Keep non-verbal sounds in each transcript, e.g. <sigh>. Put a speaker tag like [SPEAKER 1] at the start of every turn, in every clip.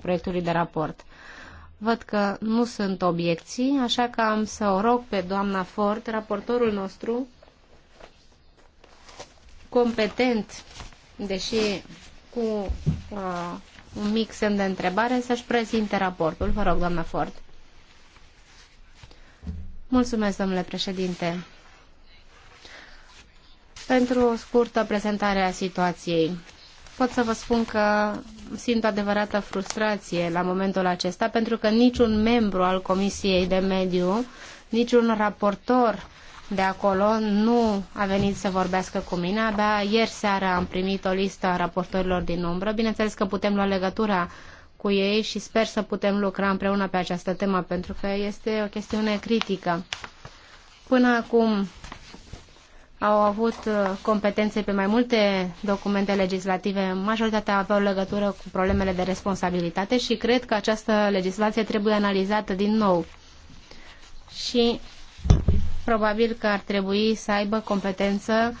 [SPEAKER 1] proiectului de raport. Văd că nu sunt obiecții, așa că am să o rog pe doamna Ford, raportorul nostru, competent, deși cu uh, un mic semn de întrebare, să-și prezinte raportul. Vă rog, doamna Ford. Mulțumesc, domnule președinte, pentru o scurtă prezentare a situației. Pot să vă spun că simt o adevărată frustrație la momentul acesta, pentru că niciun membru al Comisiei de Mediu, niciun raportor de acolo nu a venit să vorbească cu mine. Abia ieri seara am primit o listă a raportorilor din umbră. Bineînțeles că putem lua legătura cu ei și sper să putem lucra împreună pe această temă, pentru că este o chestiune critică. Până acum au avut uh, competențe pe mai multe documente legislative, majoritatea aveau legătură cu problemele de responsabilitate și cred că această legislație trebuie analizată din nou. Și probabil că ar trebui să aibă competență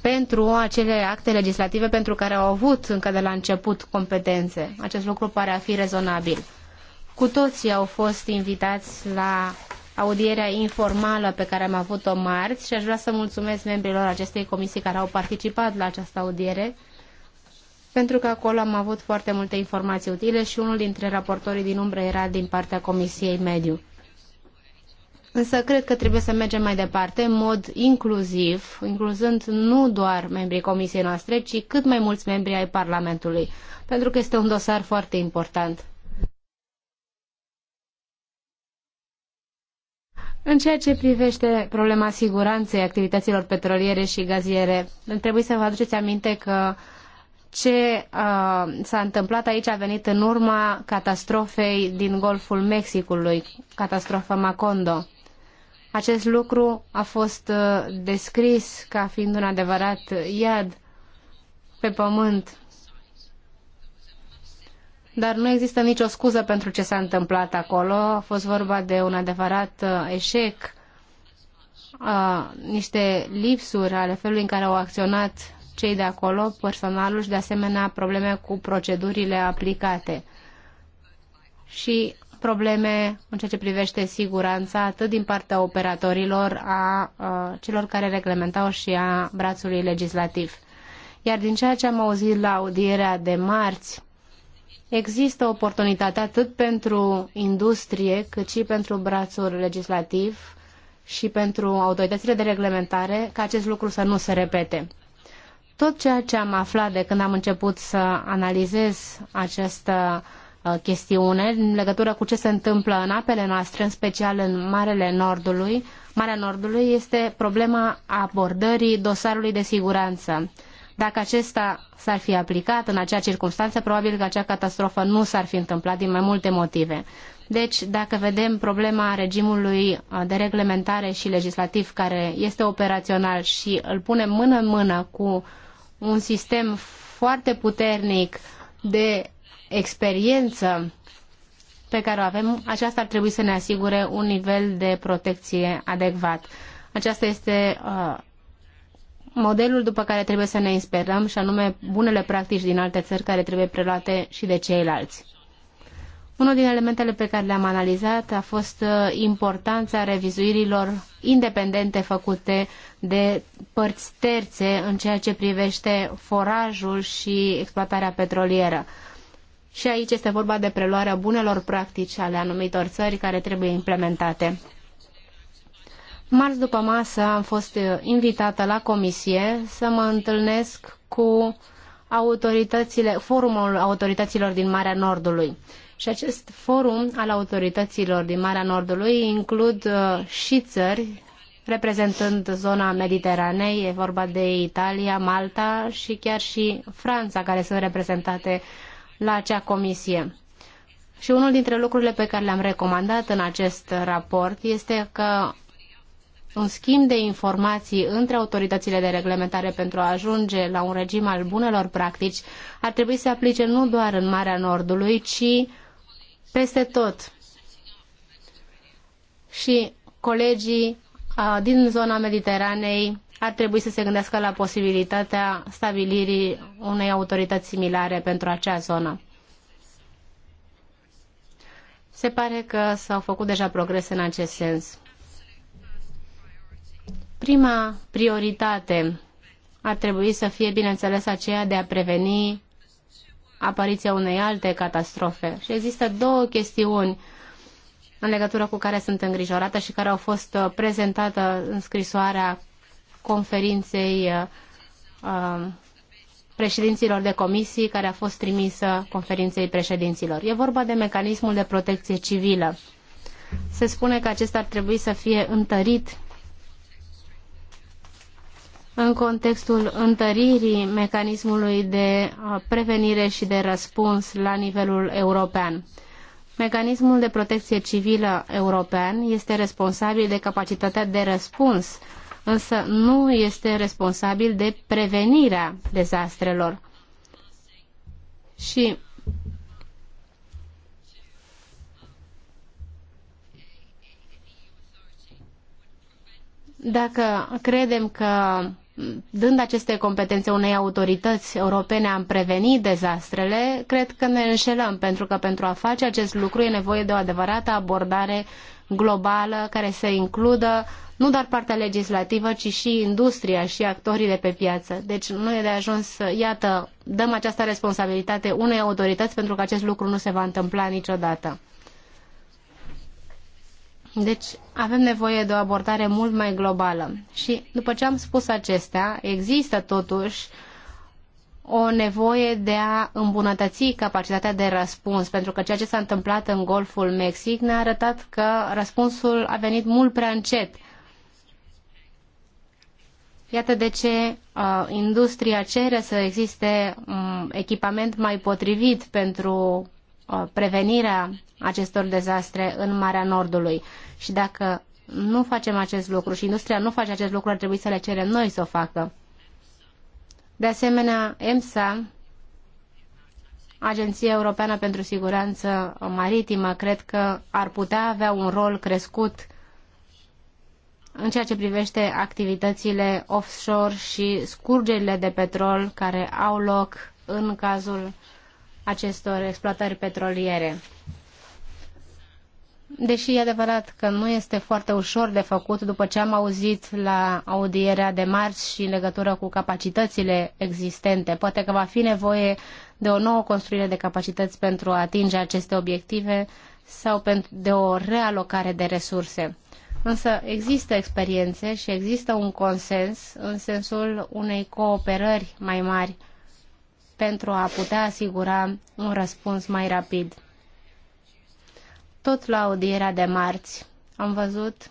[SPEAKER 1] pentru acele acte legislative pentru care au avut încă de la început competențe. Acest lucru pare a fi rezonabil. Cu toții au fost invitați la audierea informală pe care am avut-o marți și aș vrea să mulțumesc membrilor acestei comisii care au participat la această audiere, pentru că acolo am avut foarte multe informații utile și unul dintre raportorii din umbră era din partea Comisiei Mediu. Însă cred că trebuie să mergem mai departe în mod inclusiv, incluzând nu doar membrii comisiei noastre, ci cât mai mulți membri ai Parlamentului, pentru că este un dosar foarte important. În ceea ce privește problema siguranței activităților petroliere și gaziere, trebuie să vă aduceți aminte că ce uh, s-a întâmplat aici a venit în urma catastrofei din Golful Mexicului, catastrofa Macondo. Acest lucru a fost uh, descris ca fiind un adevărat iad pe pământ dar nu există nicio scuză pentru ce s-a întâmplat acolo. A fost vorba de un adevărat uh, eșec, a, uh, niște lipsuri ale felului în care au acționat cei de acolo, personalul și de asemenea probleme cu procedurile aplicate și probleme în ceea ce privește siguranța atât din partea operatorilor, a, a uh, celor care reglementau și a brațului legislativ. Iar din ceea ce am auzit la audierea de marți, Există oportunitate atât pentru industrie, cât și pentru brațul legislativ și pentru autoritățile de reglementare ca acest lucru să nu se repete. Tot ceea ce am aflat de când am început să analizez această uh, chestiune în legătură cu ce se întâmplă în apele noastre, în special în Marele Nordului, Marea Nordului, este problema abordării dosarului de siguranță dacă acesta s-ar fi aplicat în acea circunstanță, probabil că acea catastrofă nu s-ar fi întâmplat din mai multe motive. Deci, dacă vedem problema regimului uh, de reglementare și legislativ care este operațional și îl punem mână în mână cu un sistem foarte puternic de experiență pe care o avem, aceasta ar trebui să ne asigure un nivel de protecție adecvat. Aceasta este uh, modelul după care trebuie să ne inspirăm și anume bunele practici din alte țări care trebuie preluate și de ceilalți. Unul din elementele pe care le-am analizat a fost uh, importanța revizuirilor independente făcute de părți terțe în ceea ce privește forajul și exploatarea petrolieră. Și aici este vorba de preluarea bunelor practici ale anumitor țări care trebuie implementate. Marți după masă am fost uh, invitată la comisie să mă întâlnesc cu autoritățile, forumul autorităților din Marea Nordului. Și acest forum al autorităților din Marea Nordului includ uh, și țări reprezentând zona Mediteranei, e vorba de Italia, Malta și chiar și Franța, care sunt reprezentate la acea comisie. Și unul dintre lucrurile pe care le-am recomandat în acest raport este că un schimb de informații între autoritățile de reglementare pentru a ajunge la un regim al bunelor practici ar trebui să aplice nu doar în Marea Nordului, ci peste tot. Și colegii din zona Mediteranei ar trebui să se gândească la posibilitatea stabilirii unei autorități similare pentru acea zonă. Se pare că s-au făcut deja progrese în acest sens. Prima prioritate ar trebui să fie, bineînțeles, aceea de a preveni apariția unei alte catastrofe. Și există două chestiuni în legătură cu care sunt îngrijorată și care au fost uh, prezentată în scrisoarea conferinței uh, uh, președinților de comisii care a fost trimisă conferinței președinților. E vorba de mecanismul de protecție civilă. Se spune că acesta ar trebui să fie întărit în contextul întăririi mecanismului de uh, prevenire și de răspuns la nivelul european. Mecanismul de protecție civilă european este responsabil de capacitatea de răspuns, însă nu este responsabil de prevenirea dezastrelor. Și dacă credem că dând aceste competențe unei autorități europene am prevenit dezastrele, cred că ne înșelăm, pentru că pentru a face acest lucru e nevoie de o adevărată abordare globală care să includă nu doar partea legislativă, ci și industria și actorii de pe piață. Deci nu e de ajuns, iată, dăm această responsabilitate unei autorități pentru că acest lucru nu se va întâmpla niciodată. Deci avem nevoie de o abordare mult mai globală. Și după ce am spus acestea, există totuși o nevoie de a îmbunătăți capacitatea de răspuns, pentru că ceea ce s-a întâmplat în Golful Mexic ne-a arătat că răspunsul a venit mult prea încet. Iată de ce uh, industria cere să existe um, echipament mai potrivit pentru Uh, prevenirea acestor dezastre în Marea Nordului. Și dacă nu facem acest lucru și industria nu face acest lucru, ar trebui să le cerem noi să o facă. De asemenea, EMSA, Agenția Europeană pentru Siguranță Maritimă, cred că ar putea avea un rol crescut în ceea ce privește activitățile offshore și scurgerile de petrol care au loc în cazul acestor exploatări petroliere. Deși e adevărat că nu este foarte ușor de făcut după ce am auzit la audierea de marți și în legătură cu capacitățile existente, poate că va fi nevoie de o nouă construire de capacități pentru a atinge aceste obiective sau de o realocare de resurse. Însă există experiențe și există un consens în sensul unei cooperări mai mari pentru a putea asigura un răspuns mai rapid. Tot la audierea de marți am văzut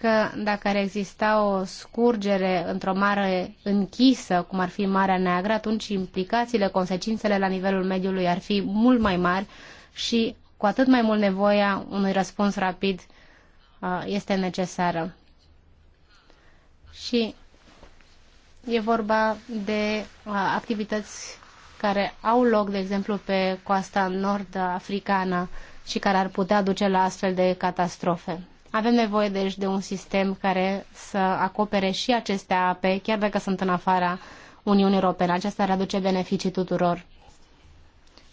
[SPEAKER 1] că dacă ar exista o scurgere într-o mare închisă, cum ar fi Marea Neagră, atunci implicațiile, consecințele la nivelul mediului ar fi mult mai mari și cu atât mai mult nevoia unui răspuns rapid uh, este necesară. Și E vorba de uh, activități care au loc, de exemplu, pe coasta nord-africană și care ar putea duce la astfel de catastrofe. Avem nevoie, deci, de un sistem care să acopere și aceste ape, chiar dacă sunt în afara Uniunii Europene. Aceasta ar aduce beneficii tuturor.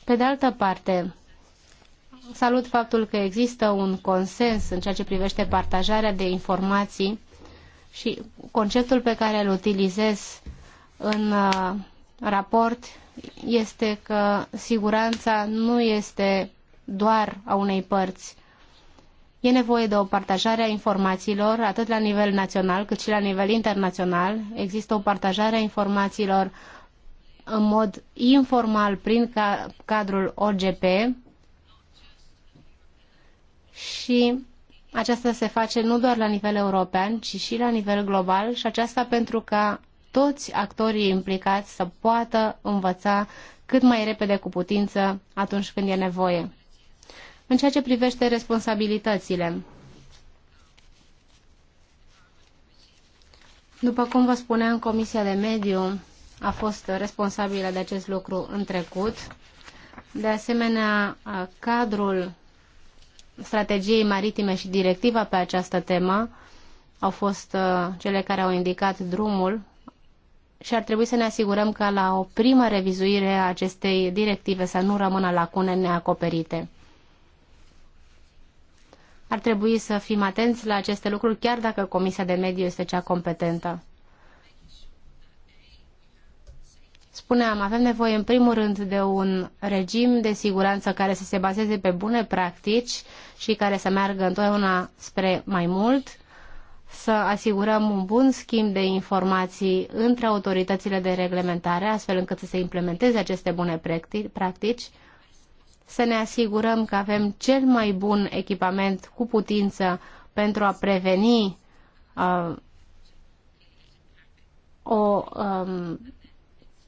[SPEAKER 1] Pe de altă parte, salut faptul că există un consens în ceea ce privește partajarea de informații și conceptul pe care îl utilizez în uh, raport este că siguranța nu este doar a unei părți. E nevoie de o partajare a informațiilor, atât la nivel național cât și la nivel internațional. Există o partajare a informațiilor în mod informal prin cadrul OGP și aceasta se face nu doar la nivel european, ci și la nivel global și aceasta pentru ca toți actorii implicați să poată învăța cât mai repede cu putință atunci când e nevoie. În ceea ce privește responsabilitățile, după cum vă spuneam, Comisia de Mediu a fost responsabilă de acest lucru în trecut. De asemenea, cadrul strategiei maritime și directiva pe această temă au fost uh, cele care au indicat drumul și ar trebui să ne asigurăm că la o primă revizuire a acestei directive să nu rămână lacune neacoperite. Ar trebui să fim atenți la aceste lucruri, chiar dacă Comisia de Mediu este cea competentă. Spuneam, avem nevoie în primul rând de un regim de siguranță care să se bazeze pe bune practici și care să meargă întotdeauna spre mai mult, să asigurăm un bun schimb de informații între autoritățile de reglementare, astfel încât să se implementeze aceste bune practici, să ne asigurăm că avem cel mai bun echipament cu putință pentru a preveni uh, o um,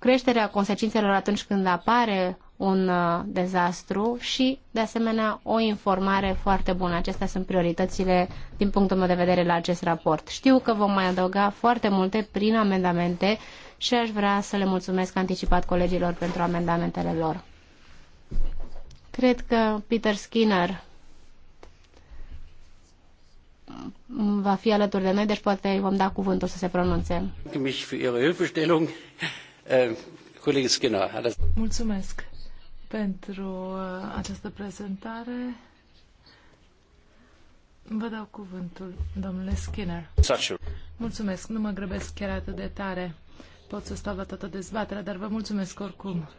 [SPEAKER 1] creșterea consecințelor atunci când apare un uh, dezastru și, de asemenea, o informare foarte bună. Acestea sunt prioritățile, din punctul meu de vedere, la acest raport. Știu că vom mai adăuga foarte multe prin amendamente și aș vrea să le mulțumesc anticipat colegilor pentru amendamentele lor. Cred că Peter Skinner va fi alături de noi, deci poate îi vom da cuvântul să se pronunțe.
[SPEAKER 2] Eh,
[SPEAKER 3] Skinner. Mulțumesc pentru uh, această prezentare. Vă dau cuvântul, domnule Skinner. Mulțumesc, nu mă grăbesc chiar atât de tare. Pot să stau la toată dezbaterea, dar vă mulțumesc oricum.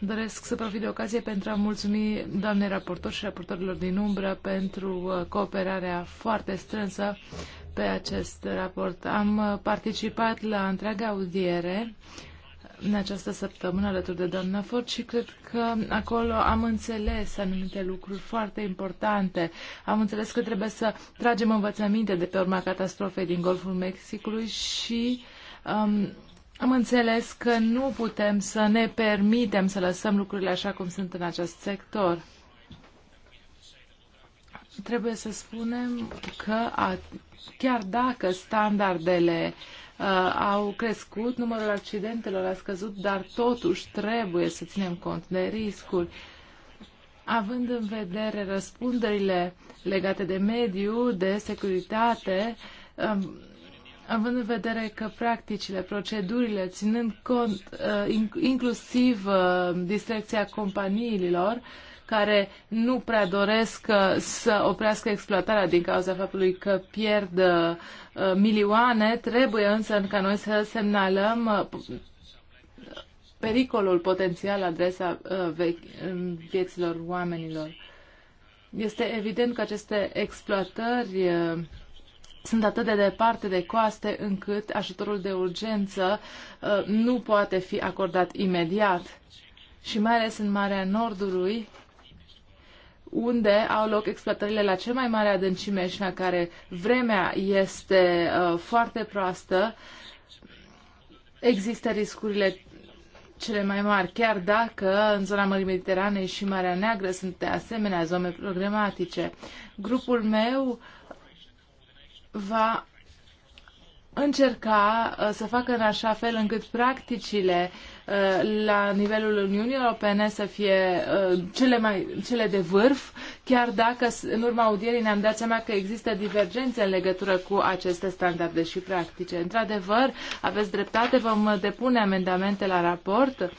[SPEAKER 3] Doresc să profit de ocazie pentru a mulțumi doamnei raportor și raportorilor din umbră pentru uh, cooperarea foarte strânsă pe acest raport. Am uh, participat la întreaga audiere în această săptămână alături de doamna Ford și cred că acolo am înțeles anumite lucruri foarte importante. Am înțeles că trebuie să tragem învățăminte de pe urma catastrofei din Golful Mexicului și um, am înțeles că nu putem să ne permitem să lăsăm lucrurile așa cum sunt în acest sector trebuie să spunem că a, chiar dacă standardele uh, au crescut, numărul accidentelor a scăzut, dar totuși trebuie să ținem cont de riscuri. Având în vedere răspunderile legate de mediu, de securitate, um, având în vedere că practicile, procedurile, ținând cont uh, inclusiv uh, distracția companiilor, uh, care nu prea doresc uh, să oprească exploatarea din cauza faptului că pierd uh, uh, milioane, trebuie însă ca noi să semnalăm pericolul potențial adresa vieților oamenilor. Este evident că aceste exploatări sunt atât de departe de coaste încât ajutorul de urgență nu poate fi acordat imediat. Și mai ales în Marea Nordului, unde au loc exploatările la cea mai mare adâncime și la care vremea este uh, foarte proastă, există riscurile cele mai mari, chiar dacă în zona Mării Mediteranei și Marea Neagră sunt de asemenea zone problematice. Grupul meu va încerca uh, să facă în așa fel încât practicile uh, la nivelul Uniunii Europene să fie uh, cele, mai, cele de vârf, chiar dacă în urma audierii ne-am dat seama că există divergențe în legătură cu aceste standarde și practice. Într-adevăr, aveți dreptate, vom depune amendamente la raport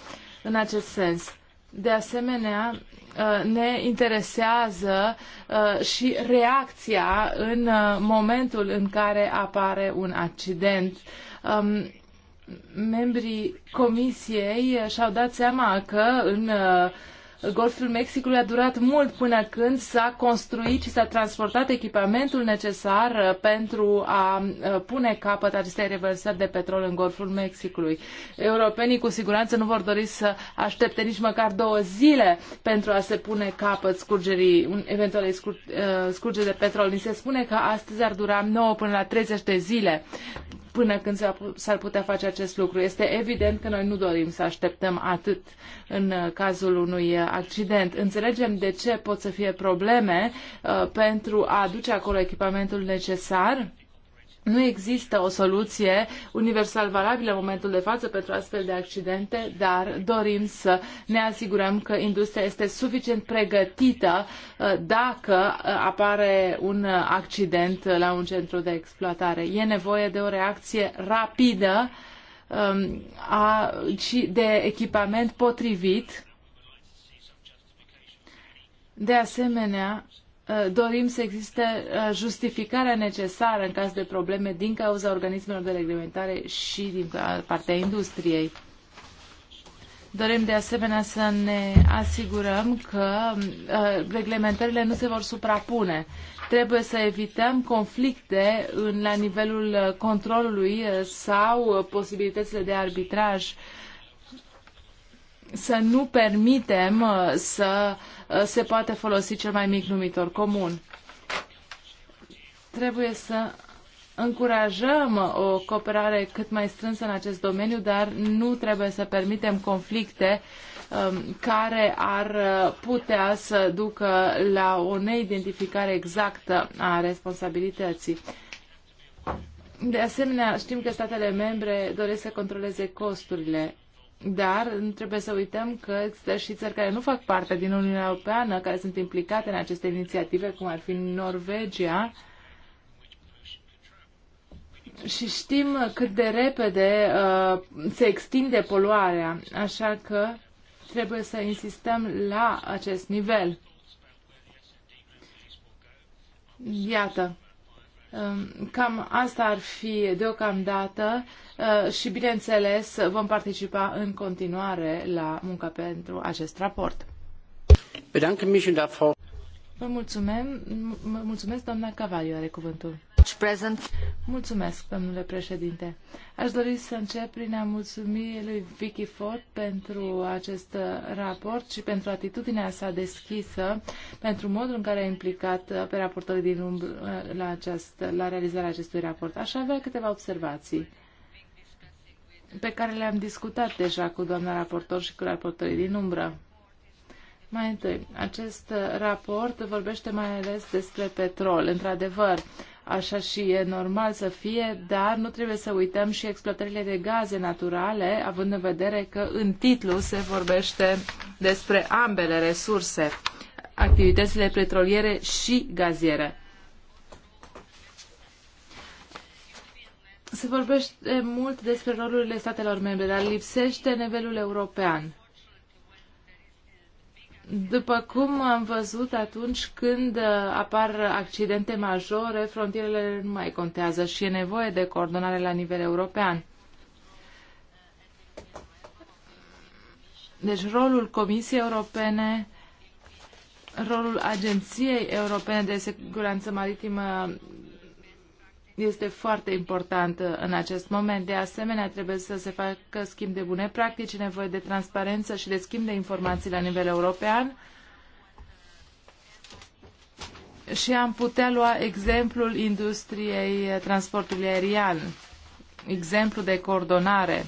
[SPEAKER 3] în acest sens. De asemenea, uh, ne interesează uh, și reacția în uh, momentul în care apare un accident. Um, membrii comisiei și-au dat seama că în Golful Mexicului a durat mult până când s-a construit și s-a transportat echipamentul necesar uh, pentru a uh, pune capăt acestei revărsări de petrol în Golful Mexicului. Europenii cu siguranță nu vor dori să aștepte nici măcar două zile pentru a se pune capăt scurgerii, eventuale uh, scurgeri de petrol. Ni se spune că astăzi ar dura 9 până la 30 de zile până când s-ar putea face acest lucru. Este evident că noi nu dorim să așteptăm atât în uh, cazul unui uh, accident. Înțelegem de ce pot să fie probleme uh, pentru a aduce acolo echipamentul necesar nu există o soluție universal valabilă în momentul de față pentru astfel de accidente, dar dorim să ne asigurăm că industria este suficient pregătită uh, dacă uh, apare un accident la un centru de exploatare. E nevoie de o reacție rapidă um, și de echipament potrivit. De asemenea, Uh, dorim să existe uh, justificarea necesară în caz de probleme din cauza organismelor de reglementare și din partea industriei. Dorim de asemenea să ne asigurăm că uh, reglementările nu se vor suprapune. Trebuie să evităm conflicte în, la nivelul controlului sau posibilitățile de arbitraj uh, să nu permitem uh, să uh, se poate folosi cel mai mic numitor comun. Trebuie să încurajăm uh, o cooperare cât mai strânsă în acest domeniu, dar nu trebuie să permitem conflicte um, care ar putea să ducă la o neidentificare exactă a responsabilității. De asemenea, știm că statele membre doresc să controleze costurile dar nu trebuie să uităm că există și țări care nu fac parte din Uniunea Europeană, care sunt implicate în aceste inițiative, cum ar fi Norvegia, și știm cât de repede uh, se extinde poluarea, așa că trebuie să insistăm la acest nivel. Iată, um, cam asta ar fi deocamdată. Uh, și, bineînțeles, vom participa în continuare la munca pentru acest raport.
[SPEAKER 2] Vă
[SPEAKER 3] mulțumim. Mulțumesc, doamna Cavaliu, are cuvântul. Mulțumesc, domnule președinte. Aș dori să încep prin a mulțumi lui Vicky Ford pentru acest raport și pentru atitudinea sa deschisă, pentru modul în care a implicat pe raportorii din umbră uh, la, la realizarea acestui raport. Aș avea câteva observații pe care le-am discutat deja cu doamna raportor și cu raportorii din umbră. Mai întâi, acest raport vorbește mai ales despre petrol. Într-adevăr, așa și e normal să fie, dar nu trebuie să uităm și exploatările de gaze naturale, având în vedere că în titlu se vorbește despre ambele resurse, activitățile petroliere și gaziere. Se vorbește mult despre rolurile statelor membre, dar lipsește nivelul european. După cum am văzut atunci când apar accidente majore, frontierele nu mai contează și e nevoie de coordonare la nivel european. Deci rolul Comisiei Europene, rolul Agenției Europene de Siguranță Maritimă este foarte important uh, în acest moment. De asemenea, trebuie să se facă schimb de bune practici, nevoie de transparență și de schimb de informații la nivel european. Și am putea lua exemplul industriei uh, transportului aerian, exemplu de coordonare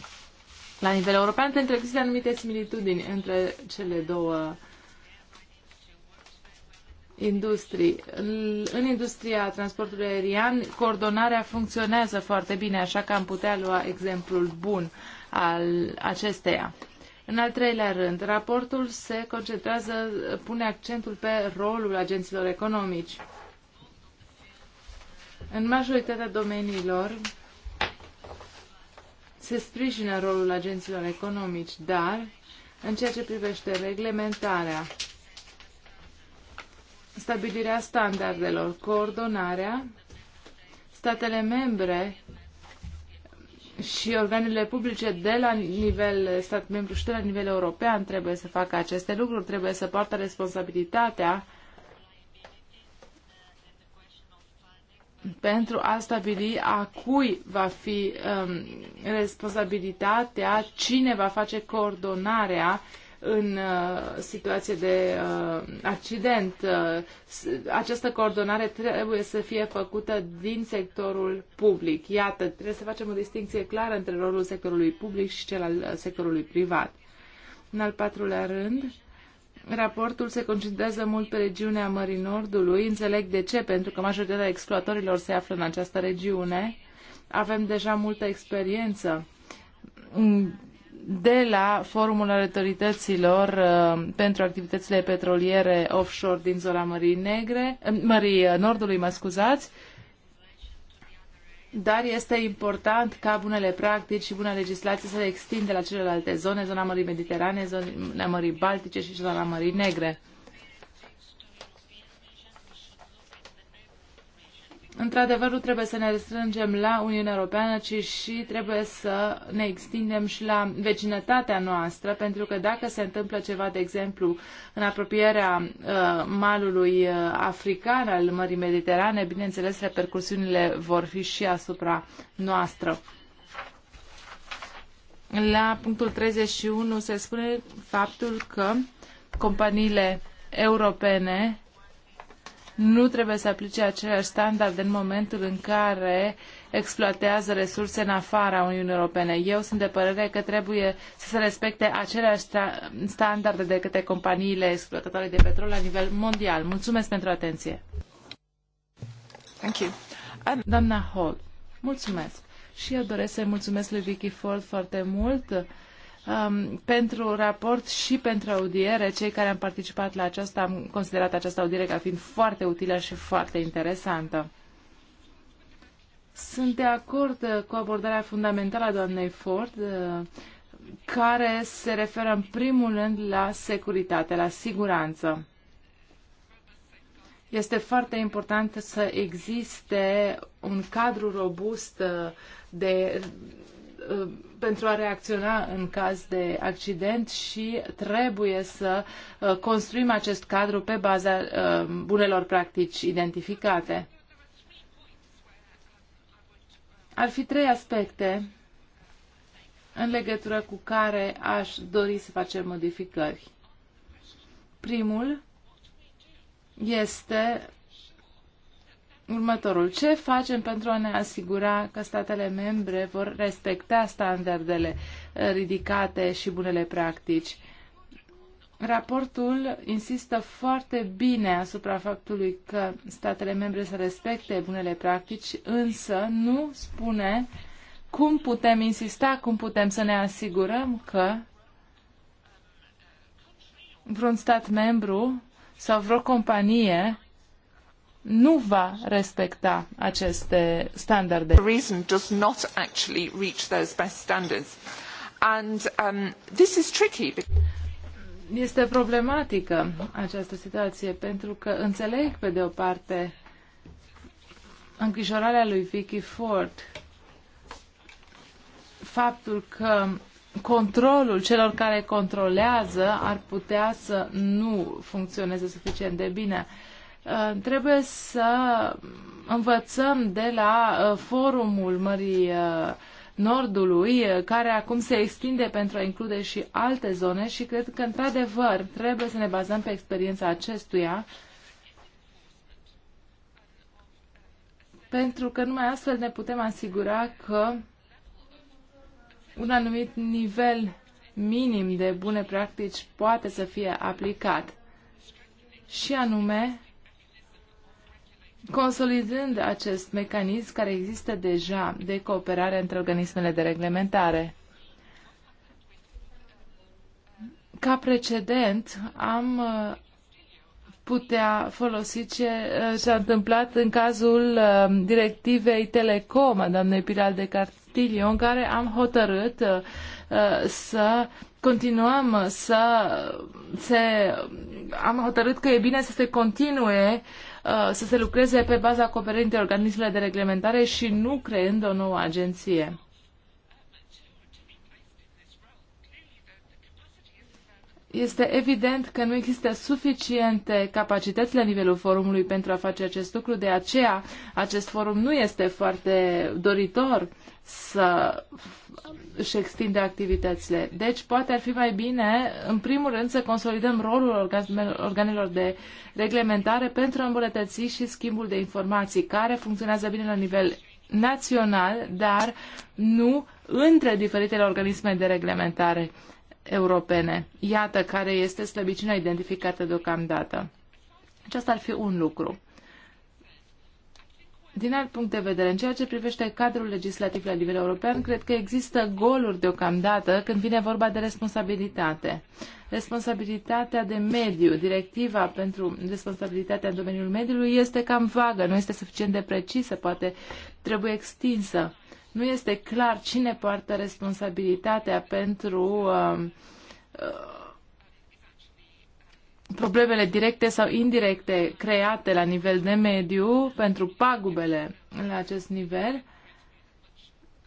[SPEAKER 3] la nivel european, pentru că există anumite similitudini între cele două industrii. În industria transportului aerian, coordonarea funcționează foarte bine, așa că am putea lua exemplul bun al acesteia. În al treilea rând, raportul se concentrează, pune accentul pe rolul agenților economici. În majoritatea domeniilor se sprijină rolul agenților economici, dar în ceea ce privește reglementarea, stabilirea standardelor, coordonarea, statele membre și organele publice de la nivel stat membru și de la nivel european trebuie să facă aceste lucruri, trebuie să poartă responsabilitatea pentru a stabili a cui va fi um, responsabilitatea, cine va face coordonarea în uh, situație de uh, accident. Uh, această coordonare trebuie să fie făcută din sectorul public. Iată, trebuie să facem o distinție clară între rolul sectorului public și cel al sectorului privat. În al patrulea rând, Raportul se concentrează mult pe regiunea Mării Nordului. Înțeleg de ce, pentru că majoritatea exploatorilor se află în această regiune. Avem deja multă experiență de la Forumul Autorităților uh, pentru activitățile petroliere offshore din zona Mării Negre, uh, Mării uh, Nordului, mă scuzați, dar este important ca bunele practici și bună legislație să le extinde la celelalte zone, zona Mării Mediterane, zona Mării Baltice și zona Mării Negre. Într-adevăr, nu trebuie să ne restrângem la Uniunea Europeană, ci și trebuie să ne extindem și la vecinătatea noastră, pentru că dacă se întâmplă ceva, de exemplu, în apropierea uh, malului uh, african al Mării Mediterane, bineînțeles, repercusiunile vor fi și asupra noastră. La punctul 31 se spune faptul că companiile europene nu trebuie să aplice aceleași standarde în momentul în care exploatează resurse în afara Uniunii Europene. Eu sunt de părere că trebuie să se respecte aceleași standarde de către companiile exploatatoare de petrol la nivel mondial. Mulțumesc pentru atenție. Thank you. Um, Doamna Hall, mulțumesc. Și eu doresc să-i mulțumesc lui Vicky Ford foarte mult um, pentru raport și pentru audiere. Cei care am participat la aceasta am considerat această audiere ca fiind foarte utilă și foarte interesantă. Sunt de acord uh, cu abordarea fundamentală a doamnei Ford, uh, care se referă în primul rând la securitate, la siguranță. Este foarte important să existe un cadru robust uh, de pentru a reacționa în caz de accident și trebuie să uh, construim acest cadru pe baza uh, bunelor practici identificate. Ar fi trei aspecte în legătură cu care aș dori să facem modificări. Primul este următorul. Ce facem pentru a ne asigura că statele membre vor respecta standardele uh, ridicate și bunele practici? Raportul insistă foarte bine asupra faptului că statele membre să respecte bunele practici, însă nu spune cum putem insista, cum putem să ne asigurăm că vreun stat membru sau vreo companie nu va respecta aceste standarde. The reason does not actually reach those best standards. And um, this is tricky. Este problematică această situație pentru că înțeleg pe de o parte îngrijorarea lui Vicky Ford faptul că controlul celor care controlează ar putea să nu funcționeze suficient de bine. Uh, Uh, trebuie să învățăm de la uh, forumul Mării uh, Nordului, care acum se extinde pentru a include și alte zone și cred că, într-adevăr, trebuie să ne bazăm pe experiența acestuia pentru că numai astfel ne putem asigura că un anumit nivel minim de bune practici poate să fie aplicat și anume consolidând acest mecanism care există deja de cooperare între organismele de reglementare. Ca precedent, am uh, putea folosi ce s-a uh, întâmplat în cazul uh, directivei Telecom a doamnei Piral de Castillo, în care am hotărât să continuăm să se... am hotărât că e bine să se continue uh, Uh, să se lucreze pe baza cooperării dintre organismele de reglementare și nu creând o nouă agenție. Este evident că nu există suficiente capacități la nivelul forumului pentru a face acest lucru, de aceea acest forum nu este foarte doritor să își extinde activitățile. Deci poate ar fi mai bine, în primul rând, să consolidăm rolul organelor de reglementare pentru a îmbunătăți și schimbul de informații, care funcționează bine la nivel național, dar nu între diferitele organisme de reglementare europene. Iată care este slăbiciunea identificată deocamdată. Aceasta ar fi un lucru. Din alt punct de vedere, în ceea ce privește cadrul legislativ la nivel european, cred că există goluri deocamdată când vine vorba de responsabilitate. Responsabilitatea de mediu, directiva pentru responsabilitatea în domeniul mediului este cam vagă, nu este suficient de precisă, poate trebuie extinsă. Nu este clar cine poartă responsabilitatea pentru uh, uh, problemele directe sau indirecte create la nivel de mediu pentru pagubele la acest nivel.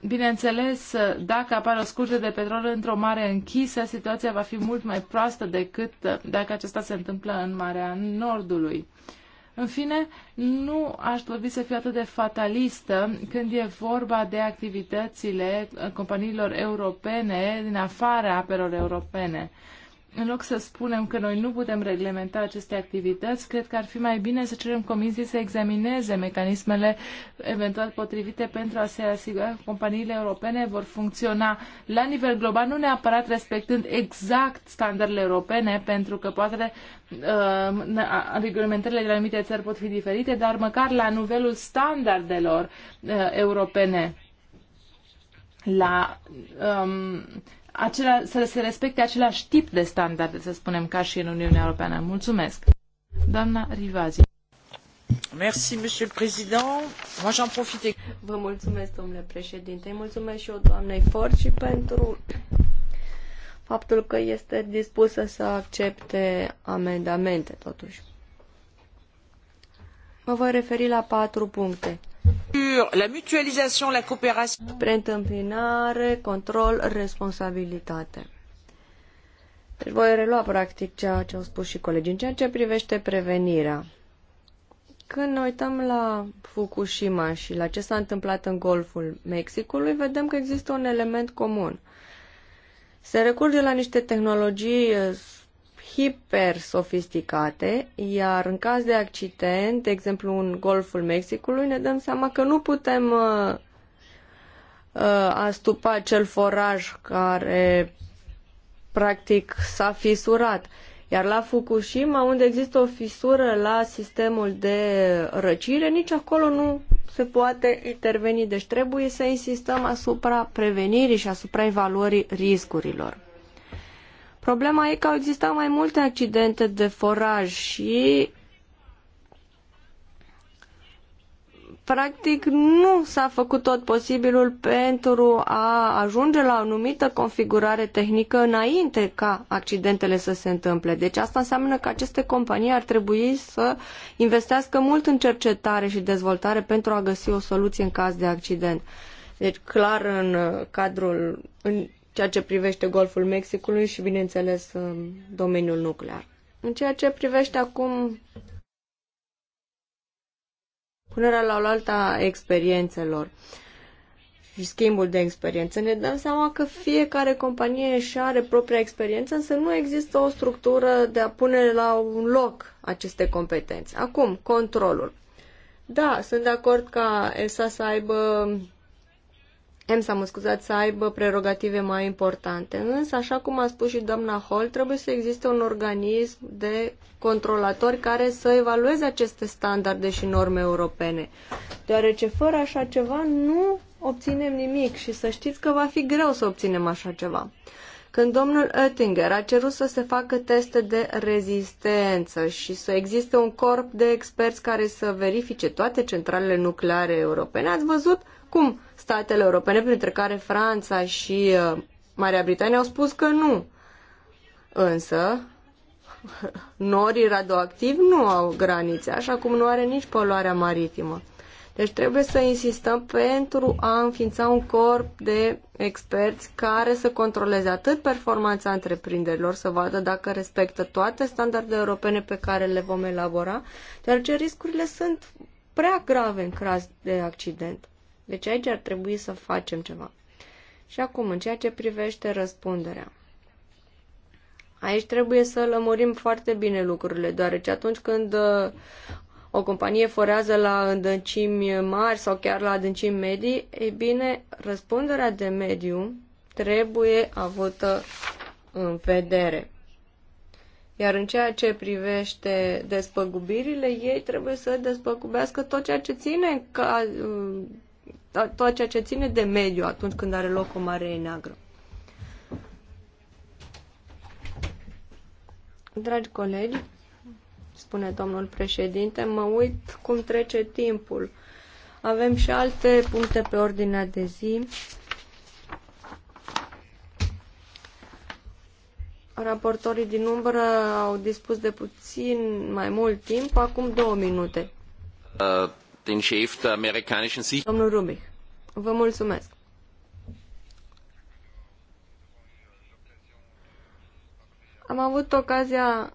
[SPEAKER 3] Bineînțeles, dacă apar o scurte de petrol într-o mare închisă, situația va fi mult mai proastă decât dacă acesta se întâmplă în Marea Nordului. Uh, în fine, nu aș dori să fiu atât de fatalistă când e vorba de activitățile uh, companiilor europene din afara apelor europene în loc să spunem că noi nu putem reglementa aceste activități, cred că ar fi mai bine să cerem comisiei să examineze mecanismele eventual potrivite pentru a se asigura că companiile europene vor funcționa la nivel global, nu neapărat respectând exact standardele europene, pentru că poate uh, reglementările de la anumite țări pot fi diferite, dar măcar la nivelul standardelor uh, europene la um, acelea, să se respecte același tip de standarde, să spunem, ca și în Uniunea Europeană. Mulțumesc. Doamna Rivazi.
[SPEAKER 2] Merci, Monsieur le Président. Moi, j'en profite. Vă mulțumesc, domnule președinte. Mulțumesc și eu, doamnei Ford, și pentru faptul că este dispusă să accepte amendamente, totuși. Mă voi referi la patru puncte.
[SPEAKER 3] La mutualizare, la cooperare.
[SPEAKER 2] Preîntâmpinare, control, responsabilitate. Deci voi relua practic ceea ce au spus și colegii în ceea ce privește prevenirea. Când ne uităm la Fukushima și la ce s-a întâmplat în Golful Mexicului, vedem că există un element comun. Se recurge la niște tehnologii hiper sofisticate, iar în caz de accident, de exemplu în Golful Mexicului, ne dăm seama că nu putem uh, uh, astupa acel foraj care practic s-a fisurat. Iar la Fukushima, unde există o fisură la sistemul de răcire, nici acolo nu se poate interveni. Deci trebuie să insistăm asupra prevenirii și asupra evaluării riscurilor. Problema e că au existat mai multe accidente de foraj și practic nu s-a făcut tot posibilul pentru a ajunge la o anumită configurare tehnică înainte ca accidentele să se întâmple. Deci asta înseamnă că aceste companii ar trebui să investească mult în cercetare și dezvoltare pentru a găsi o soluție în caz de accident. Deci clar în cadrul, în ceea ce privește Golful Mexicului și, bineînțeles, domeniul nuclear. În ceea ce privește acum punerea la oaltă a experiențelor și schimbul de experiență, ne dăm seama că fiecare companie și are propria experiență, însă nu există o structură de a pune la un loc aceste competențe. Acum, controlul. Da, sunt de acord ca ESA să aibă s-a mă scuzat, să aibă prerogative mai importante. Însă, așa cum a spus și doamna Hall, trebuie să existe un organism de controlatori care să evalueze aceste standarde și norme europene. Deoarece fără așa ceva nu obținem nimic și să știți că va fi greu să obținem așa ceva. Când domnul Oettinger a cerut să se facă teste de rezistență și să existe un corp de experți care să verifice toate centralele nucleare europene, ați văzut Acum, statele europene, printre care Franța și uh, Marea Britanie, au spus că nu. Însă, <laughs> norii radioactivi nu au granițe, așa cum nu are nici poluarea maritimă. Deci trebuie să insistăm pentru a înființa un corp de experți care să controleze atât performanța întreprinderilor, să vadă dacă respectă toate standardele europene pe care le vom elabora, deoarece riscurile sunt prea grave în caz de accident. Deci aici ar trebui să facem ceva. Și acum, în ceea ce privește răspunderea. Aici trebuie să lămurim foarte bine lucrurile, deoarece atunci când uh, o companie forează la adâncimi mari sau chiar la adâncimi medii, e bine, răspunderea de mediu trebuie avută în vedere. Iar în ceea ce privește despăgubirile, ei trebuie să despăgubească tot ceea ce ține ca, uh, tot ceea ce ține de mediu atunci când are loc o mare neagră. Dragi colegi, spune domnul președinte, mă uit cum trece timpul. Avem și alte puncte pe ordinea de zi. Raportorii din umbră au dispus de puțin mai mult timp, acum două minute. Uh den Chef der amerikanischen Sicherheit. Domnul Rubic, vă mulțumesc. Am avut ocazia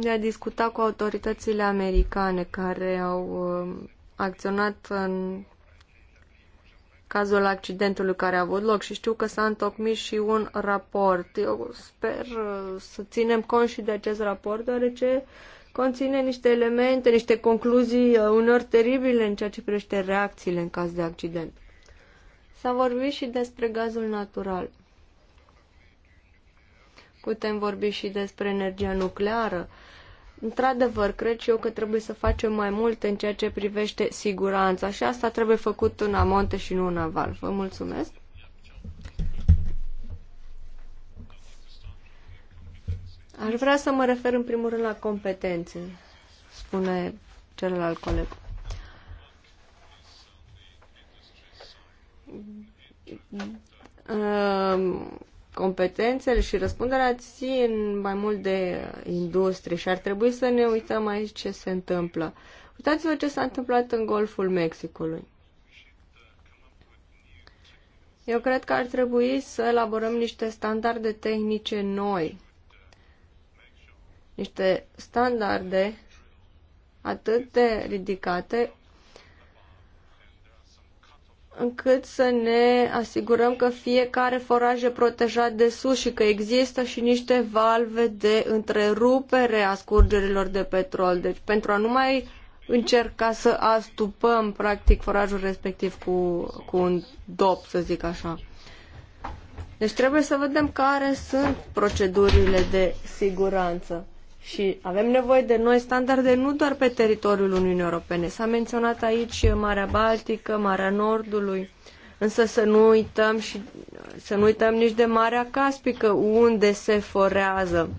[SPEAKER 2] de a discuta cu autoritățile americane care au um, acționat în cazul accidentului care a avut loc și știu că s-a întocmit și un raport. Eu sper uh, să ținem cont și de acest raport, deoarece uh, conține niște elemente, niște concluzii uh, unor teribile în ceea ce privește reacțiile în caz de accident. S-a vorbit și despre gazul natural. Putem vorbi și despre energia nucleară. Într-adevăr, cred și eu că trebuie să facem mai mult în ceea ce privește siguranța și asta trebuie făcut în amonte și nu în aval. Vă mulțumesc! Aș vrea să mă refer în primul rând la competențe, spune celălalt coleg. Ehm, competențele și răspunderea țin mai mult de industrie și ar trebui să ne uităm aici ce se întâmplă. Uitați-vă ce s-a întâmplat în Golful Mexicului. Eu cred că ar trebui să elaborăm niște standarde tehnice noi niște standarde atât de ridicate încât să ne asigurăm că fiecare foraj e protejat de sus și că există și niște valve de întrerupere a scurgerilor de petrol. Deci pentru a nu mai încerca să astupăm practic forajul respectiv cu, cu un dop, să zic așa. Deci trebuie să vedem care sunt procedurile de siguranță. Și avem nevoie de noi standarde nu doar pe teritoriul Uniunii Europene. S-a menționat aici Marea Baltică, Marea Nordului, însă să nu uităm și să nu uităm nici de Marea Caspică, unde se forează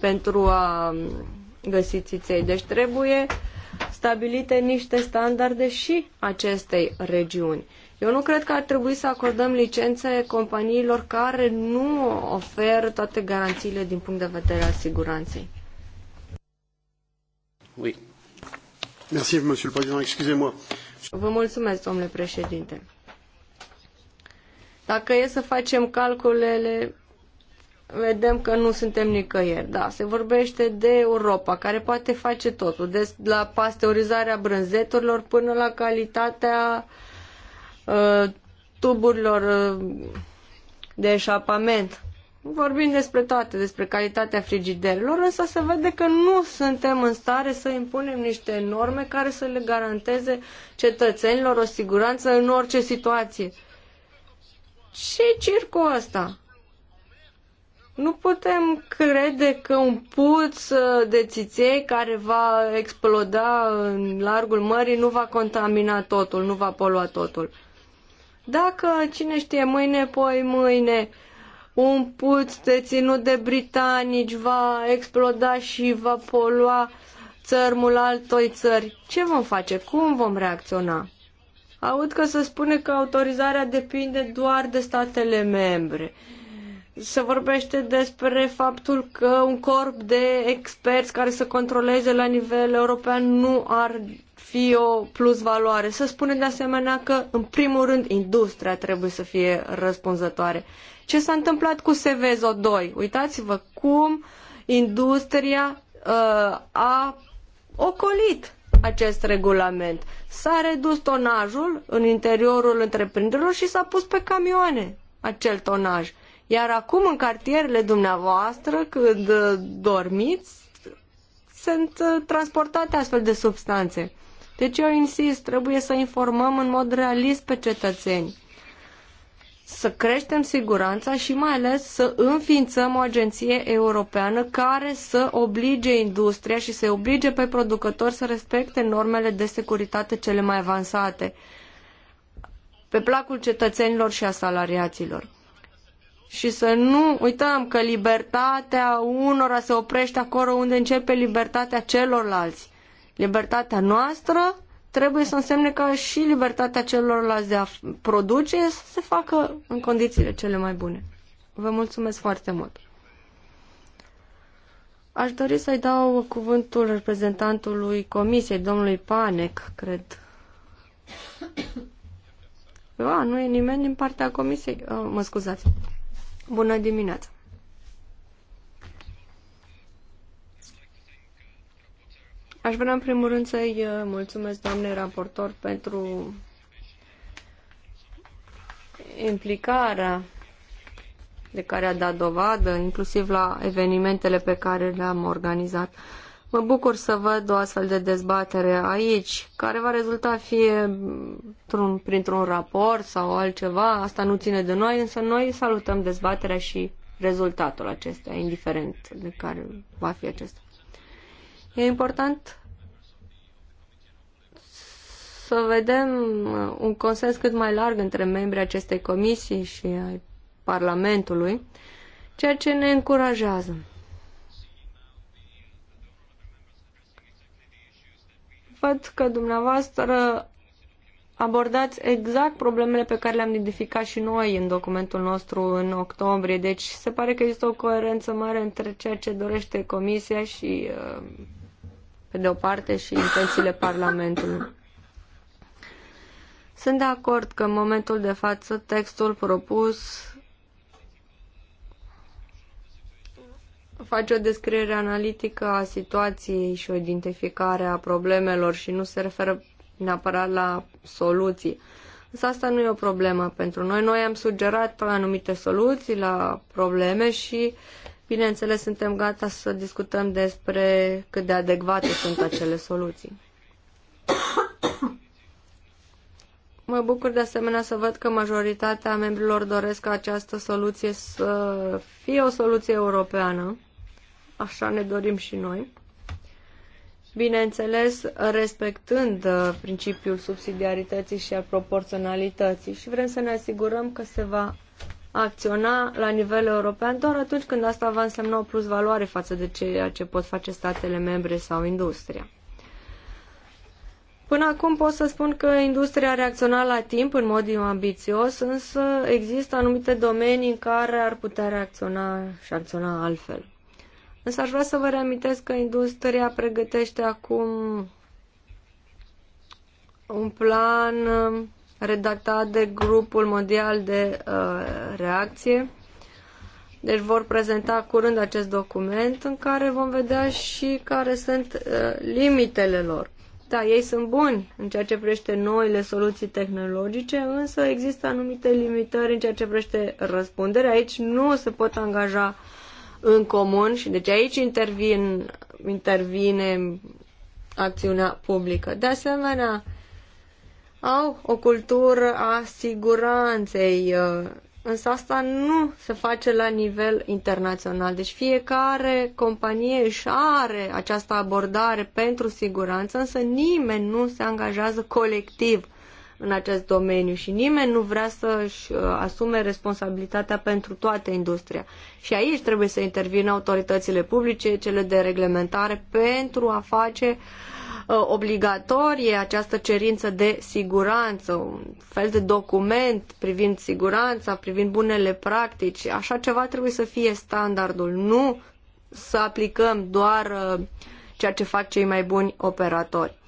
[SPEAKER 2] pentru a găsi țiței. Deci trebuie stabilite niște standarde și acestei regiuni. Eu nu cred că ar trebui să acordăm licențe companiilor care nu oferă toate garanțiile din punct de vedere al siguranței. Oui. Merci, monsieur le président. Excusez-moi. Vă mulțumesc, domnule președinte. Dacă e să facem calculele, vedem că nu suntem nicăieri. Da, se vorbește de Europa, care poate face totul, de la pasteurizarea brânzeturilor până la calitatea uh, Uh, tuburilor uh, de eșapament. Vorbim despre toate, despre calitatea frigiderilor, însă se vede că nu suntem în stare să impunem niște norme care să le garanteze cetățenilor o siguranță în orice situație. Ce circul ăsta? Nu putem crede că un puț uh, de țiței care va exploda în largul mării nu va contamina totul, nu va polua totul. Dacă, cine știe, mâine, poi mâine, un puț ținut de britanici va exploda și va polua țărmul altoi țări, ce vom face? Cum vom reacționa? Aud că se spune că autorizarea depinde doar de statele membre. Se vorbește despre faptul că un corp de experți care să controleze la nivel european nu ar fi o plusvaloare. Să spunem de asemenea că, în primul rând, industria trebuie să fie răspunzătoare. Ce s-a întâmplat cu Sevezo 2? Uitați-vă cum industria uh, a ocolit acest regulament. S-a redus tonajul în interiorul întreprinderilor și s-a pus pe camioane acel tonaj. Iar acum, în cartierele dumneavoastră, când uh, dormiți, sunt uh, transportate astfel de substanțe. Deci eu insist, trebuie să informăm în mod realist pe cetățeni, să creștem siguranța și mai ales să înființăm o agenție europeană care să oblige industria și să oblige pe producători să respecte normele de securitate cele mai avansate pe placul cetățenilor și a salariaților. Și să nu uităm că libertatea unora se oprește acolo unde începe libertatea celorlalți. Libertatea noastră trebuie să însemne ca și libertatea celorlalți de a produce să se facă în condițiile cele mai bune. Vă mulțumesc foarte mult! Aș dori să-i dau cuvântul reprezentantului comisiei, domnului Panec, cred. <coughs> A, nu e nimeni din partea comisiei. mă scuzați. Bună dimineața! Aș vrea în primul rând să-i uh, mulțumesc doamnei raportor pentru implicarea de care a dat dovadă, inclusiv la evenimentele pe care le-am organizat. Mă bucur să văd o astfel de dezbatere aici, care va rezulta fie printr-un, printr raport sau altceva, asta nu ține de noi, însă noi salutăm dezbaterea și rezultatul acesta, indiferent de care va fi acesta. E important să vedem uh, un consens cât mai larg între membrii acestei comisii și ai Parlamentului, ceea ce ne încurajează. Văd că dumneavoastră abordați exact problemele pe care le-am identificat și noi în documentul nostru în octombrie, deci se pare că există o coerență mare între ceea ce dorește Comisia și uh, pe de o parte, și intențiile Parlamentului. Sunt de acord că în momentul de față textul propus face o descriere analitică a situației și o identificare a problemelor și nu se referă neapărat la soluții. Însă asta nu e o problemă pentru noi. Noi am sugerat anumite soluții la probleme și Bineînțeles, suntem gata să discutăm despre cât de adecvate sunt acele soluții. Mă bucur de asemenea să văd că majoritatea membrilor doresc ca această soluție să fie o soluție europeană. Așa ne dorim și noi. Bineînțeles, respectând uh, principiul subsidiarității și a proporționalității și vrem să ne asigurăm că se va acționa la nivel european doar atunci când asta va însemna o plus valoare față de ceea ce pot face statele membre sau industria. Până acum pot să spun că industria a reacționat la timp în mod ambițios, însă există anumite domenii în care ar putea reacționa și acționa altfel. Însă aș vrea să vă reamintesc că industria pregătește acum un plan um, redactat de Grupul Mondial de uh, Reacție. Deci vor prezenta curând acest document în care vom vedea și care sunt uh, limitele lor. Da, ei sunt buni în ceea ce privește noile soluții tehnologice, însă există anumite limitări în ceea ce privește răspunderea. Aici nu se pot angaja în comun și deci aici intervin, intervine acțiunea publică. De asemenea, au o cultură a siguranței, uh, însă asta nu se face la nivel internațional. Deci fiecare companie își are această abordare pentru siguranță, însă nimeni nu se angajează colectiv în acest domeniu și nimeni nu vrea să-și uh, asume responsabilitatea pentru toată industria. Și aici trebuie să intervină autoritățile publice, cele de reglementare, pentru a face uh, Uh, obligatorie această cerință de siguranță, un fel de document privind siguranța, privind bunele practici. Așa ceva trebuie să fie standardul, nu să aplicăm doar uh, ceea ce fac cei mai buni operatori.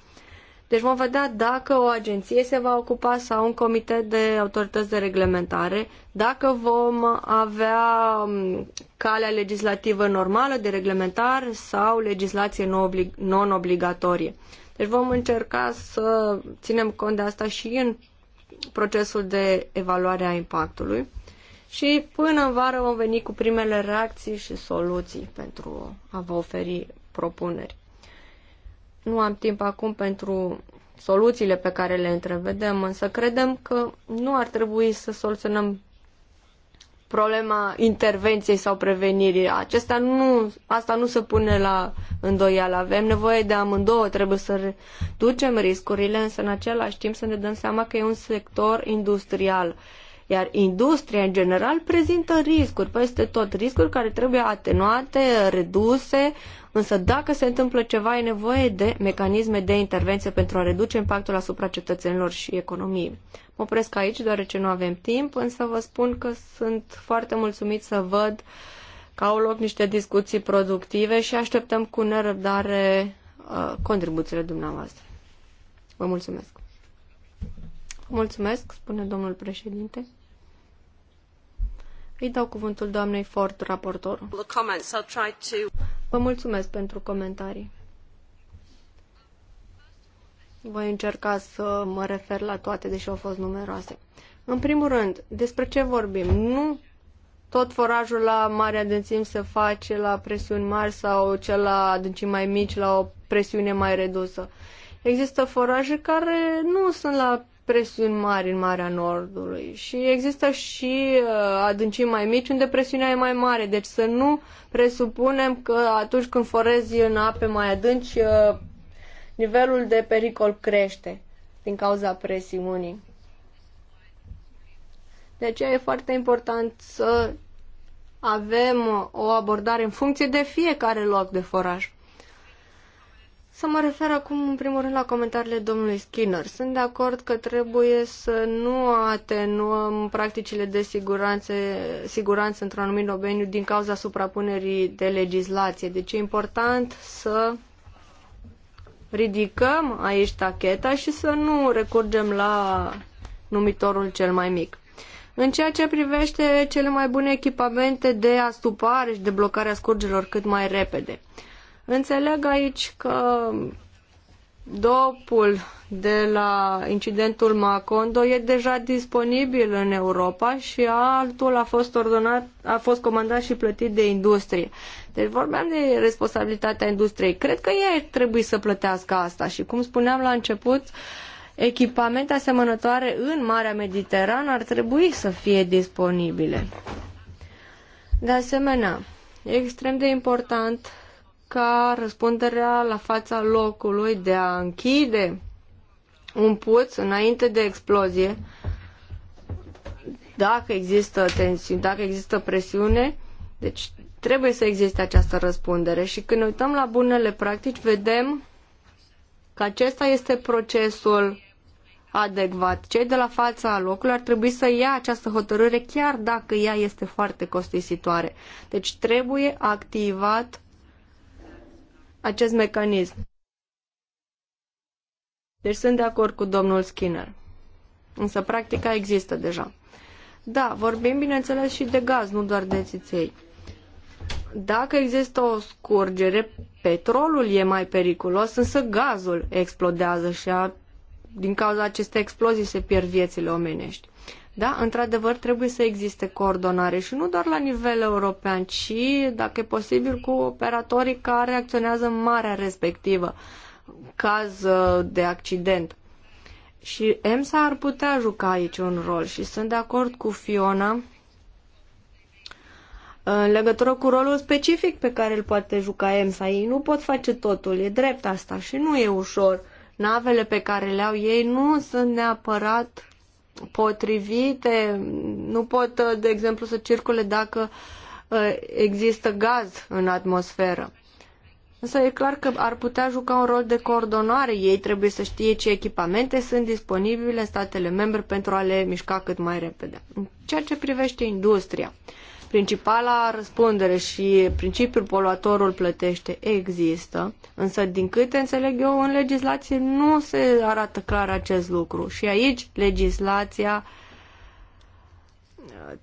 [SPEAKER 2] Deci vom vedea dacă o agenție se va ocupa sau un comitet de autorități de reglementare, dacă vom avea um, calea legislativă normală de reglementar sau legislație non-obligatorie. Deci vom încerca să ținem cont de asta și în procesul de evaluare a impactului și până în vară vom veni cu primele reacții și soluții pentru a vă oferi propuneri. Nu am timp acum pentru soluțiile pe care le întrevedem, însă credem că nu ar trebui să soluționăm problema intervenției sau prevenirii. Acesta nu, asta nu se pune la îndoială. Avem nevoie de amândouă, trebuie să reducem riscurile, însă în același timp să ne dăm seama că e un sector industrial. Iar industria, în general, prezintă riscuri peste tot, riscuri care trebuie atenuate, reduse, însă dacă se întâmplă ceva, e nevoie de mecanisme de intervenție pentru a reduce impactul asupra cetățenilor și economiei. Mă opresc aici, deoarece nu avem timp, însă vă spun că sunt foarte mulțumit să văd că au loc niște discuții productive și așteptăm cu nerăbdare uh, contribuțiile dumneavoastră. Vă mulțumesc. Vă mulțumesc, spune domnul președinte. Îi dau cuvântul doamnei Ford, raportorul. Vă mulțumesc pentru comentarii. Voi încerca să mă refer la toate, deși au fost numeroase. În primul rând, despre ce vorbim? Nu tot forajul la mare adâncim se face la presiuni mari sau cel la adâncimi mai mici la o presiune mai redusă. Există foraje care nu sunt la presiuni mari în Marea Nordului și există și uh, adâncimi mai mici unde presiunea e mai mare. Deci să nu presupunem că atunci când forezi în ape mai adânci, uh, nivelul de pericol crește din cauza presiunii. De aceea e foarte important să avem o abordare în funcție de fiecare loc de foraj. Să mă refer acum în primul rând la comentariile domnului Skinner. Sunt de acord că trebuie să nu atenuăm practicile de siguranță, siguranță într-un anumit domeniu din cauza suprapunerii de legislație. Deci e important să ridicăm aici tacheta și să nu recurgem la numitorul cel mai mic. În ceea ce privește cele mai bune echipamente de astupare și de blocarea scurgelor cât mai repede. Uh, Înțeleg aici că dopul de la incidentul Macondo e deja disponibil în Europa și altul a fost ordonat, a fost comandat și plătit de industrie. Deci vorbeam de responsabilitatea industriei. Cred că ei trebuie să plătească asta și cum spuneam la început, echipamente asemănătoare în Marea Mediterană ar trebui să fie disponibile. De asemenea, e extrem de important ca răspunderea la fața locului de a închide un puț înainte de explozie, dacă există tensiune dacă există presiune, deci trebuie să existe această răspundere. Și când ne uităm la bunele practici, vedem că acesta este procesul adecvat. Cei de la fața locului ar trebui să ia această hotărâre chiar dacă ea este foarte costisitoare. Deci trebuie activat acest mecanism. Deci sunt de acord cu domnul Skinner. Însă practica există deja. Da, vorbim bineînțeles și de gaz, nu doar de țiței. Dacă există o scurgere, petrolul e mai periculos, însă gazul explodează și a, din cauza acestei explozii se pierd viețile omenești. Da, într-adevăr, trebuie să existe coordonare și nu doar la nivel european, ci, dacă e posibil, cu operatorii care acționează în marea respectivă, caz uh, de accident. Și EMSA ar putea juca aici un rol și sunt de acord cu Fiona în legătură cu rolul specific pe care îl poate juca EMSA. Ei nu pot face totul, e drept asta și nu e ușor. Navele pe care le au ei nu sunt neapărat potrivite, nu pot, de exemplu, să circule dacă uh, există gaz în atmosferă. Însă e clar că ar putea juca un rol de coordonare. Ei trebuie să știe ce echipamente sunt disponibile în statele membre pentru a le mișca cât mai repede. În ceea ce privește industria, uh, Principala răspundere și principiul poluatorul plătește există, însă din câte înțeleg eu în legislație nu se arată clar acest lucru și aici legislația uh,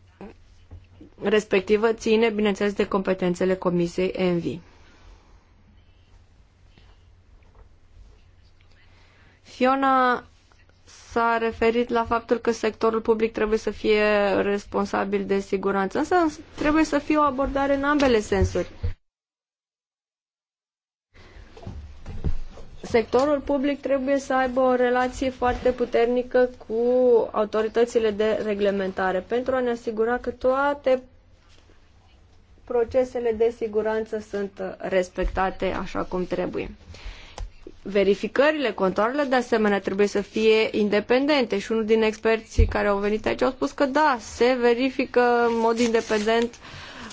[SPEAKER 2] respectivă ține, bineînțeles, de competențele Comisiei ENVI. Fiona s-a referit la faptul că sectorul public trebuie să fie responsabil de siguranță, însă trebuie să fie o abordare în ambele sensuri. Sectorul public trebuie să aibă o relație foarte puternică cu autoritățile de reglementare pentru a ne asigura că toate procesele de siguranță sunt respectate așa cum trebuie verificările, controlele de asemenea, trebuie să fie independente și unul din experții care au venit aici au spus că da, se verifică în mod independent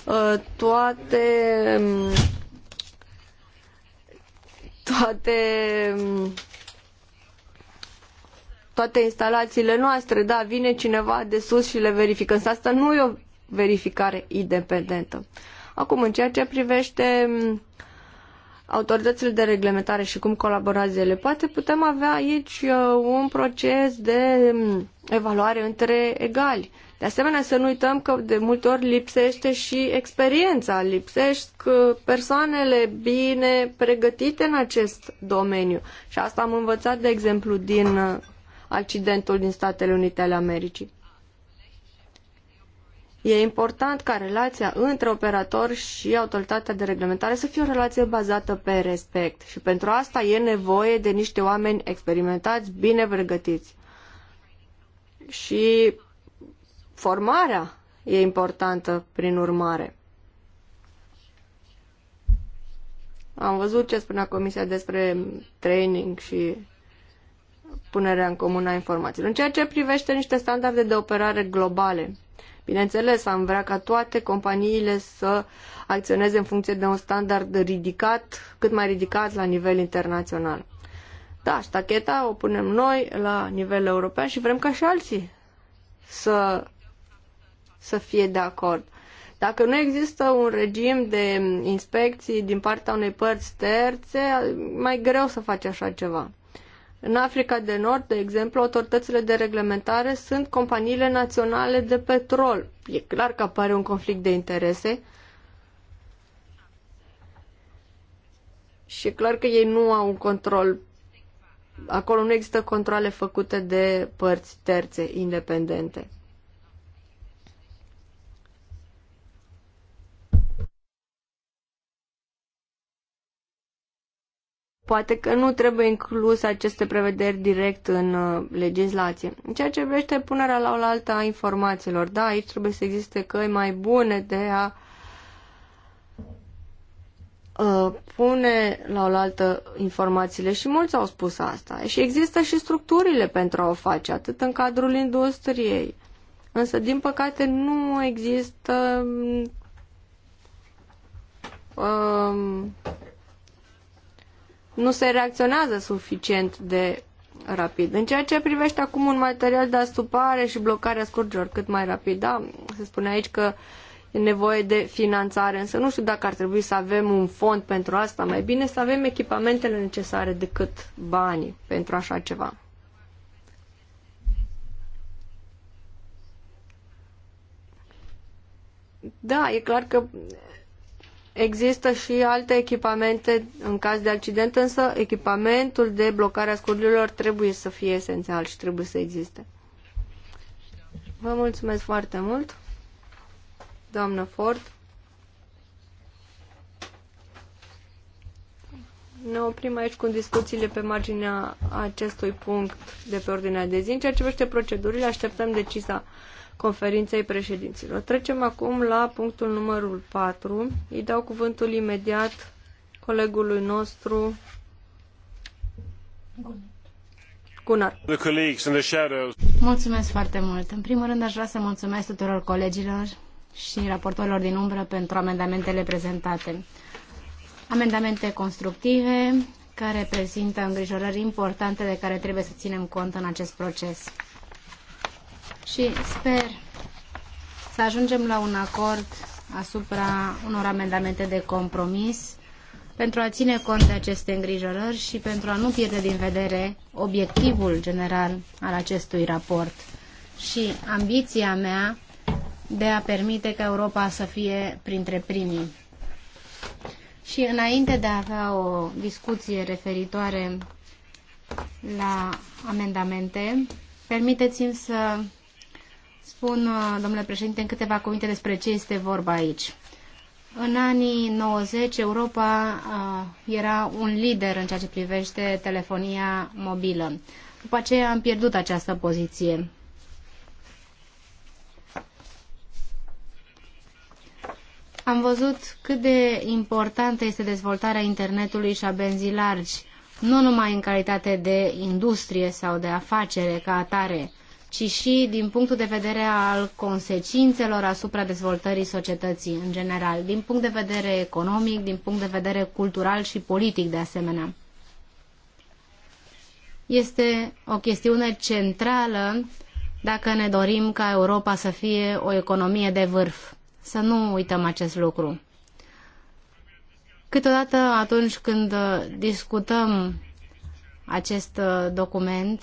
[SPEAKER 2] uh, toate um, toate um, toate instalațiile noastre, da, vine cineva de sus și le verifică, însă asta nu e o verificare independentă. Acum, în ceea ce privește uh, autoritățile de reglementare și cum colaborează ele. Poate putem avea aici uh, un proces de um, evaluare între egali. De asemenea, să nu uităm că de multe ori lipsește și experiența, lipsește uh, persoanele bine pregătite în acest domeniu. Și asta am învățat, de exemplu, din uh, accidentul din Statele Unite ale Americii. E important ca relația între operator și autoritatea de reglementare să fie o relație bazată pe respect și pentru asta e nevoie de niște oameni experimentați, bine pregătiți. Și formarea e importantă prin urmare. Am văzut ce spunea Comisia despre training și punerea în comun a informațiilor. În ceea ce privește niște standarde de operare globale, Bineînțeles, am vrea ca toate companiile să acționeze în funcție de un standard ridicat, cât mai ridicat la nivel internațional. Da, ștacheta o punem noi la nivel european și vrem ca și alții să, să fie de acord. Dacă nu există un regim de inspecții din partea unei părți terțe, mai greu să faci așa ceva. În Africa de Nord, de exemplu, autoritățile de reglementare sunt companiile naționale de petrol. E clar că apare un conflict de interese și e clar că ei nu au un control. Acolo nu există controle făcute de părți terțe, independente. Poate că nu trebuie inclus aceste prevederi direct în uh, legislație. În ceea ce privește punerea la oaltă a informațiilor, da, aici trebuie să existe căi mai bune de a uh, pune la oaltă informațiile și mulți au spus asta. Și există și structurile pentru a o face, atât în cadrul industriei. Însă, din păcate, nu există uh, nu se reacționează suficient de rapid. În ceea ce privește acum un material de astupare și blocarea scurgerilor cât mai rapid, da, se spune aici că e nevoie de finanțare, însă nu știu dacă ar trebui să avem un fond pentru asta, mai bine să avem echipamentele necesare decât banii pentru așa ceva. Da, e clar că Există și alte echipamente în caz de accident, însă echipamentul de blocare a scordurilor trebuie să fie esențial și trebuie să existe. Vă mulțumesc foarte mult, doamnă Ford. Ne oprim aici cu discuțiile pe marginea acestui punct de pe ordinea de zi. În ceea ce privește procedurile, așteptăm decizia conferinței președinților. Trecem acum la punctul numărul 4. Îi dau cuvântul imediat colegului nostru Gunnar.
[SPEAKER 1] Mulțumesc foarte mult. În primul rând aș vrea să mulțumesc tuturor colegilor și raportorilor din umbră pentru amendamentele prezentate. Amendamente constructive care prezintă îngrijorări importante de care trebuie să ținem cont în acest proces și sper să ajungem la un acord asupra unor amendamente de compromis pentru a ține cont de aceste îngrijorări și pentru a nu pierde din vedere obiectivul general al acestui raport și ambiția mea de a permite ca Europa să fie printre primii. Și înainte de a avea o discuție referitoare la amendamente, permiteți-mi să spun, uh, domnule președinte, în câteva cuvinte despre ce este vorba aici. În anii 90, Europa uh, era un lider în ceea ce privește telefonia mobilă. După aceea am pierdut această poziție. Am văzut cât de importantă este dezvoltarea internetului și a benzii largi, nu numai în calitate de industrie sau de afacere ca atare, ci și din punctul de vedere al consecințelor asupra dezvoltării societății în general, din punct de vedere economic, din punct de vedere cultural și politic de asemenea. Este o chestiune centrală dacă ne dorim ca Europa să fie o economie de vârf. Să nu uităm acest lucru. Câteodată atunci când discutăm acest document,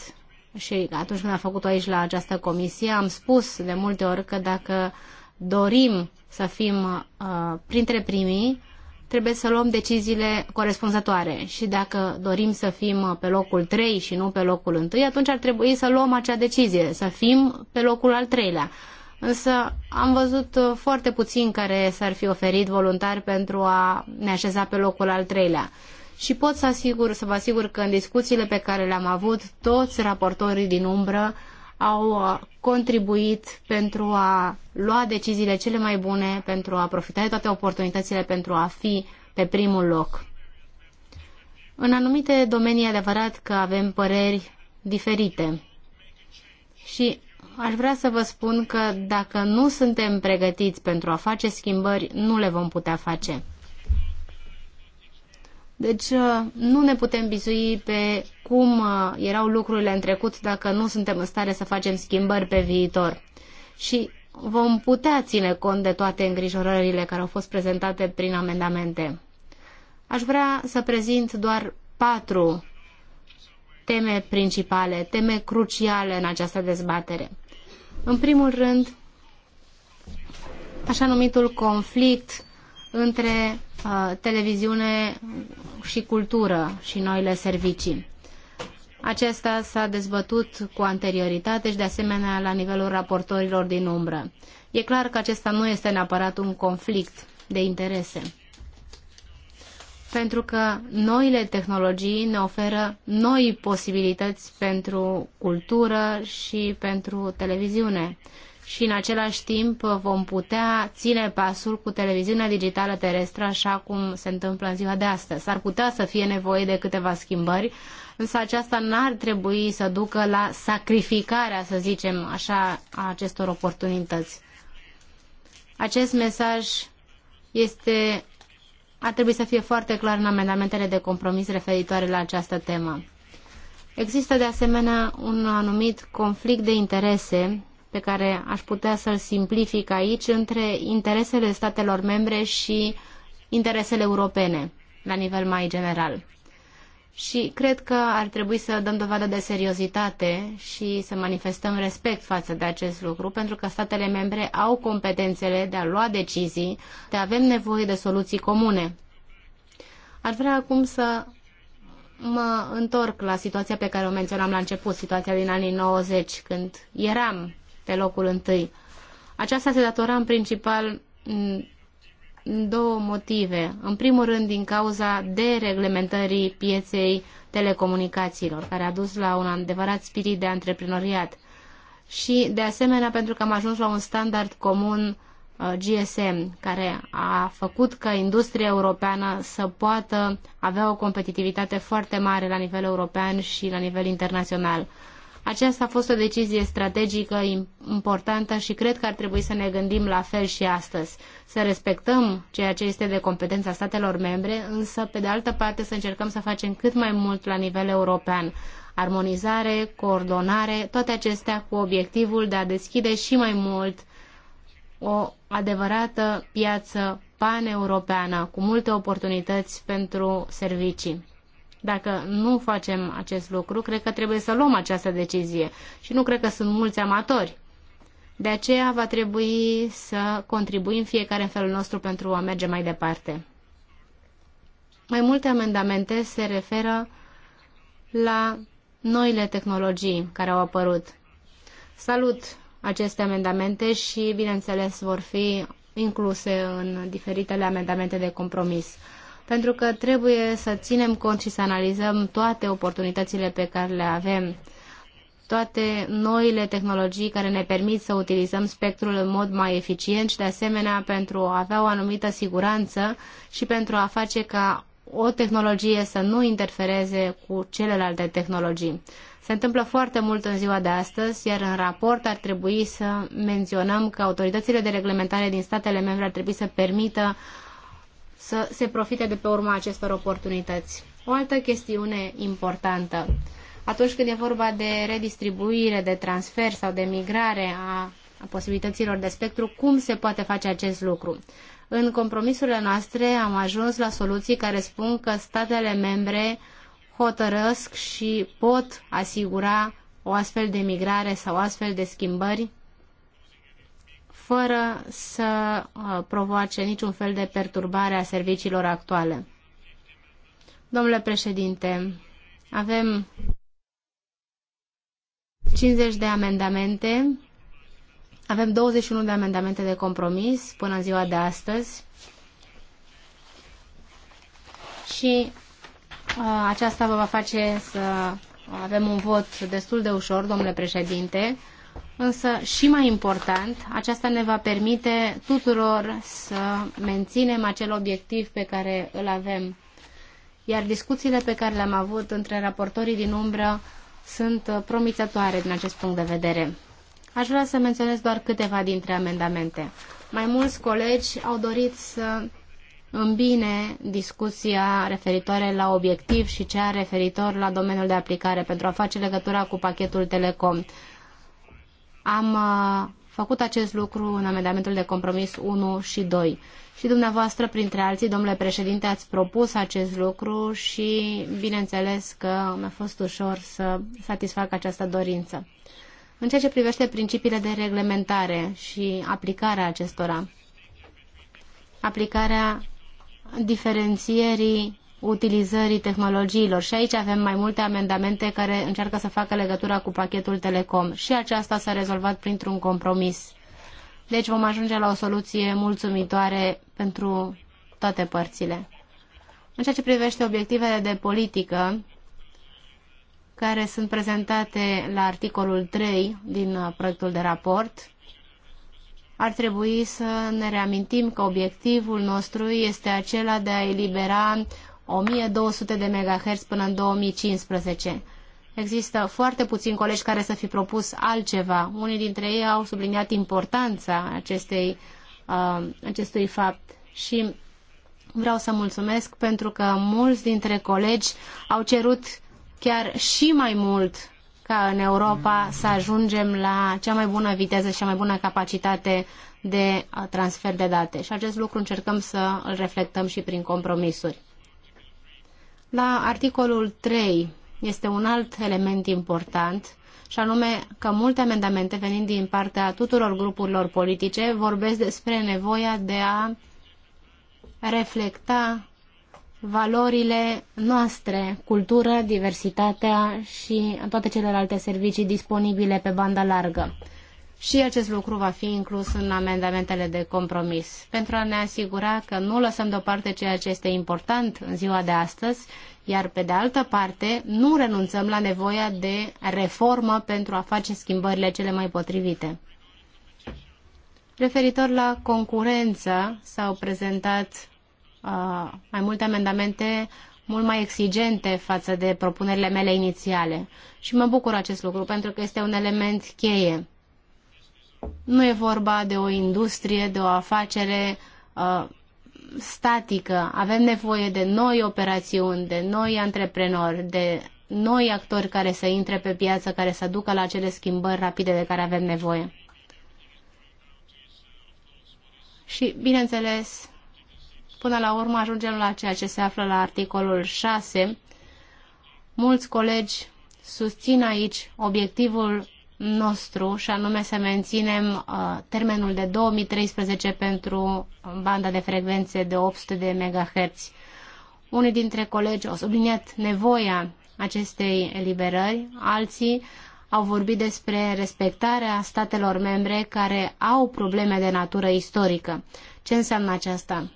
[SPEAKER 1] și atunci când am făcut-o aici la această comisie, am spus de multe ori că dacă dorim să fim uh, printre primii, trebuie să luăm deciziile corespunzătoare și dacă dorim să fim uh, pe locul 3 și nu pe locul 1, atunci ar trebui să luăm acea decizie, să fim pe locul al treilea. Însă am văzut uh, foarte puțin care s-ar fi oferit voluntari pentru a ne așeza pe locul al treilea și pot să, asigur, să vă asigur că în discuțiile pe care le-am avut, toți raportorii din umbră au uh, contribuit pentru a lua deciziile cele mai bune, pentru a profita de toate oportunitățile, pentru a fi pe primul loc. În anumite domenii adevărat că avem păreri diferite. Și aș vrea să vă spun că dacă nu suntem pregătiți pentru a face schimbări, nu le vom putea face. Deci uh, nu ne putem bizui pe cum uh, erau lucrurile în trecut dacă nu suntem în stare să facem schimbări pe viitor. Și vom putea ține cont de toate îngrijorările care au fost prezentate prin amendamente. Aș vrea să prezint doar patru teme principale, teme cruciale în această dezbatere. În primul rând, așa numitul conflict între uh, televiziune și cultură și noile servicii. Acesta s-a dezbătut cu anterioritate și de asemenea la nivelul raportorilor din umbră. E clar că acesta nu este neapărat un conflict de interese. Pentru că noile tehnologii ne oferă noi posibilități pentru cultură și pentru televiziune și în același timp vom putea ține pasul cu televiziunea digitală terestră așa cum se întâmplă în ziua de astăzi. S-ar putea să fie nevoie de câteva schimbări, însă aceasta n-ar trebui să ducă la sacrificarea, să zicem așa, a acestor oportunități. Acest mesaj este, ar trebui să fie foarte clar în amendamentele de compromis referitoare la această temă. Există de asemenea un anumit conflict de interese pe care aș putea să-l simplific aici între interesele statelor membre și interesele europene la nivel mai general. Și cred că ar trebui să dăm dovadă de seriozitate și să manifestăm respect față de acest lucru, pentru că statele membre au competențele de a lua decizii, de avem nevoie de soluții comune. Ar vrea acum să mă întorc la situația pe care o menționam la început, situația din anii 90, când eram pe locul întâi. Aceasta se datora în principal două motive. În primul rând, din cauza dereglementării pieței telecomunicațiilor, care a dus la un adevărat spirit de antreprenoriat. Și, de asemenea, pentru că am ajuns la un standard comun uh, GSM, care a făcut ca industria europeană să poată avea o competitivitate foarte mare la nivel european și la nivel internațional. Aceasta a fost o decizie strategică importantă și cred că ar trebui să ne gândim la fel și astăzi. Să respectăm ceea ce este de competența statelor membre, însă, pe de altă parte, să încercăm să facem cât mai mult la nivel european. Armonizare, coordonare, toate acestea cu obiectivul de a deschide și mai mult o adevărată piață paneuropeană cu multe oportunități pentru servicii. Dacă nu facem acest lucru, cred că trebuie să luăm această decizie și nu cred că sunt mulți amatori. De aceea va trebui să contribuim fiecare în felul nostru pentru a merge mai departe. Mai multe amendamente se referă la noile tehnologii care au apărut. Salut aceste amendamente și, bineînțeles, vor fi incluse în diferitele amendamente de compromis pentru că trebuie să ținem cont și să analizăm toate oportunitățile pe care le avem, toate noile tehnologii care ne permit să utilizăm spectrul în mod mai eficient și, de asemenea, pentru a avea o anumită siguranță și pentru a face ca o tehnologie să nu interfereze cu celelalte tehnologii. Se întâmplă foarte mult în ziua de astăzi, iar în raport ar trebui să menționăm că autoritățile de reglementare din statele membre ar trebui să permită să se profite de pe urma acestor oportunități. O altă chestiune importantă. Atunci când e vorba de redistribuire, de transfer sau de migrare a posibilităților de spectru, cum se poate face acest lucru? În compromisurile noastre am ajuns la soluții care spun că statele membre hotărăsc și pot asigura o astfel de migrare sau astfel de schimbări fără să uh, provoace niciun fel de perturbare a serviciilor actuale. Domnule președinte, avem 50 de amendamente, avem 21 de amendamente de compromis până în ziua de astăzi și uh, aceasta vă va face să avem un vot destul de ușor, domnule președinte, Însă, și mai important, aceasta ne va permite tuturor să menținem acel obiectiv pe care îl avem. Iar discuțiile pe care le-am avut între raportorii din umbră sunt uh, promițătoare din acest punct de vedere. Aș vrea să menționez doar câteva dintre amendamente. Mai mulți colegi au dorit să îmbine discuția referitoare la obiectiv și cea referitor la domeniul de aplicare pentru a face legătura cu pachetul Telecom. Am uh, făcut acest lucru în amendamentul de compromis 1 și 2. Și dumneavoastră, printre alții, domnule președinte, ați propus acest lucru și, bineînțeles, că mi-a fost ușor să satisfac această dorință. În ceea ce privește principiile de reglementare și aplicarea acestora, aplicarea diferențierii utilizării tehnologiilor și aici avem mai multe amendamente care încearcă să facă legătura cu pachetul Telecom și aceasta s-a rezolvat printr-un compromis. Deci vom ajunge la o soluție mulțumitoare pentru toate părțile. În ceea ce privește obiectivele de politică, care sunt prezentate la articolul 3 din uh, proiectul de raport, ar trebui să ne reamintim că obiectivul nostru este acela de a elibera 1200 de MHz până în 2015. Există foarte puțini colegi care să fi propus altceva. Unii dintre ei au subliniat importanța acestei, uh, acestui fapt și vreau să mulțumesc pentru că mulți dintre colegi au cerut chiar și mai mult ca în Europa să ajungem la cea mai bună viteză și cea mai bună capacitate de uh, transfer de date. Și acest lucru încercăm să îl reflectăm și prin compromisuri. La articolul 3 este un alt element important și anume că multe amendamente venind din partea tuturor grupurilor politice vorbesc despre nevoia de a reflecta valorile noastre, cultură, diversitatea și toate celelalte servicii disponibile pe banda largă. Și acest lucru va fi inclus în amendamentele de compromis, pentru a ne asigura că nu lăsăm deoparte ceea ce este important în ziua de astăzi, iar pe de altă parte nu renunțăm la nevoia de reformă pentru a face schimbările cele mai potrivite. Referitor la concurență, s-au prezentat uh, mai multe amendamente mult mai exigente față de propunerile mele inițiale. Și mă bucur acest lucru pentru că este un element cheie. Nu e vorba de o industrie, de o afacere uh, statică. Avem nevoie de noi operațiuni, de noi antreprenori, de noi actori care să intre pe piață, care să ducă la acele schimbări rapide de care avem nevoie. Și, bineînțeles, până la urmă ajungem la ceea ce se află la articolul 6. Mulți colegi susțin aici obiectivul nostru și anume să menținem uh, termenul de 2013 pentru banda de frecvențe de 800 de MHz. Unii dintre colegi au subliniat nevoia acestei eliberări, alții au vorbit despre respectarea statelor membre care au probleme de natură istorică. Ce înseamnă aceasta?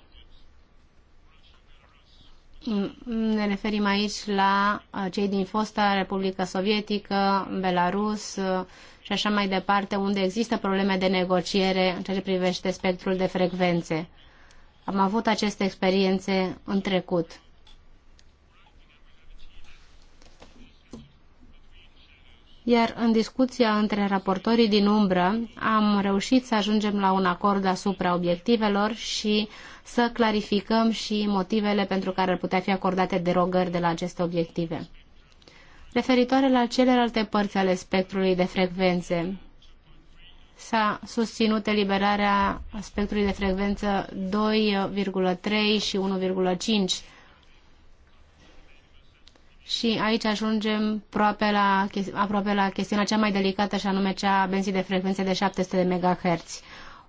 [SPEAKER 1] Mm, ne referim aici la uh, cei din fosta Republică Sovietică, Belarus uh, și așa mai departe, unde există probleme de negociere în ceea ce privește spectrul de frecvențe. Am avut aceste experiențe în trecut. iar în discuția între raportorii din umbră am reușit să ajungem la un acord asupra obiectivelor și să clarificăm și motivele pentru care ar putea fi acordate derogări de la aceste obiective. Referitoare la celelalte părți ale spectrului de frecvențe, s-a susținut eliberarea spectrului de frecvență 2,3 și 1,5 și aici ajungem aproape la, aproape la chestiunea cea mai delicată, și anume cea a benzii de frecvențe de 700 de MHz.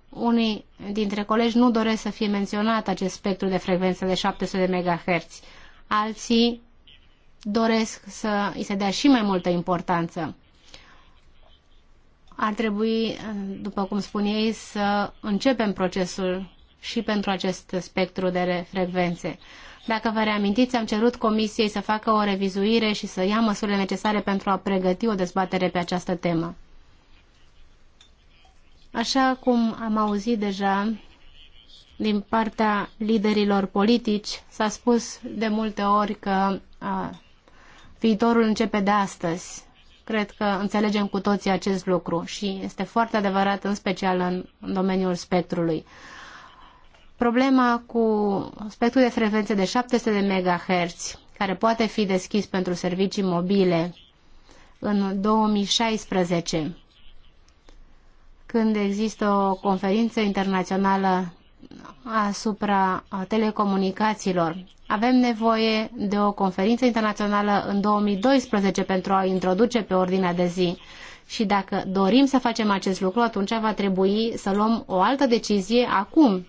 [SPEAKER 1] Unii dintre colegi nu doresc să fie menționat acest spectru de frecvențe de 700 de MHz. Alții doresc să îi se dea și mai multă importanță. Ar trebui, după cum spun ei, să începem procesul și pentru acest spectru de frecvențe. Dacă vă reamintiți, am cerut Comisiei să facă o revizuire și să ia măsurile necesare pentru a pregăti o dezbatere pe această temă. Așa cum am auzit deja din partea liderilor politici, s-a spus de multe ori că a, viitorul începe de astăzi. Cred că înțelegem cu toții acest lucru și este foarte adevărat, în special în, în domeniul spectrului. Problema cu spectrul de frecvențe de 700 de MHz, care poate fi deschis pentru servicii mobile în 2016, când există o conferință internațională asupra telecomunicațiilor. Avem nevoie de o conferință internațională în 2012 pentru a introduce pe ordinea de zi. Și dacă dorim să facem acest lucru, atunci va trebui să luăm o altă decizie acum,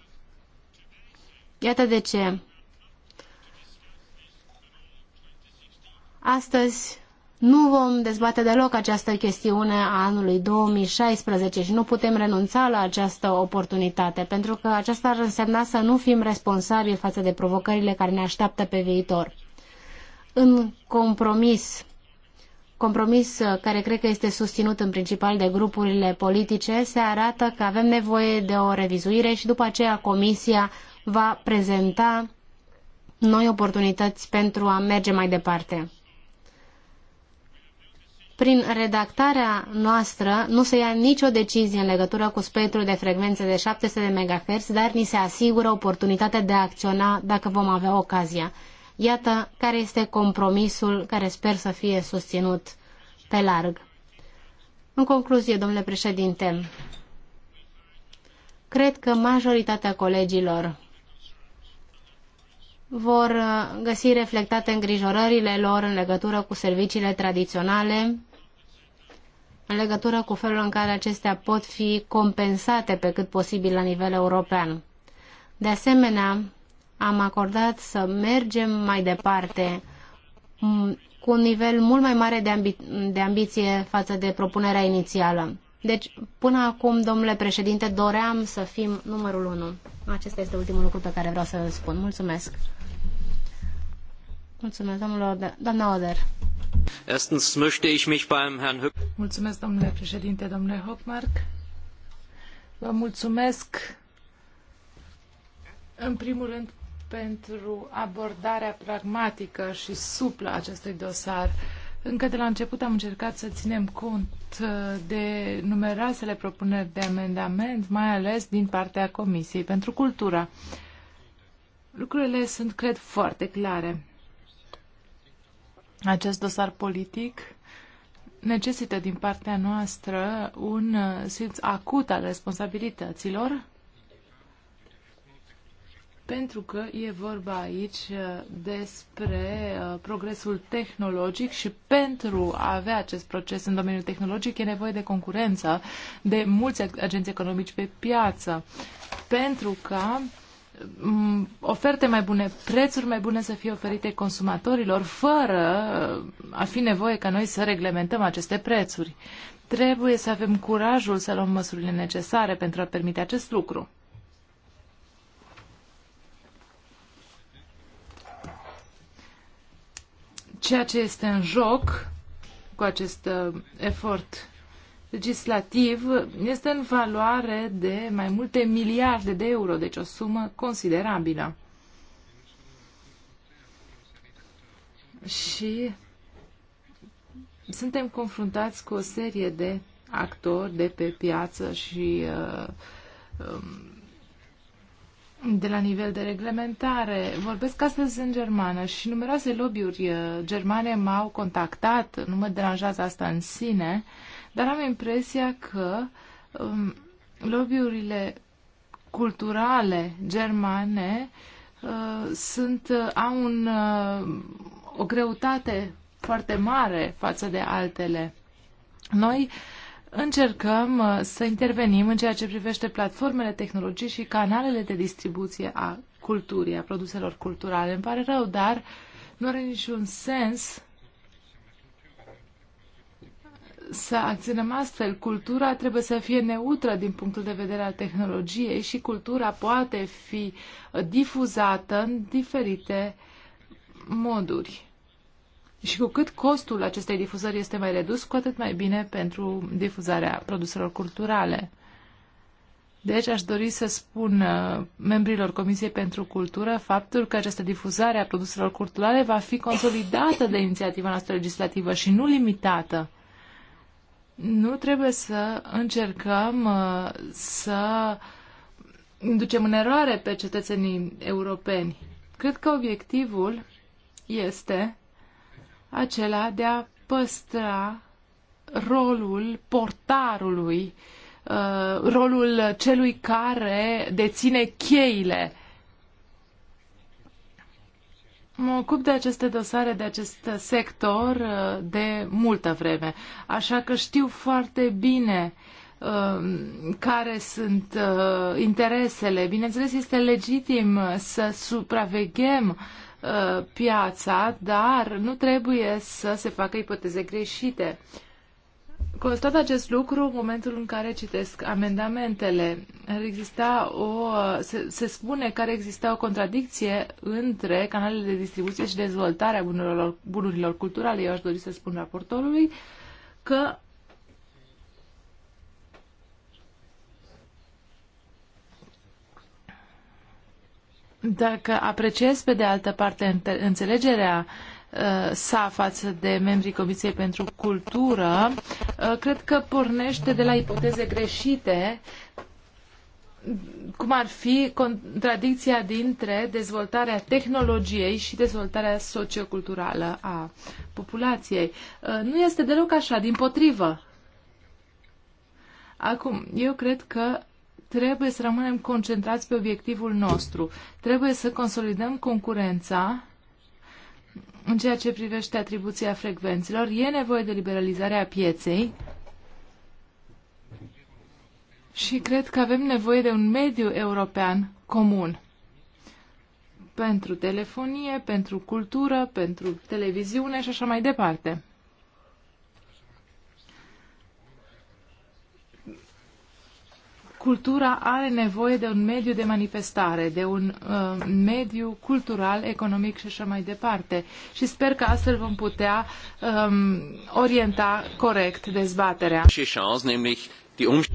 [SPEAKER 1] Iată de ce. Astăzi nu vom dezbate deloc această chestiune a anului 2016 și nu putem renunța la această oportunitate, pentru că aceasta ar însemna să nu fim responsabili față de provocările care ne așteaptă pe viitor. În compromis, compromis care cred că este susținut în principal de grupurile politice, se arată că avem nevoie de o revizuire și după aceea Comisia va prezenta noi oportunități pentru a merge mai departe. Prin redactarea noastră nu se ia nicio decizie în legătură cu spectrul de frecvențe de 700 de MHz, dar ni se asigură oportunitatea de a acționa dacă vom avea ocazia. Iată care este compromisul care sper să fie susținut pe larg. În concluzie, domnule președinte, cred că majoritatea colegilor vor uh, găsi reflectate îngrijorările lor în legătură cu serviciile tradiționale, în legătură cu felul în care acestea pot fi compensate pe cât posibil la nivel european. De asemenea, am acordat să mergem mai departe cu un nivel mult mai mare de, ambi- de ambiție față de propunerea inițială. Deci, până acum, domnule președinte, doream să fim numărul unu. Acesta este ultimul lucru pe care vreau să-l spun. Mulțumesc. Mulțumesc, domnule Oder. Doamna Oder.
[SPEAKER 2] Erstens möchte ich mich beim Herrn
[SPEAKER 3] Mulțumesc, domnule președinte, domnule Hockmark. Vă mulțumesc, în primul rând, pentru abordarea pragmatică și suplă acestui dosar. Încă de la început am încercat să ținem cont uh, de numeroasele propuneri de amendament, mai ales din partea Comisiei pentru Cultura. Lucrurile sunt, cred, foarte clare. Acest dosar politic necesită din partea noastră un uh, simț acut al responsabilităților pentru că e vorba aici uh, despre uh, progresul tehnologic și pentru a avea acest proces în domeniul tehnologic e nevoie de concurență de mulți agenți economici pe piață, pentru ca mm, oferte mai bune, prețuri mai bune să fie oferite consumatorilor, fără uh, a fi nevoie ca noi să reglementăm aceste prețuri. Trebuie să avem curajul să luăm măsurile necesare pentru a permite acest lucru. ceea ce este în joc cu acest uh, efort legislativ este în valoare de mai multe miliarde de euro, deci o sumă considerabilă. Și suntem confruntați cu o serie de actori de pe piață și uh, um, de la nivel de reglementare. Vorbesc astăzi în germană și numeroase lobby-uri uh, germane m-au contactat, nu mă deranjează asta în sine, dar am impresia că um, lobby-urile culturale germane uh, sunt, uh, au un, uh, o greutate foarte mare față de altele. Noi uh, încercăm uh, să intervenim în ceea ce privește platformele, tehnologii și canalele de distribuție a culturii, a produselor culturale. Îmi pare rău, dar nu are niciun sens să acționăm astfel. Cultura trebuie să fie neutră din punctul de vedere al tehnologiei și cultura poate fi difuzată în diferite moduri. Și cu cât costul acestei difuzări este mai redus, cu atât mai bine pentru difuzarea produselor culturale. Deci aș dori să spun uh, membrilor Comisiei pentru Cultură faptul că această difuzare a produselor culturale va fi consolidată de inițiativa noastră legislativă și nu limitată. Nu trebuie să încercăm uh, să inducem în eroare pe cetățenii europeni. Cred că obiectivul este acela de a păstra rolul portarului, uh, rolul celui care deține cheile. Mă ocup de aceste dosare, de acest sector uh, de multă vreme, așa că știu foarte bine um, care sunt uh, interesele. Bineînțeles, este legitim să supraveghem Uh, piața, dar nu trebuie să se facă ipoteze greșite. Constat acest lucru în momentul în care citesc amendamentele. Exista o, uh, se, se spune că exista o contradicție între canalele de distribuție și dezvoltarea bunurilor, bunurilor culturale. Eu aș dori să spun raportorului că Dacă apreciez pe de altă parte înțelegerea uh, sa față de membrii Comisiei pentru Cultură, uh, cred că pornește de la ipoteze greșite cum ar fi contradicția dintre dezvoltarea tehnologiei și dezvoltarea socioculturală a populației. Uh, nu este deloc așa, din potrivă. Acum, eu cred că trebuie să rămânem concentrați pe obiectivul nostru. Trebuie să consolidăm concurența în ceea ce privește atribuția frecvenților. E nevoie de liberalizarea pieței și cred că avem nevoie de un mediu european comun pentru telefonie, pentru cultură, pentru televiziune și așa mai departe. cultura are nevoie de un mediu de manifestare, de un uh, mediu cultural, economic și așa mai departe. Și sper că astfel vom putea um, orienta corect dezbaterea.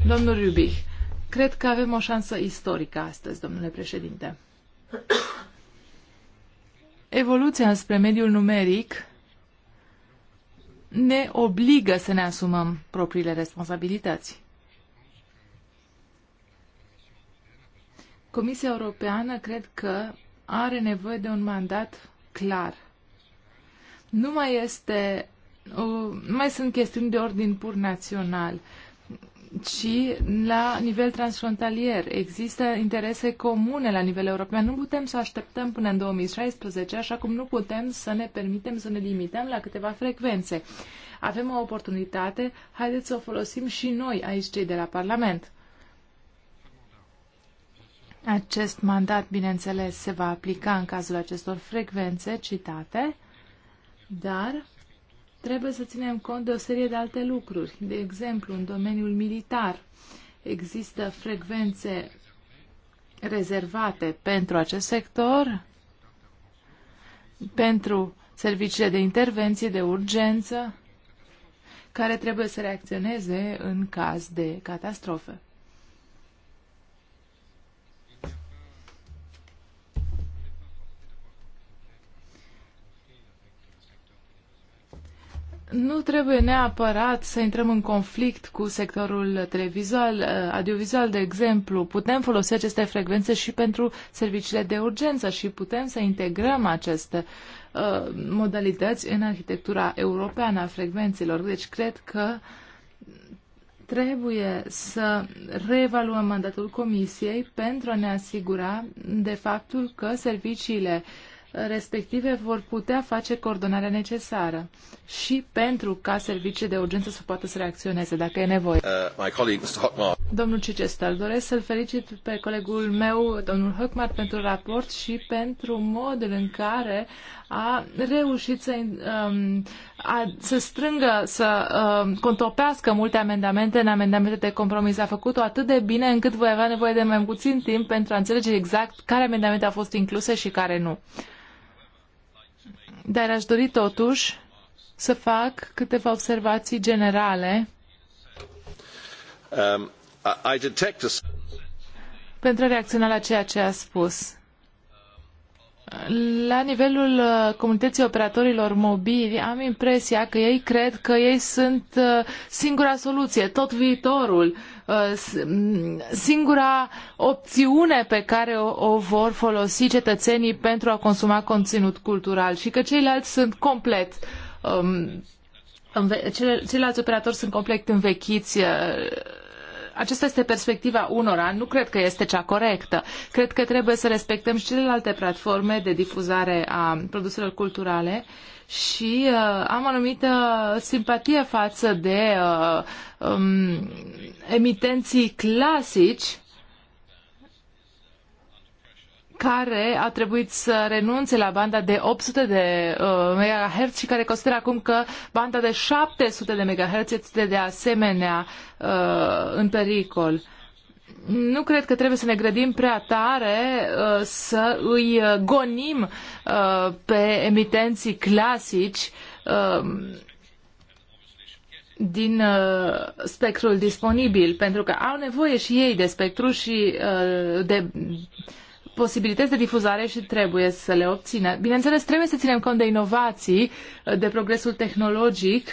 [SPEAKER 3] Domnul Rubich, cred că avem o șansă istorică astăzi, domnule președinte. Evoluția spre mediul numeric ne obligă să ne asumăm propriile responsabilități. Comisia Europeană cred că are nevoie de un mandat clar. Nu mai este, nu mai sunt chestiuni de ordin pur național, ci la nivel transfrontalier. Există interese comune la nivel european. Nu putem să așteptăm până în 2016, așa cum nu putem să ne permitem să ne limităm la câteva frecvențe. Avem o oportunitate, haideți să o folosim și noi aici, cei de la Parlament. Acest mandat, bineînțeles, se va aplica în cazul acestor frecvențe citate, dar trebuie să ținem cont de o serie de alte lucruri. De exemplu, în domeniul militar există frecvențe rezervate pentru acest sector, pentru serviciile de intervenție, de urgență, care trebuie să reacționeze în caz de catastrofe. nu trebuie neapărat să intrăm în conflict cu sectorul televizual, uh, audiovizual, de exemplu. Putem folosi aceste frecvențe și pentru serviciile de urgență și putem să integrăm aceste uh, modalități în arhitectura europeană a frecvenților. Deci cred că trebuie să reevaluăm mandatul Comisiei pentru a ne asigura de faptul că serviciile uh, respective vor putea face coordonarea necesară și pentru ca serviciile de urgență să poată să reacționeze dacă e nevoie. Uh, my Domnul Cicestal, doresc să-l felicit pe colegul meu, domnul Hockmar, pentru raport și pentru modul în care a reușit să, um, a, să strângă, să um, contopească multe amendamente în amendamente de compromis. A făcut-o atât de bine încât voi avea nevoie de mai puțin timp pentru a înțelege exact care amendamente au fost incluse și care nu. Dar aș dori totuși să fac câteva observații generale. Um, I detect a... Pentru a reacționa la ceea ce a spus la nivelul uh, comunității operatorilor mobili am impresia că ei cred că ei sunt uh, singura soluție, tot viitorul, uh, singura opțiune pe care o, vor folosi cetățenii pentru a consuma conținut cultural și că ceilalți sunt complet um, ceilalți operatori sunt complet învechiți aceasta este perspectiva unora, nu cred că este cea corectă. Cred că trebuie să respectăm și celelalte platforme de difuzare a produselor culturale și uh, am anumită simpatie față de uh, um, emitenții clasici care a trebuit să renunțe la banda de 800 de uh, MHz și care consideră acum că banda de 700 de MHz este de asemenea uh, în pericol. Nu cred că trebuie să ne grădim prea tare uh, să îi gonim pe emitenții clasici din uh, spectrul disponibil, pentru că au nevoie și ei de spectru și uh, de posibilități de difuzare și trebuie să le obțină. Bineînțeles, trebuie să ținem cont de inovații, de progresul tehnologic,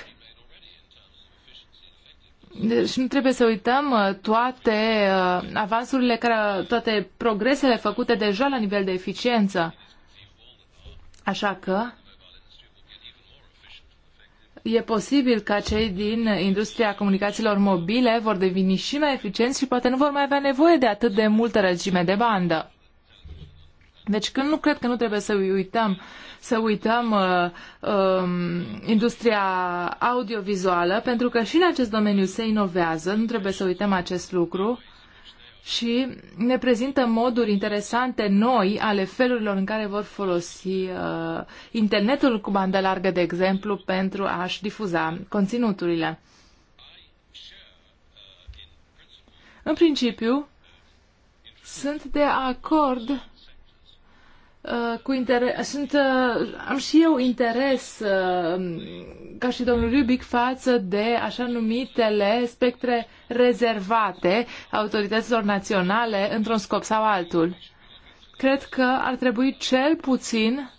[SPEAKER 3] deci nu trebuie să uităm uh, toate uh, avansurile, care, toate progresele făcute deja la nivel de eficiență. Așa că e posibil ca cei din industria comunicațiilor mobile vor deveni și mai eficienți și poate nu vor mai avea nevoie de atât de multă răgime de bandă. Deci când nu cred că nu trebuie să uităm, să uităm uh, uh, industria audiovizuală, pentru că și în acest domeniu se inovează, nu trebuie să uităm acest lucru și ne prezintă moduri interesante noi ale felurilor în care vor folosi uh, internetul cu bandă largă, de exemplu, pentru a-și difuza conținuturile. În principiu, sunt de acord Uh, cu interes, sunt, uh, am și eu interes, uh, ca și domnul Rubic, față de așa numitele spectre rezervate autorităților naționale într-un scop sau altul. Cred că ar trebui cel puțin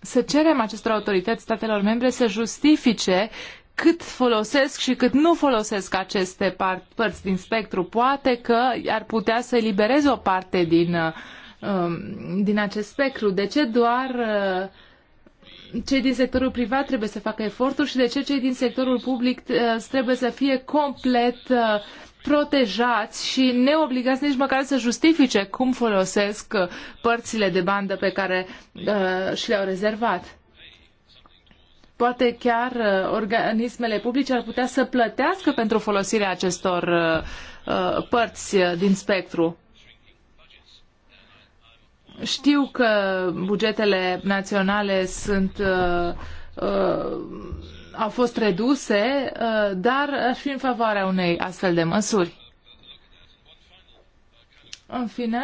[SPEAKER 3] să cerem acestor autorități statelor membre să justifice cât folosesc și cât nu folosesc aceste părți din spectru. Poate că ar putea să elibereze o parte din, uh, um, din acest spectru. De ce doar uh, cei din sectorul privat trebuie să facă eforturi și de ce cei din sectorul public uh, trebuie să fie complet protejați și neobligați nici măcar să justifice cum folosesc părțile de bandă pe care uh, și le-au rezervat. Poate chiar uh, organismele publice ar putea să plătească pentru folosirea acestor uh, uh, părți din spectru. Știu că bugetele naționale sunt au fost reduse, dar aș fi în favoarea unei astfel de măsuri. În fine,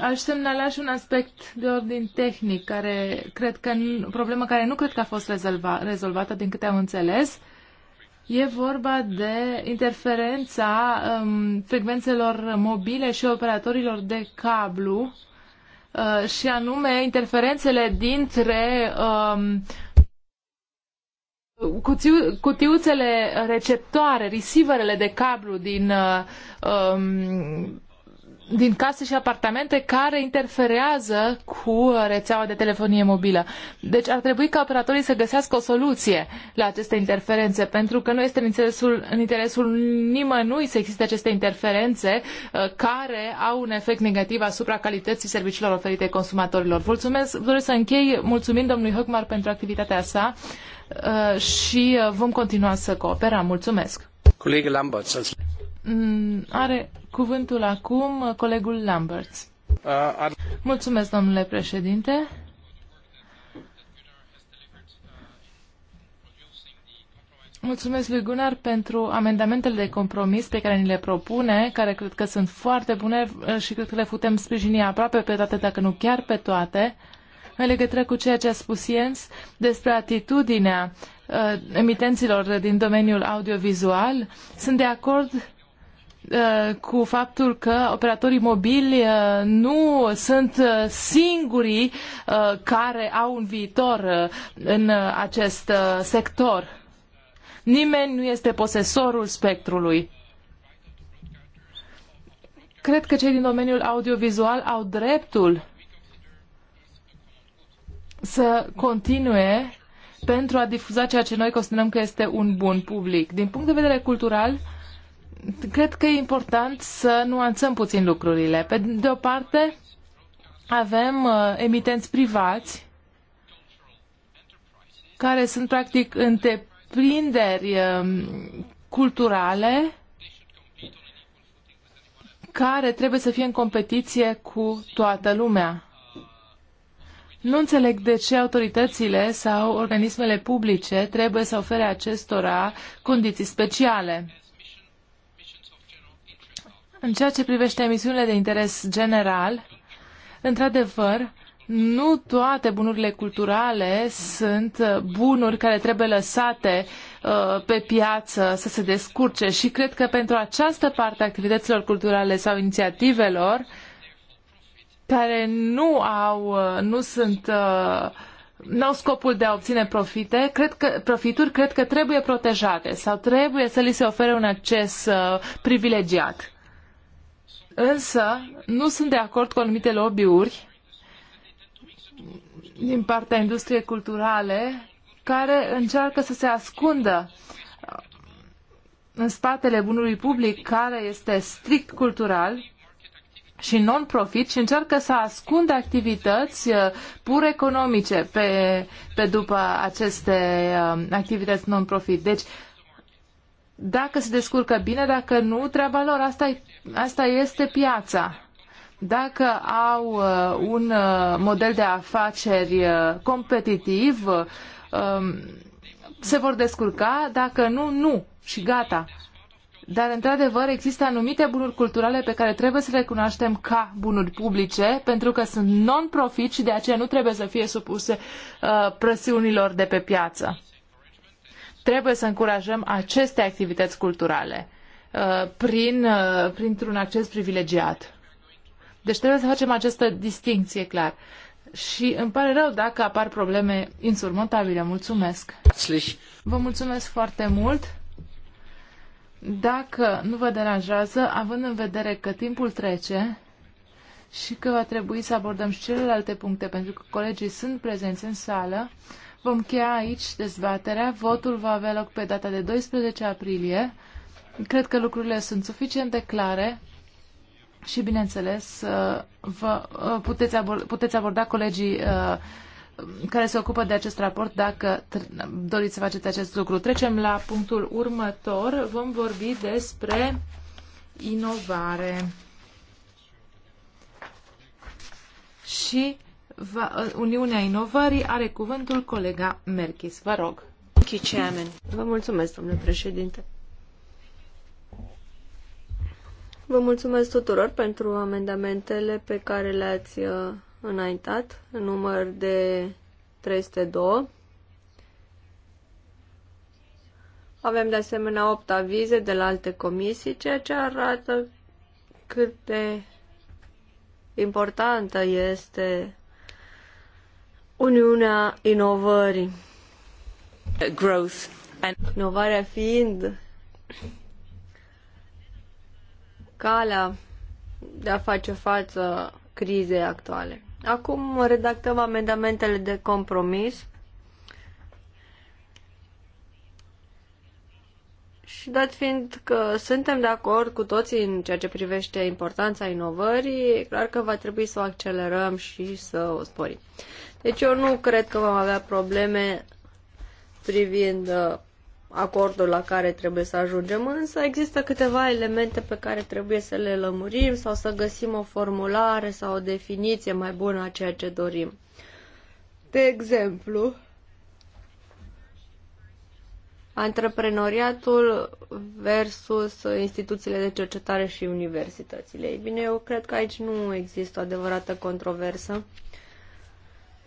[SPEAKER 3] Aș semnala și un aspect de ordin tehnic, care cred că, problemă care nu cred că a fost rezolva, rezolvată din câte am înțeles. E vorba de interferența um, frecvențelor mobile și operatorilor de cablu uh, și anume interferențele dintre um, cuțiu, cutiuțele receptoare, receiverele de cablu din uh, um, din case și apartamente care interferează cu rețeaua de telefonie mobilă. Deci ar trebui ca operatorii să găsească o soluție la aceste interferențe, pentru că nu este în interesul, în interesul nimănui să existe aceste interferențe uh, care au un efect negativ asupra calității serviciilor oferite consumatorilor. Mulțumesc, doresc să închei mulțumind domnului Hocmar pentru activitatea sa uh, și uh, vom continua să cooperăm. Mulțumesc!
[SPEAKER 2] Colegul Lambert,
[SPEAKER 3] Mm, are cuvântul acum colegul Lambert. Uh, Mulțumesc, domnule președinte. Mulțumesc lui Gunnar pentru amendamentele de compromis pe care ni le propune, care cred că sunt foarte bune uh, și cred că le putem sprijini aproape pe toate, dacă nu chiar pe toate, în legătură cu ceea ce a spus Jens despre atitudinea uh, emitenților din domeniul audiovizual. Sunt de acord Uh, cu faptul că operatorii mobili uh, nu sunt uh, singurii care au un viitor în acest sector. Nimeni nu este posesorul spectrului. Cred că cei din domeniul audiovizual au dreptul să continue pentru a difuza ceea ce noi considerăm că este un bun public. Din punct de vedere cultural, cred că e important să nuanțăm puțin lucrurile. Pe de o parte, avem uh, emitenți privați care sunt practic întreprinderi uh, culturale care trebuie să fie în competiție cu toată lumea. Nu înțeleg de ce autoritățile sau organismele publice trebuie să ofere acestora condiții speciale. În ceea ce privește emisiunile de interes general, într-adevăr, nu toate bunurile culturale sunt bunuri care trebuie lăsate uh, pe piață să se descurce și cred că pentru această parte a activităților culturale sau inițiativelor care nu au, uh, nu sunt uh, nu au scopul de a obține profite, cred că, profituri, cred că trebuie protejate sau trebuie să li se ofere un acces privilegiat. Însă, nu sunt de acord cu anumite lobby-uri din partea industriei culturale care încearcă să se ascundă în spatele bunului public care este strict cultural și non-profit și încearcă să ascundă activități uh, pur economice pe, pe după aceste um, activități non-profit. Deci dacă se descurcă bine, dacă nu, treaba lor. Asta, e, asta este piața. Dacă au uh, un uh, model de afaceri uh, competitiv, uh, se vor descurca, dacă nu, nu. Și gata. Dar, într-adevăr, există anumite bunuri culturale pe care trebuie să le recunoaștem ca bunuri publice, pentru că sunt non-profit și de aceea nu trebuie să fie supuse uh, presiunilor de pe piață. Trebuie să încurajăm aceste activități culturale uh, prin, uh, printr-un acces privilegiat. Deci trebuie să facem această distinție clar. Și îmi pare rău dacă apar probleme insurmontabile. Mulțumesc! Vă mulțumesc foarte mult! Dacă nu vă deranjează, având în vedere că timpul trece și că va trebui să abordăm și celelalte puncte, pentru că colegii sunt prezenți în sală, Vom cheia aici dezbaterea. Votul va avea loc pe data de 12 aprilie. Cred că lucrurile sunt suficient de clare și, bineînțeles, uh, vă, uh, puteți, aborda, puteți aborda colegii uh, care se ocupă de acest raport dacă doriți să faceți acest lucru. Trecem la punctul următor. Vom vorbi despre inovare. Și Uniunea Inovării are cuvântul colega Merkis. Vă rog. Vă mulțumesc, domnule președinte. Vă mulțumesc tuturor
[SPEAKER 2] pentru amendamentele pe care le-ați uh, înaintat, în număr de 302. Avem de asemenea 8 avize de la alte comisii, ceea ce arată cât de importantă este Uniunea Inovării. Growth and... Inovarea fiind calea de a face față crizei actuale. Acum redactăm amendamentele de compromis Și dat fiind că suntem de acord cu toții în ceea ce privește importanța inovării, e clar că va trebui să o accelerăm și să o sporim. Deci eu nu cred că vom avea probleme privind uh, acordul la care trebuie să ajungem, însă există câteva elemente pe care trebuie să le lămurim sau să găsim o formulare sau o definiție mai bună a ceea ce dorim. De exemplu, antreprenoriatul versus instituțiile de cercetare și universitățile. Ei bine, eu cred că aici nu există o adevărată controversă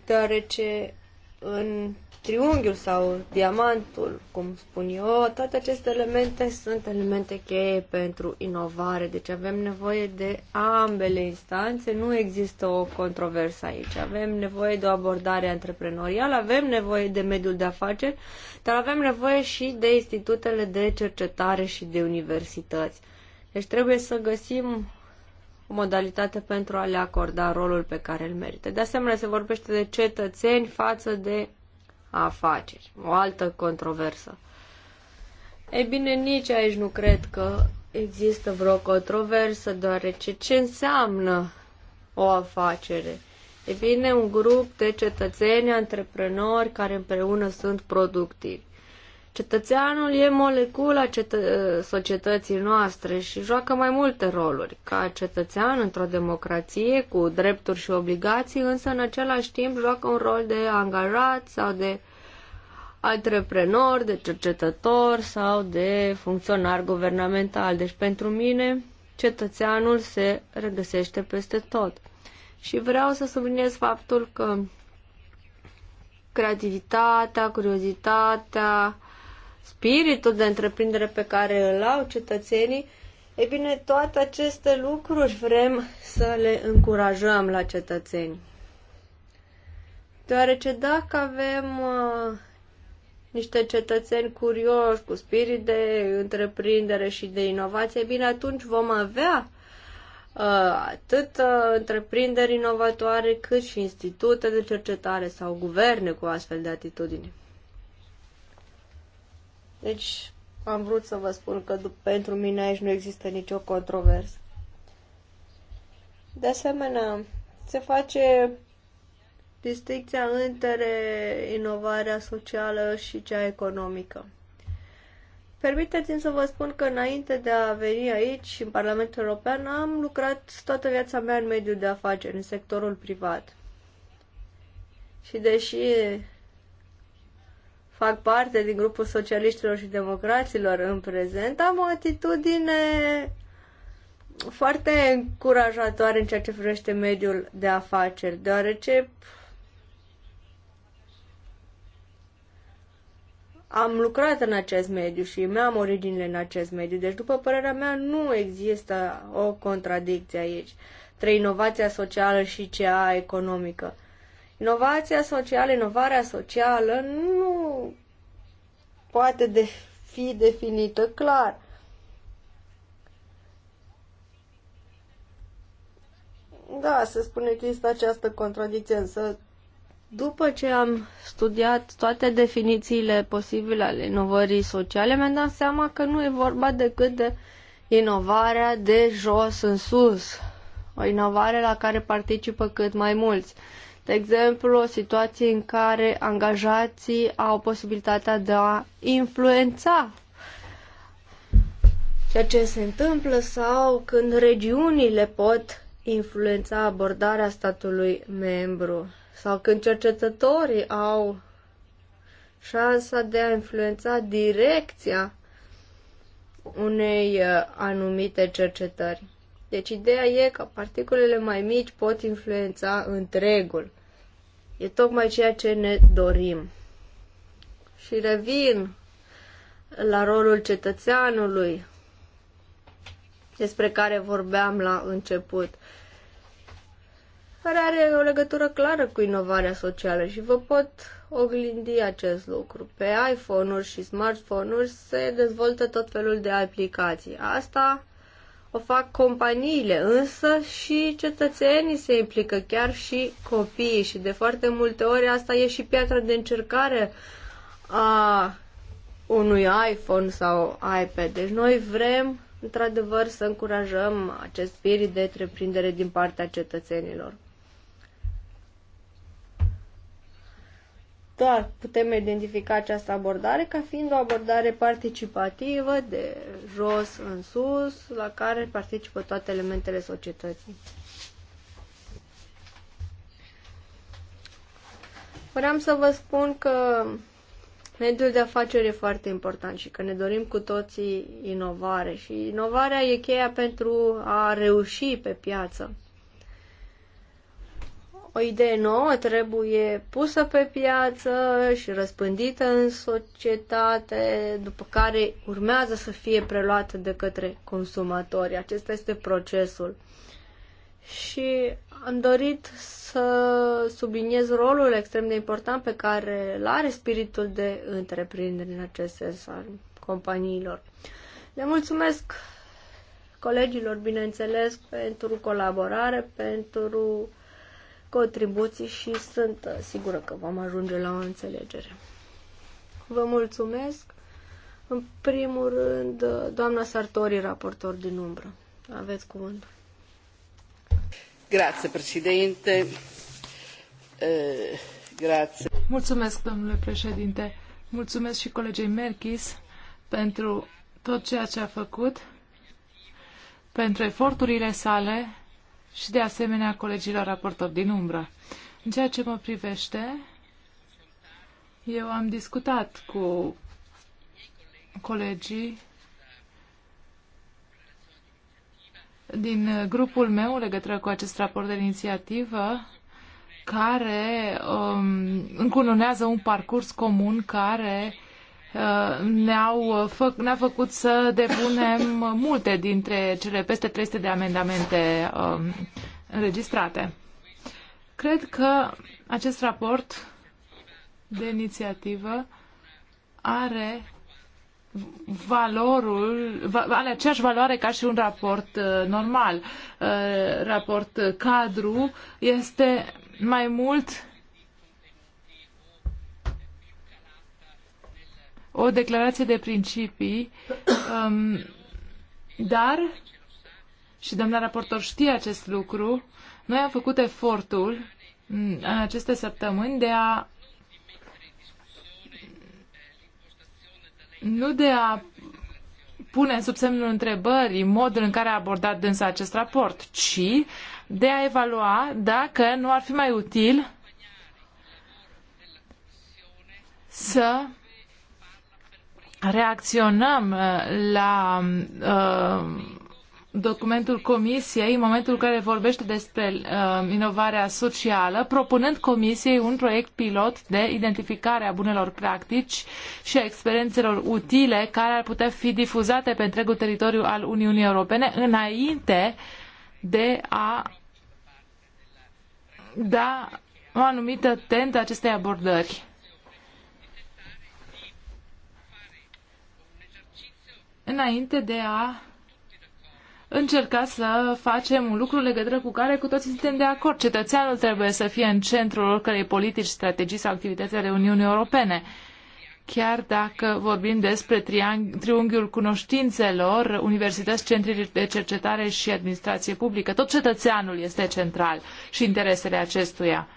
[SPEAKER 2] deoarece în triunghiul sau diamantul, cum spun eu, toate aceste elemente sunt elemente cheie pentru inovare. Deci avem nevoie de ambele instanțe, nu există o controversă aici. Avem nevoie de o abordare antreprenorială, avem nevoie de mediul de afaceri, dar avem nevoie și de institutele de cercetare și de universități. Deci trebuie să găsim o modalitate pentru a le acorda rolul pe care îl merită. De asemenea, se vorbește de cetățeni față de afaceri, o altă controversă. Ei bine, nici aici nu cred că există vreo controversă, deoarece ce înseamnă o afacere? E bine, un grup de cetățeni antreprenori care împreună sunt productivi. Cetățeanul e molecula cetă- societății noastre și joacă mai multe roluri. Ca cetățean într-o democrație cu drepturi și obligații, însă în același timp joacă un rol de angajat sau de antreprenor, de cercetător sau de funcționar guvernamental. Deci pentru mine cetățeanul se regăsește peste tot. Și vreau să subliniez faptul că creativitatea, curiozitatea, spiritul de întreprindere pe care îl au cetățenii, e bine, toate aceste lucruri vrem să le încurajăm la cetățeni. Deoarece dacă avem uh, niște cetățeni curioși, cu spirit de întreprindere și de inovație, bine, atunci vom avea uh, atât uh, întreprinderi inovatoare cât și institute de cercetare sau guverne cu astfel de atitudine. Deci am vrut să vă spun că pentru mine aici nu există nicio controversă. De asemenea, se face distinția între inovarea socială și cea economică. Permiteți-mi să vă spun că înainte de a veni aici, în Parlamentul European, am lucrat toată viața mea în mediul de afaceri, în sectorul privat. Și deși fac parte din grupul socialiștilor și democraților în prezent, am o atitudine foarte încurajatoare în ceea ce privește mediul de afaceri, deoarece am lucrat în acest mediu și mi-am originile în acest mediu, deci după părerea mea nu există o contradicție aici între inovația socială și cea economică. Inovația socială, inovarea socială nu poate de fi definită clar. Da, se spune că există această contradicție, însă după ce am studiat toate definițiile posibile ale inovării sociale, mi-am dat seama că nu e vorba decât de inovarea de jos în sus, o inovare la care participă cât mai mulți. De exemplu, situații în care angajații au posibilitatea de a influența ceea ce se întâmplă sau când regiunile pot influența abordarea statului membru sau când cercetătorii au șansa de a influența direcția unei uh, anumite cercetări. Deci ideea e că particulele mai mici pot influența întregul. E tocmai ceea ce ne dorim. Și revin la rolul cetățeanului despre care vorbeam la început, care are o legătură clară cu inovarea socială și vă pot oglindi acest lucru. Pe iPhone-uri și smartphone-uri se dezvoltă tot felul de aplicații. Asta o fac companiile, însă și cetățenii se implică, chiar și copiii și de foarte multe ori asta e și piatra de încercare a unui iPhone sau iPad. Deci noi vrem într-adevăr să încurajăm acest spirit de întreprindere din partea cetățenilor. Doar putem identifica această abordare ca fiind o abordare participativă, de jos în sus, la care participă toate elementele societății. Vreau să vă spun că mediul de afaceri e foarte important și că ne dorim cu toții inovare și inovarea e cheia pentru a reuși pe piață o idee nouă trebuie pusă pe piață și răspândită în societate, după care urmează să fie preluată de către consumatori. Acesta este procesul. Și am dorit să subliniez rolul extrem de important pe care îl are spiritul de întreprindere în acest sens al companiilor. Le mulțumesc colegilor, bineînțeles, pentru colaborare, pentru contribuții și sunt uh, sigură că vom ajunge la o înțelegere. Vă mulțumesc. În primul rând, uh, doamna Sartori, raportor din umbră. Aveți cuvântul.
[SPEAKER 3] Grazie, președinte. Uh, grazie. Mulțumesc, domnule președinte. Mulțumesc și colegei Merkis pentru tot ceea ce a făcut, pentru eforturile sale și de asemenea colegilor raportori din umbră. În ceea ce mă privește, eu am discutat cu colegii din grupul meu legătură cu acest raport de inițiativă care um, încununează un parcurs comun care Uh, ne-au uh, fă, ne făcut să depunem multe dintre cele peste 300 de amendamente um, înregistrate. Cred că acest raport de inițiativă are valorul, are aceeași valoare ca și un raport uh, normal. Uh, raport cadru este mai mult o declarație de principii, um, dar, și domnul raportor știe acest lucru, noi am făcut efortul în aceste săptămâni de a nu de a pune sub semnul întrebării modul în care a abordat dânsa acest raport, ci de a evalua dacă nu ar fi mai util să reacționăm uh, la uh, documentul Comisiei în momentul în care vorbește despre uh, inovarea socială, propunând Comisiei un proiect pilot de identificare a bunelor practici și a experiențelor utile care ar putea fi difuzate pe întregul teritoriu al Uniunii Europene înainte de a da o anumită tentă acestei abordări. înainte de a încerca să facem un lucru în legătură cu care cu toții suntem de acord. Cetățeanul trebuie să fie în centrul oricărei politici, strategii sau activități ale Uniunii Europene. Chiar dacă vorbim despre triunghiul cunoștințelor, universități, centri de cercetare și administrație publică, tot cetățeanul este central și interesele acestuia.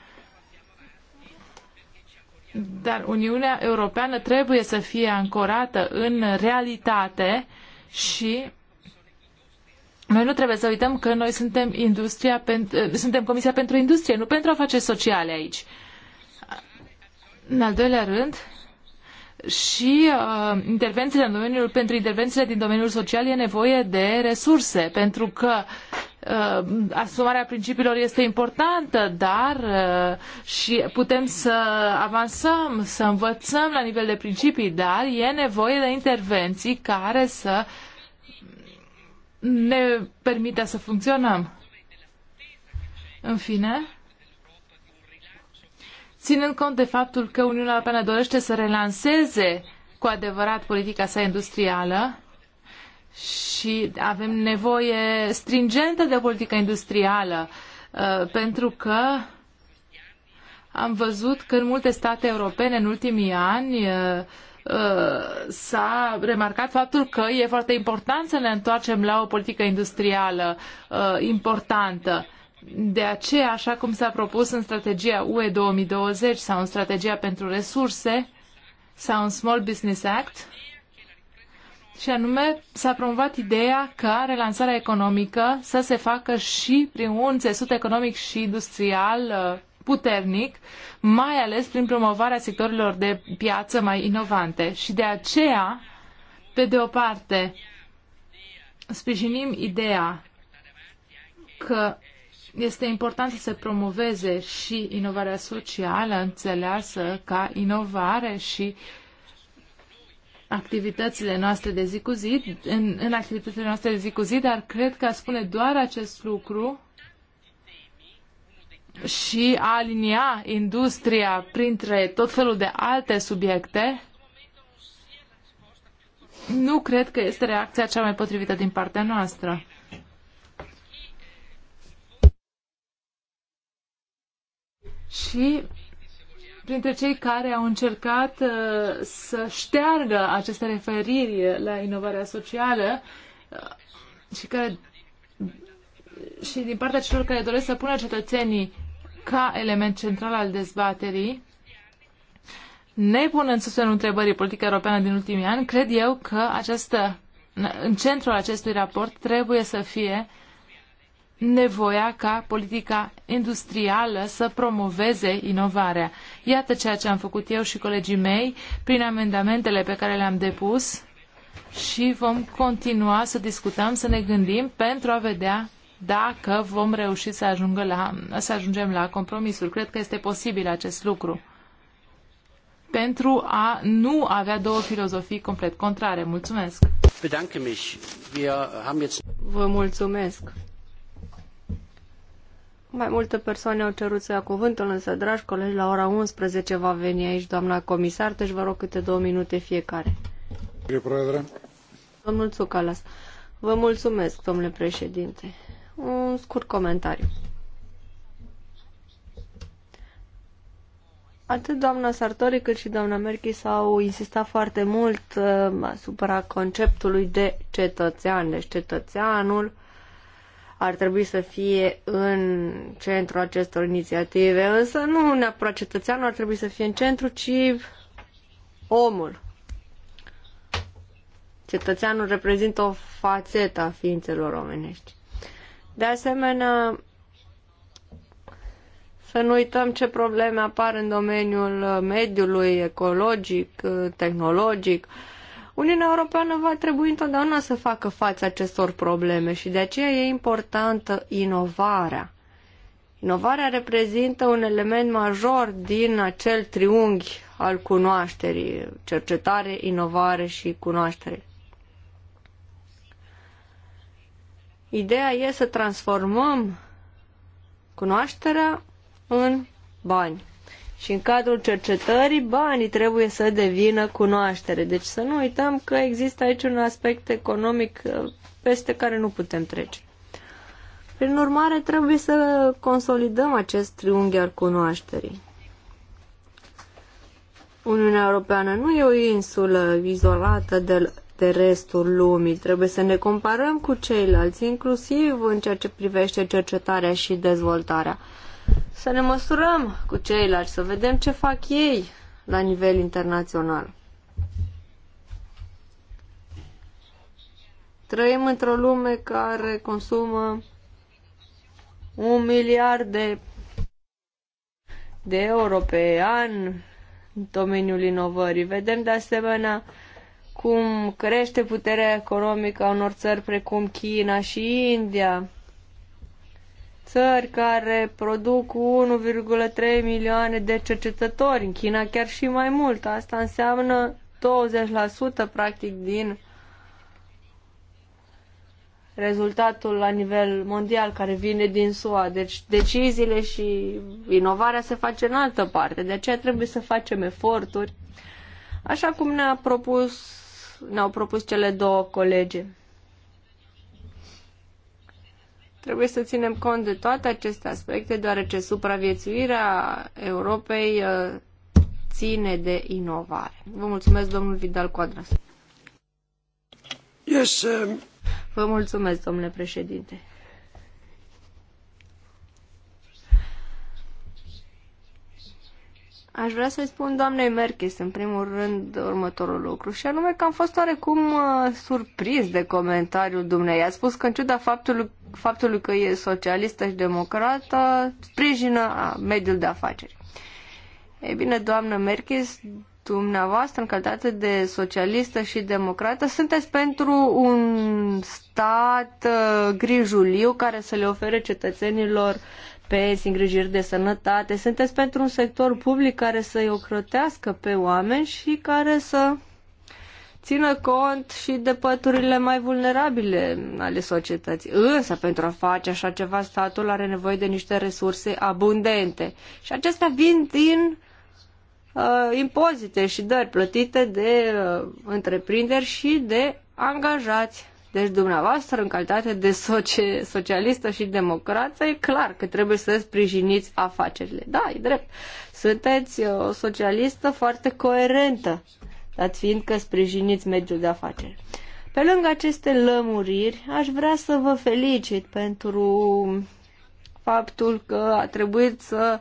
[SPEAKER 3] Dar Uniunea Europeană trebuie să fie ancorată în realitate și noi nu trebuie să uităm că noi suntem, industria pentru, eh, suntem Comisia pentru Industrie, nu pentru afaceri sociale aici. În al doilea rând, și uh, intervențiile în domeniul, pentru intervențiile din domeniul social e nevoie de resurse, pentru că uh, asumarea principiilor este importantă, dar uh, și putem să avansăm, să învățăm la nivel de principii, dar e nevoie de intervenții care să ne permită să funcționăm. În fine, ținând cont de faptul că Uniunea Europeană dorește să relanseze cu adevărat politica sa industrială și avem nevoie stringentă de politică industrială, uh, pentru că am văzut că în multe state europene în ultimii ani uh, uh, s-a remarcat faptul că e foarte important să ne întoarcem la o politică industrială importantă de aceea, așa cum s-a propus în strategia UE 2020 sau în strategia pentru resurse sau în Small Business Act, și anume s-a promovat ideea că relansarea economică să se facă și prin un țesut economic și industrial uh, puternic, mai ales prin promovarea sectorilor de piață mai inovante. Și de aceea, pe de o parte, sprijinim ideea că este important să se promoveze și inovarea socială, înțeleasă ca inovare și activitățile noastre de zi cu zi, în, în activitățile noastre de zi cu zi, dar cred că a spune doar acest lucru și a alinia industria printre tot felul de alte subiecte, nu cred că este reacția cea mai potrivită din partea noastră. și printre cei care au încercat uh, să șteargă aceste referiri la inovarea socială uh, și care și din partea celor care doresc să pună cetățenii ca element central al dezbaterii, ne punând în semnul întrebării politica europeană din ultimii ani, cred eu că această, în centrul acestui raport trebuie să fie uh, nevoia ca politica industrială să promoveze inovarea. Iată ceea ce am făcut eu și colegii mei prin amendamentele pe care le-am depus și vom continua să discutăm, să ne gândim pentru a vedea dacă vom reuși să, ajungă la, să ajungem la compromisuri. Cred că este posibil acest lucru pentru a nu avea două filozofii complet contrare. Mulțumesc! Vă mulțumesc!
[SPEAKER 2] Mai multe persoane au cerut să ia cuvântul, însă, dragi colegi, la ora 11 va veni aici doamna comisar, deci vă rog câte două minute fiecare. Domnul Tsukalas, vă mulțumesc, domnule președinte. Un scurt comentariu. Atât doamna Sartori cât și doamna Merchi s-au insistat foarte mult uh, asupra conceptului de cetățean. Deci cetățeanul uh, ar trebui să fie în centrul acestor inițiative, însă nu neapărat cetățeanul ar trebui să fie în centru, ci omul. Cetățeanul reprezintă o fațetă a ființelor omenești. De asemenea, să nu uităm ce probleme apar în domeniul mediului, ecologic, tehnologic, uh, Uniunea Europeană va trebui întotdeauna să facă față acestor probleme și de aceea e importantă inovarea. Inovarea reprezintă un element major din acel triunghi al cunoașterii, cercetare, inovare și cunoaștere. Ideea e să transformăm cunoașterea în bani. Și în cadrul cercetării, banii trebuie să devină cunoaștere. Deci să nu uităm că există aici un aspect economic uh, peste care nu putem trece. Prin urmare, trebuie să consolidăm acest triunghi al cunoașterii. Uniunea Europeană nu e o insulă izolată de, de restul lumii. Trebuie să ne comparăm cu ceilalți, inclusiv în ceea ce privește cercetarea și dezvoltarea să ne măsurăm cu ceilalți, să vedem ce fac ei la nivel internațional. Trăim într-o lume care consumă un miliard de, de euro pe an în domeniul inovării. Vedem de asemenea cum crește puterea economică a unor țări precum China și India țări care produc 1,3 milioane de cercetători, în China chiar și mai mult. Asta înseamnă 20% practic din rezultatul la nivel mondial care vine din SUA. Deci deciziile și inovarea se face în altă parte. De aceea trebuie să facem eforturi, așa cum ne-a propus, ne-au propus cele două colegi. Trebuie să ținem cont de toate aceste aspecte, deoarece supraviețuirea Europei uh, ține de inovare. Vă mulțumesc, domnul Vidal Quadras. Yes, um... Vă mulțumesc, domnule președinte. Aș vrea să-i spun doamnei Merkes, în primul rând, următorul lucru, și anume că am fost oarecum uh, surprins de comentariul dumnei. A spus că, în ciuda faptului faptului că e socialistă și democrată, sprijină mediul de afaceri. Ei bine, doamnă Merkis, dumneavoastră, în calitate de socialistă și democrată, sunteți pentru un stat uh, grijuliu care să le ofere cetățenilor pensii, îngrijiri de sănătate, sunteți pentru un sector public care să-i ocrotească pe oameni și care să țină cont și de păturile mai vulnerabile ale societății. Însă, pentru a face așa ceva, statul are nevoie de niște resurse abundente. Și acestea vin din uh, impozite și dări plătite de uh, întreprinderi și de angajați. Deci, dumneavoastră, în calitate de socie, socialistă și democrată, e clar că trebuie să sprijiniți afacerile. Da, e drept. Sunteți uh, o socialistă foarte coerentă dat fiind că sprijiniți mediul de afaceri. Pe lângă aceste lămuriri, aș vrea să vă felicit pentru faptul că a trebuit să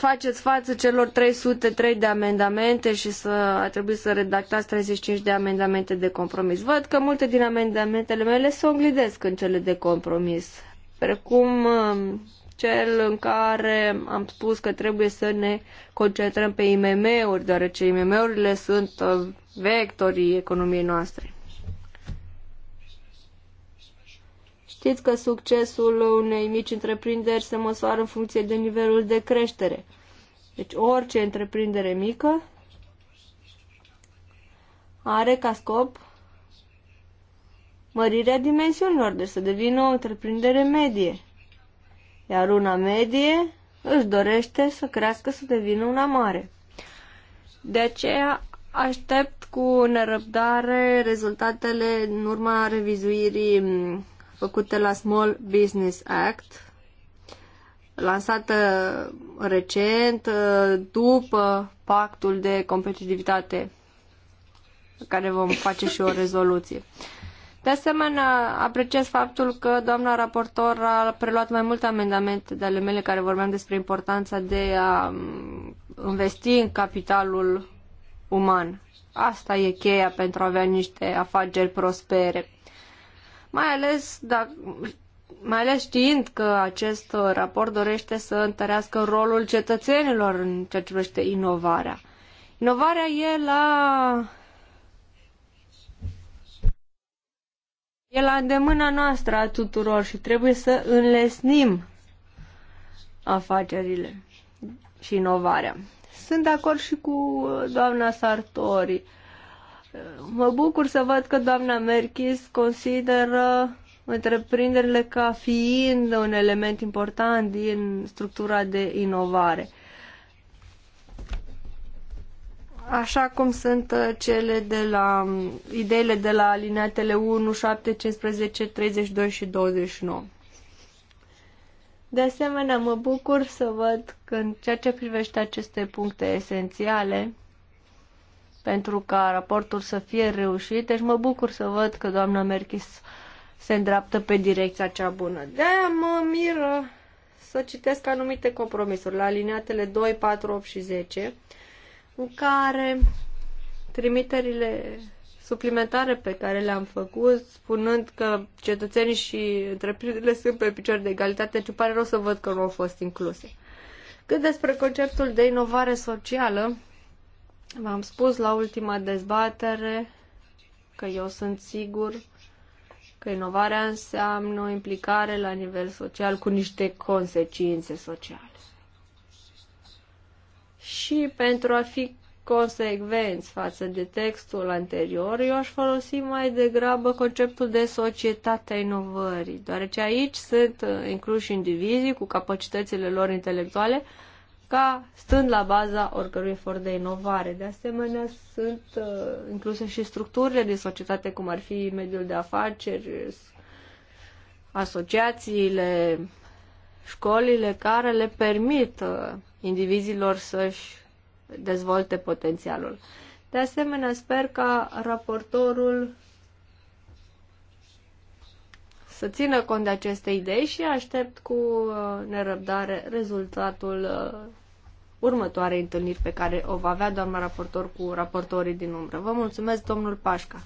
[SPEAKER 2] faceți față celor 303 de amendamente și să a trebuit să redactați 35 de amendamente de compromis. Văd că multe din amendamentele mele se înglidesc în cele de compromis, precum um, cel în care am spus că trebuie să ne concentrăm pe IMM-uri, deoarece IMM-urile sunt uh, vectorii economiei noastre. Știți că succesul unei mici întreprinderi se măsoară în funcție de nivelul de creștere. Deci orice întreprindere mică are ca scop mărirea dimensiunilor, deci să devină o întreprindere medie. Iar una medie își dorește să crească să devină una mare. De aceea aștept cu nerăbdare rezultatele în urma revizuirii mm, făcute la Small Business Act, lansată recent ă, după pactul de competitivitate care vom face și o rezoluție. De asemenea, apreciez faptul că doamna raportor a preluat mai multe amendamente de ale mele care vorbeam despre importanța de a investi în capitalul uman. Asta e cheia pentru a avea niște afaceri prospere. Mai ales, dacă, mai ales știind că acest raport dorește să întărească rolul cetățenilor în ceea ce privește inovarea. Inovarea e la E la îndemâna noastră a tuturor și trebuie să înlesnim afacerile și inovarea. Sunt de acord și cu uh, doamna Sartori. Uh, mă bucur să văd că doamna Merchis consideră întreprinderile ca fiind un element important din structura de inovare. așa cum sunt uh, cele de la mm, ideile de la alineatele 1, 7, 15, 32 și 29. De asemenea, mă bucur să văd că în ceea ce privește aceste puncte esențiale, pentru ca raportul să fie reușit, deci mă bucur să văd că doamna Merchis se îndreaptă pe direcția cea bună. de mă miră să citesc anumite compromisuri la alineatele 2, 4, 8 și 10, în care trimiterile suplimentare pe care le-am făcut, spunând că cetățenii și întreprinderile sunt pe picior de egalitate, ce pare rău să văd că nu au fost incluse. Cât despre conceptul de inovare socială, v-am spus la ultima dezbatere că eu sunt sigur că inovarea înseamnă o implicare la nivel social cu niște consecințe sociale. Și pentru a fi consecvenți față de textul anterior, eu aș folosi mai degrabă conceptul de societatea inovării, deoarece aici sunt uh, incluși indivizii cu capacitățile lor intelectuale, ca stând la baza oricărui efort de inovare. De asemenea, sunt uh, incluse și structurile de societate, cum ar fi mediul de afaceri, asociațiile, școlile care le permit uh, indivizilor să-și dezvolte potențialul. De asemenea, sper ca raportorul să țină cont de aceste idei și aștept cu uh, nerăbdare rezultatul uh, următoarei întâlniri pe care o va avea doamna raportor cu raportorii din umbră. Vă mulțumesc, domnul Pașca.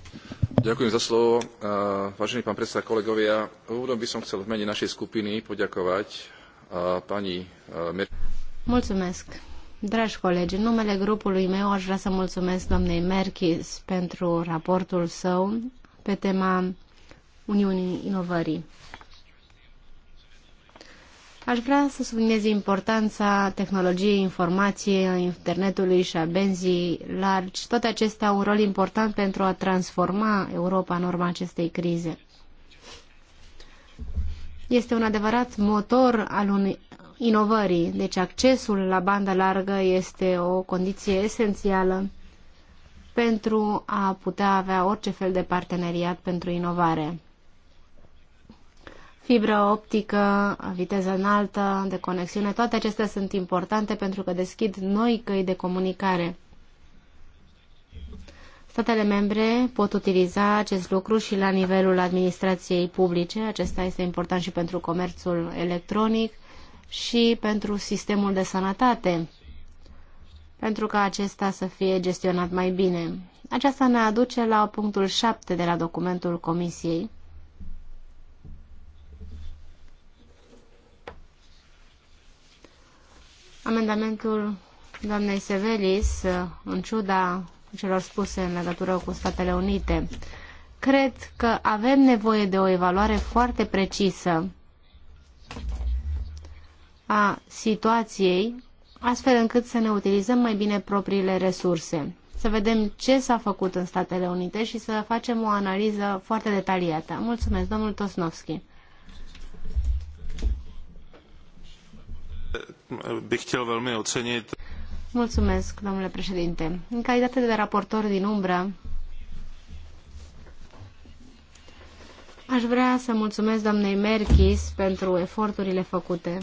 [SPEAKER 3] Ďakujem za slovo. Uh, vážený pán predseda, kolegovia, úvodom by som chcel v mene našej skupiny poďakovať pani
[SPEAKER 1] Mulțumesc! Dragi colegi, în numele grupului meu aș vrea să mulțumesc doamnei Merchis pentru raportul său pe tema Uniunii Inovării. Aș vrea să subliniez importanța tehnologiei informației, internetului și a benzii largi. Toate acestea au un rol important pentru a transforma Europa în urma acestei crize. Este un adevărat motor al unui inovării. Deci accesul la bandă largă este o condiție esențială pentru a putea avea orice fel de parteneriat pentru inovare. Fibra optică, viteză înaltă, de conexiune, toate acestea sunt importante pentru că deschid noi căi de comunicare. Statele membre pot utiliza acest lucru și la nivelul administrației publice, acesta este important și pentru comerțul electronic, și pentru sistemul de sănătate, pentru ca acesta să fie gestionat mai bine. Aceasta ne aduce la punctul 7 de la documentul Comisiei. Amendamentul doamnei Sevelis, în ciuda celor spuse în legătură cu Statele Unite, cred că avem nevoie de o evaluare foarte precisă a situației, astfel încât să ne utilizăm mai bine propriile resurse, să vedem ce s-a făcut în Statele Unite și să facem o analiză foarte detaliată. Mulțumesc, domnul Tosnovski. Mulțumesc, domnule președinte. În calitate de raportor din umbră, Aș vrea să mulțumesc doamnei Merkis pentru eforturile făcute.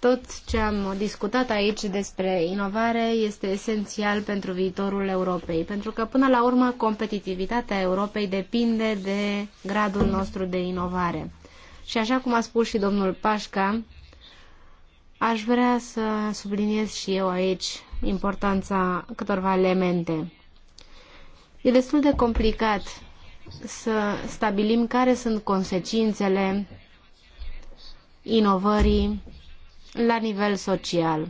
[SPEAKER 1] Tot ce am discutat aici despre inovare este esențial pentru viitorul Europei, pentru că până la urmă competitivitatea Europei depinde de gradul nostru de inovare. Și așa cum a spus și domnul Pașca, aș vrea să subliniez și eu aici importanța câtorva elemente. E destul de complicat să stabilim care sunt consecințele inovării la nivel social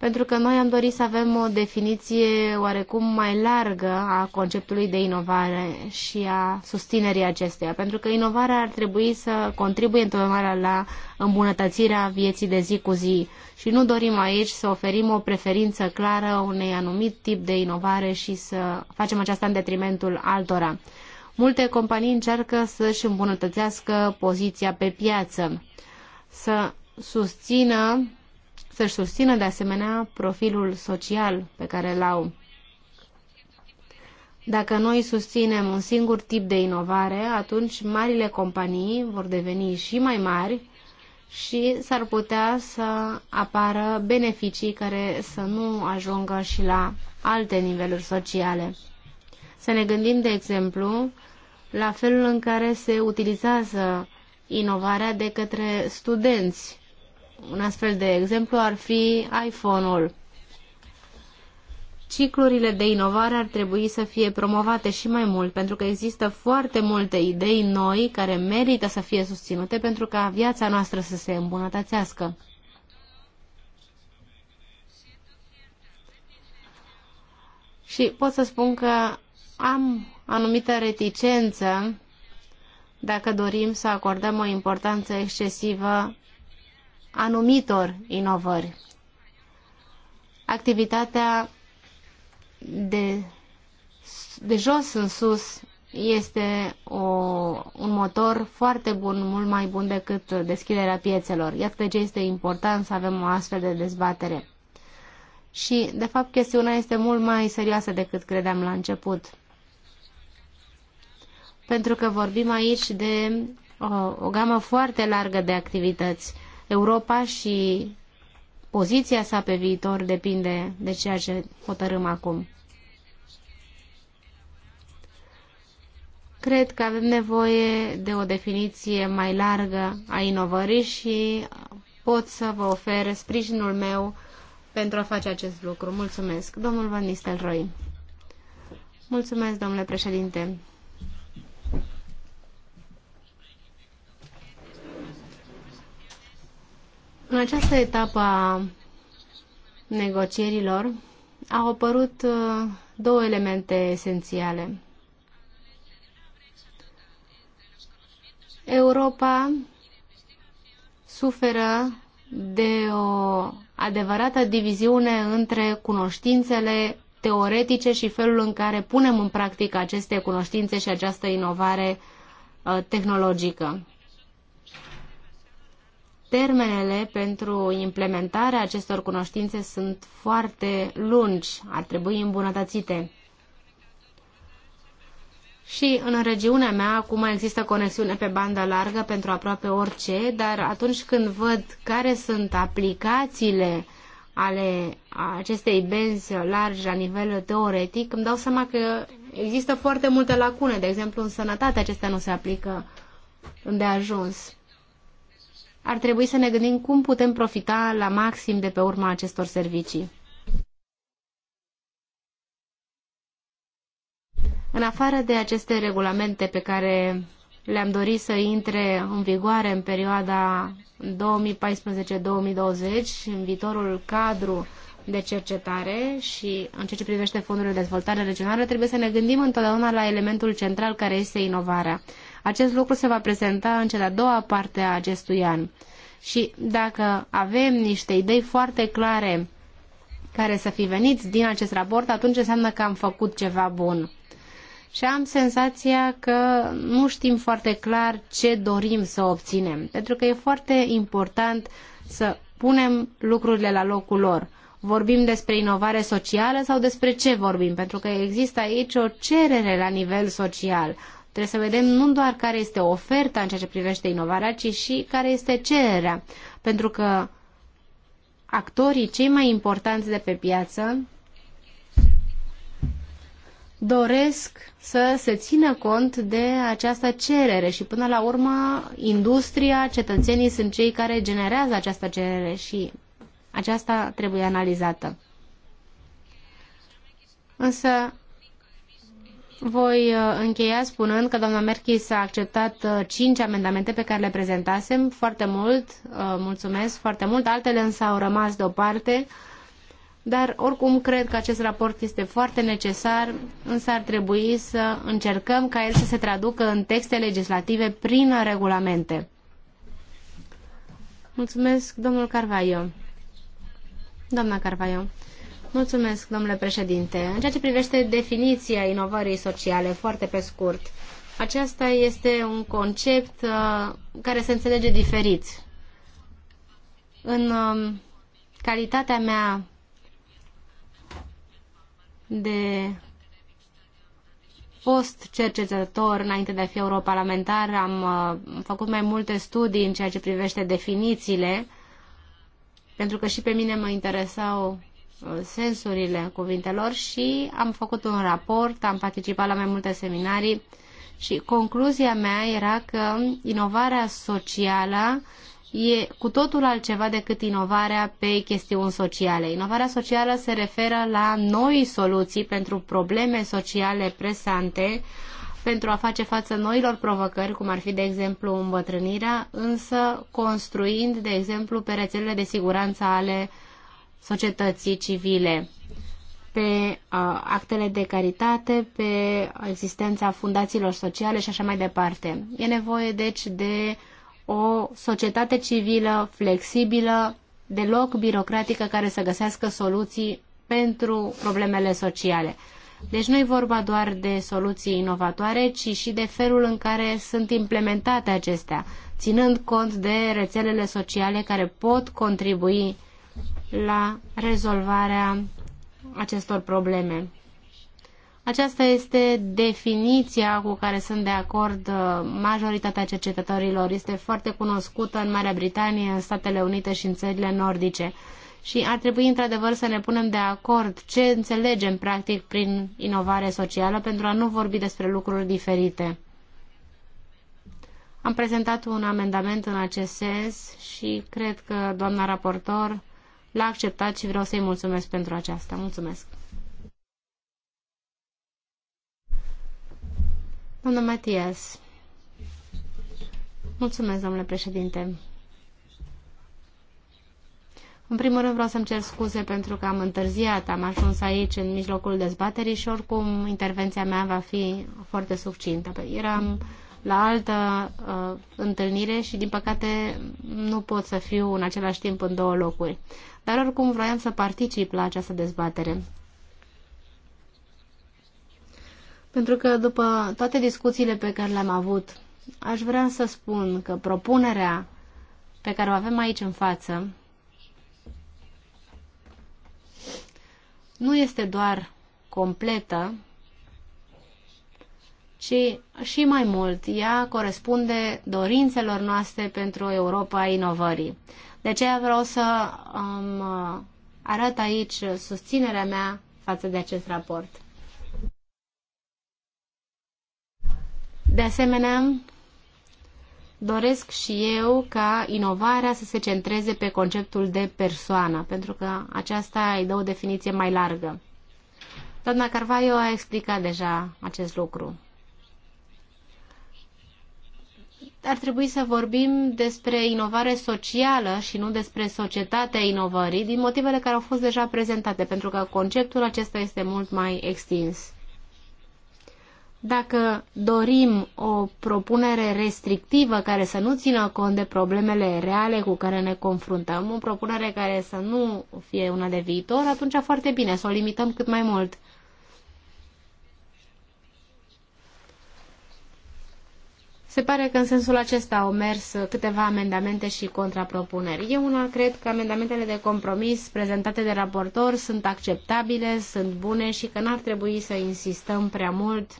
[SPEAKER 1] pentru că noi am dorit să avem o definiție oarecum mai largă a conceptului de inovare și a susținerii acesteia, pentru că inovarea ar trebui să contribuie întotdeauna la îmbunătățirea vieții de zi cu zi și nu dorim aici să oferim o preferință clară unei anumit tip de inovare și să facem aceasta în detrimentul altora. Multe companii încearcă să-și îmbunătățească poziția pe piață, să susțină să-și susțină de asemenea profilul social pe care îl au. Dacă noi susținem un singur tip de inovare, atunci marile companii vor deveni și mai mari și s-ar putea să apară beneficii care să nu ajungă și la alte niveluri sociale. Să ne gândim, de exemplu, la felul în care se utilizează inovarea de către studenți un astfel de exemplu ar fi iPhone-ul. Ciclurile de inovare ar trebui să fie promovate și mai mult, pentru că există foarte multe idei noi care merită să fie susținute pentru ca viața noastră să se îmbunătățească. Și pot să spun că am anumită reticență dacă dorim să acordăm o importanță excesivă anumitor inovări. Activitatea de, de jos în sus este o, un motor foarte bun, mult mai bun decât deschiderea piețelor. Iată de ce este important să avem o astfel de dezbatere. Și, de fapt, chestiunea este mult mai serioasă decât credeam la început. Pentru că vorbim aici de o, o gamă foarte largă de activități Europa și poziția sa pe viitor depinde de ceea ce hotărâm acum. Cred că avem nevoie de o definiție mai largă a inovării și pot să vă ofer sprijinul meu pentru a face acest lucru. Mulțumesc. Domnul Van Nistelrooy. Mulțumesc, domnule președinte. În această etapă a negocierilor au apărut uh, două elemente esențiale. Europa suferă de o adevărată diviziune între cunoștințele teoretice și felul în care punem în practică aceste cunoștințe și această inovare uh, tehnologică termenele pentru implementarea acestor cunoștințe sunt foarte lungi, ar trebui îmbunătățite. Și în regiunea mea acum există conexiune pe bandă largă pentru aproape orice, dar atunci când văd care sunt aplicațiile ale acestei benzi largi la nivel teoretic, îmi dau seama că există foarte multe lacune. De exemplu, în sănătate acestea nu se aplică unde ajuns ar trebui să ne gândim cum putem profita la maxim de pe urma acestor servicii. În afară de aceste regulamente pe care le-am dorit să intre în vigoare în perioada 2014-2020, în viitorul cadru de cercetare și în ceea ce privește fondurile de dezvoltare regională, trebuie să ne gândim întotdeauna la elementul central care este inovarea. Acest lucru se va prezenta în cea de-a doua parte a acestui an. Și dacă avem niște idei foarte clare care să fi venit din acest raport, atunci înseamnă că am făcut ceva bun. Și am senzația că nu știm foarte clar ce dorim să obținem, pentru că e foarte important să punem lucrurile la locul lor. Vorbim despre inovare socială sau despre ce vorbim? Pentru că există aici o cerere la nivel social. Trebuie să vedem nu doar care este oferta în ceea ce privește inovarea, ci și care este cererea. Pentru că actorii cei mai importanți de pe piață doresc să se țină cont de această cerere și până la urmă industria, cetățenii sunt cei care generează această cerere și aceasta trebuie analizată. Însă voi uh, încheia spunând că doamna Merchis a acceptat uh, cinci amendamente pe care le prezentasem, foarte mult, uh, mulțumesc foarte mult, altele însă au rămas deoparte, dar oricum cred că acest raport este foarte necesar, însă ar trebui să încercăm ca el să se traducă în texte legislative prin regulamente. Mulțumesc, domnul Carvaio. Doamna Carvaio. Mulțumesc, domnule președinte. În ceea ce privește definiția inovării sociale, foarte pe scurt, aceasta este un concept uh, care se înțelege diferit. În uh, calitatea mea de fost cercetător înainte de a fi europarlamentar, am uh, făcut mai multe studii în ceea ce privește definițiile, pentru că și pe mine mă interesau sensurile cuvintelor și am făcut un raport, am participat la mai multe seminarii și concluzia mea era că inovarea socială e cu totul altceva decât inovarea pe chestiuni sociale. Inovarea socială se referă la noi soluții pentru probleme sociale presante, pentru a face față noilor provocări, cum ar fi, de exemplu, îmbătrânirea, însă construind, de exemplu, pe rețelele de siguranță ale societății civile, pe uh, actele de caritate, pe existența fundațiilor sociale și așa mai departe. E nevoie, deci, de o societate civilă flexibilă, deloc birocratică, care să găsească soluții pentru problemele sociale. Deci nu e vorba doar de soluții inovatoare, ci și de felul în care sunt implementate acestea, ținând cont de rețelele sociale care pot contribui la rezolvarea acestor probleme. Aceasta este definiția cu care sunt de acord uh, majoritatea cercetătorilor. Este foarte cunoscută în Marea Britanie, în Statele Unite și în țările nordice. Și ar trebui într-adevăr să ne punem de acord ce înțelegem practic prin inovare socială pentru a nu vorbi despre lucruri diferite. Am prezentat un amendament în acest sens și cred că doamna raportor l-a acceptat și vreau să-i mulțumesc pentru aceasta. Mulțumesc! Domnul Matias. Mulțumesc, domnule președinte. În primul rând vreau să-mi cer scuze pentru că am întârziat, am ajuns aici în mijlocul dezbaterii și oricum intervenția mea va fi foarte succintă. Eram la altă uh, întâlnire și din păcate nu pot să fiu în același timp în două locuri dar oricum vroiam să particip la această dezbatere. Pentru că după toate discuțiile pe care le-am avut, aș vrea să spun că propunerea pe care o avem aici în față nu este doar completă, ci și mai mult, ea corespunde dorințelor noastre pentru Europa inovării. De aceea vreau să um, arăt aici susținerea mea față de acest raport. De asemenea, doresc și eu ca inovarea să se centreze pe conceptul de persoană, pentru că aceasta îi dă o definiție mai largă. Doamna Carvaio a explicat deja acest lucru. ar trebui să vorbim despre inovare socială și nu despre societatea inovării, din motivele care au fost deja prezentate, pentru că conceptul acesta este mult mai extins. Dacă dorim o propunere restrictivă care să nu țină cont de problemele reale cu care ne confruntăm, o propunere care să nu fie una de viitor, atunci foarte bine, să o limităm cât mai mult. Se pare că în sensul acesta au mers câteva amendamente și contrapropuneri. Eu una cred că amendamentele de compromis prezentate de raportor sunt acceptabile, sunt bune și că n-ar trebui să insistăm prea mult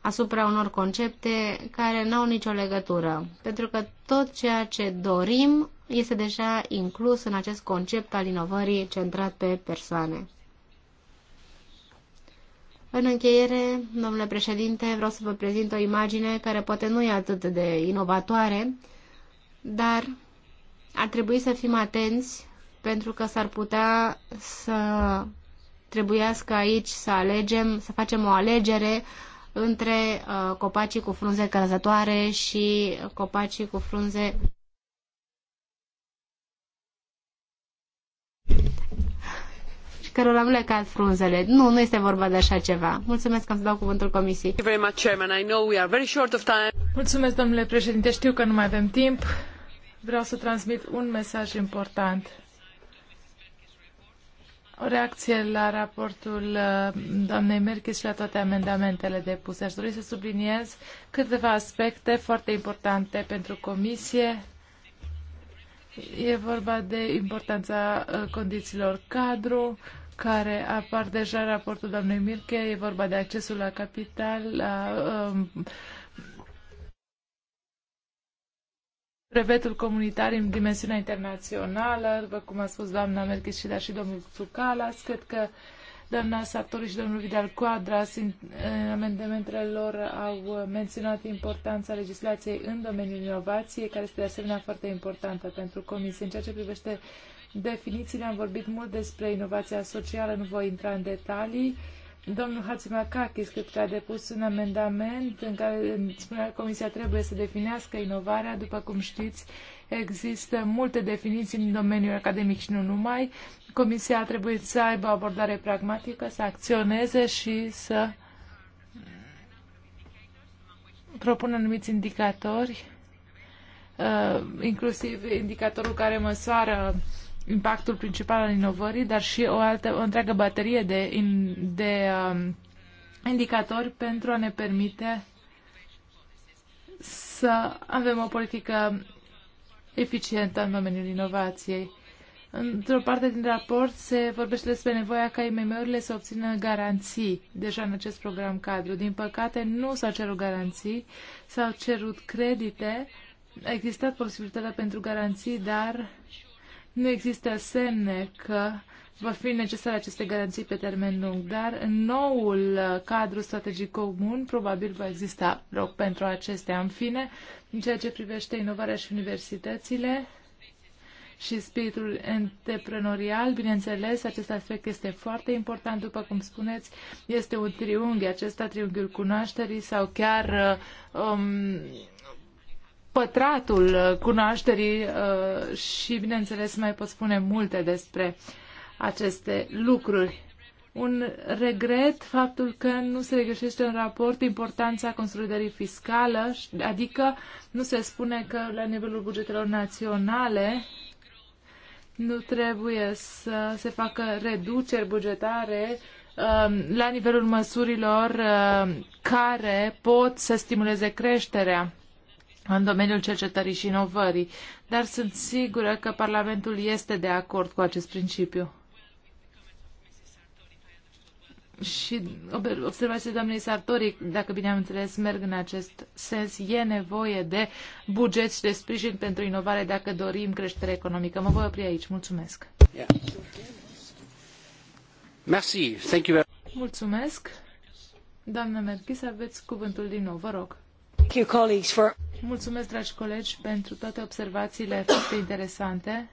[SPEAKER 1] asupra unor concepte care n-au nicio legătură, pentru că tot ceea ce dorim este deja inclus în acest concept al inovării centrat pe persoane. În încheiere, domnule președinte, vreau să vă prezint o imagine care poate nu e atât de inovatoare, dar ar trebui să fim atenți pentru că s-ar putea să trebuiască aici să alegem, să facem o alegere între uh, copacii cu frunze călăzătoare și copacii cu frunze și cărora nu le cad frunzele. Nu, nu este vorba de așa ceva. Mulțumesc că îmi dau cuvântul comisiei.
[SPEAKER 3] Mulțumesc, domnule președinte. Știu că nu mai avem timp. Vreau să transmit un mesaj important. O reacție la raportul uh, doamnei Merkis și la toate amendamentele depuse. Aș dori să subliniez câteva aspecte foarte importante pentru Comisie, E vorba de importanța uh, condițiilor cadru, care apar deja în raportul doamnei Mirche, e vorba de accesul la capital, la um, brevetul comunitar în dimensiunea internațională, după cum a spus doamna Mirche și, dar și domnul Tsukalas, cred că uh, Doamna Sartori și domnul Vidal Quadras, în eh, amendamentele lor, au eh, menționat importanța legislației în domeniul inovației, care este de asemenea foarte importantă pentru Comisie. În ceea ce privește definițiile, am vorbit mult despre inovația socială, nu voi intra în detalii. Domnul Hatzimakakis, cred că a depus un amendament în care spunea că Comisia trebuie să definească inovarea. După cum știți, Există multe definiții în domeniul academic și nu numai. Comisia trebuie să aibă o abordare pragmatică, să acționeze și să propună anumiți indicatori, uh, inclusiv indicatorul care măsoară impactul principal al inovării, dar și o, altă, o întreagă baterie de, de um, indicatori pentru a ne permite să avem o politică eficientă în domeniul inovației. Într-o parte din raport se vorbește despre nevoia ca IMM-urile să obțină garanții deja în acest program cadru. Din păcate, nu s-au cerut garanții, s-au cerut credite. A existat posibilitatea pentru garanții, dar nu există semne că uh, vor fi necesare aceste garanții pe termen lung, dar în noul uh, cadru strategic comun probabil va exista loc pentru acestea. În fine, în ceea ce privește inovarea și universitățile și spiritul antreprenorial, bineînțeles, acest aspect este foarte important, după cum spuneți, este un triunghi, acesta triunghiul cunoașterii sau chiar uh, um, pătratul cunoașterii uh, și, bineînțeles, mai pot spune multe despre uh, aceste lucruri. Un regret faptul că nu se regăsește în raport importanța consolidării fiscală, adică nu se spune că la nivelul bugetelor naționale nu trebuie să se facă reduceri bugetare um, la nivelul măsurilor um, care pot să stimuleze creșterea în domeniul cercetării și inovării, dar sunt sigură că Parlamentul este de acord cu acest principiu și observațiile doamnei Sartori, dacă bine am înțeles, merg în acest sens. E nevoie de buget și de sprijin pentru inovare dacă dorim creștere economică. Mă voi opri aici. Mulțumesc.
[SPEAKER 2] Yeah. Merci. Thank you very
[SPEAKER 3] much. Mulțumesc. Doamna Merchis, aveți cuvântul din nou. Vă rog. Thank you, colleagues, for... Mulțumesc, dragi colegi, pentru toate observațiile foarte interesante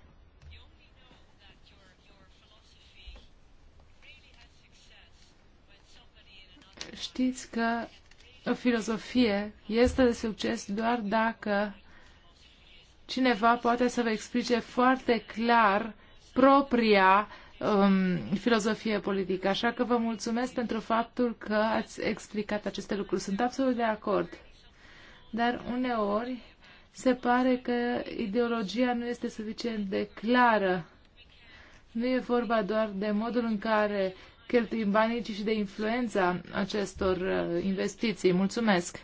[SPEAKER 3] știți că o filozofie este de succes doar dacă cineva poate să vă explice foarte clar propria um, filozofie politică. Așa că vă mulțumesc pentru faptul că ați explicat aceste lucruri. Sunt absolut de acord. Dar uneori se pare că ideologia nu este suficient de clară. Nu e vorba doar de modul în care cheltuim banii, ci și de influența acestor uh, investiții. Mulțumesc!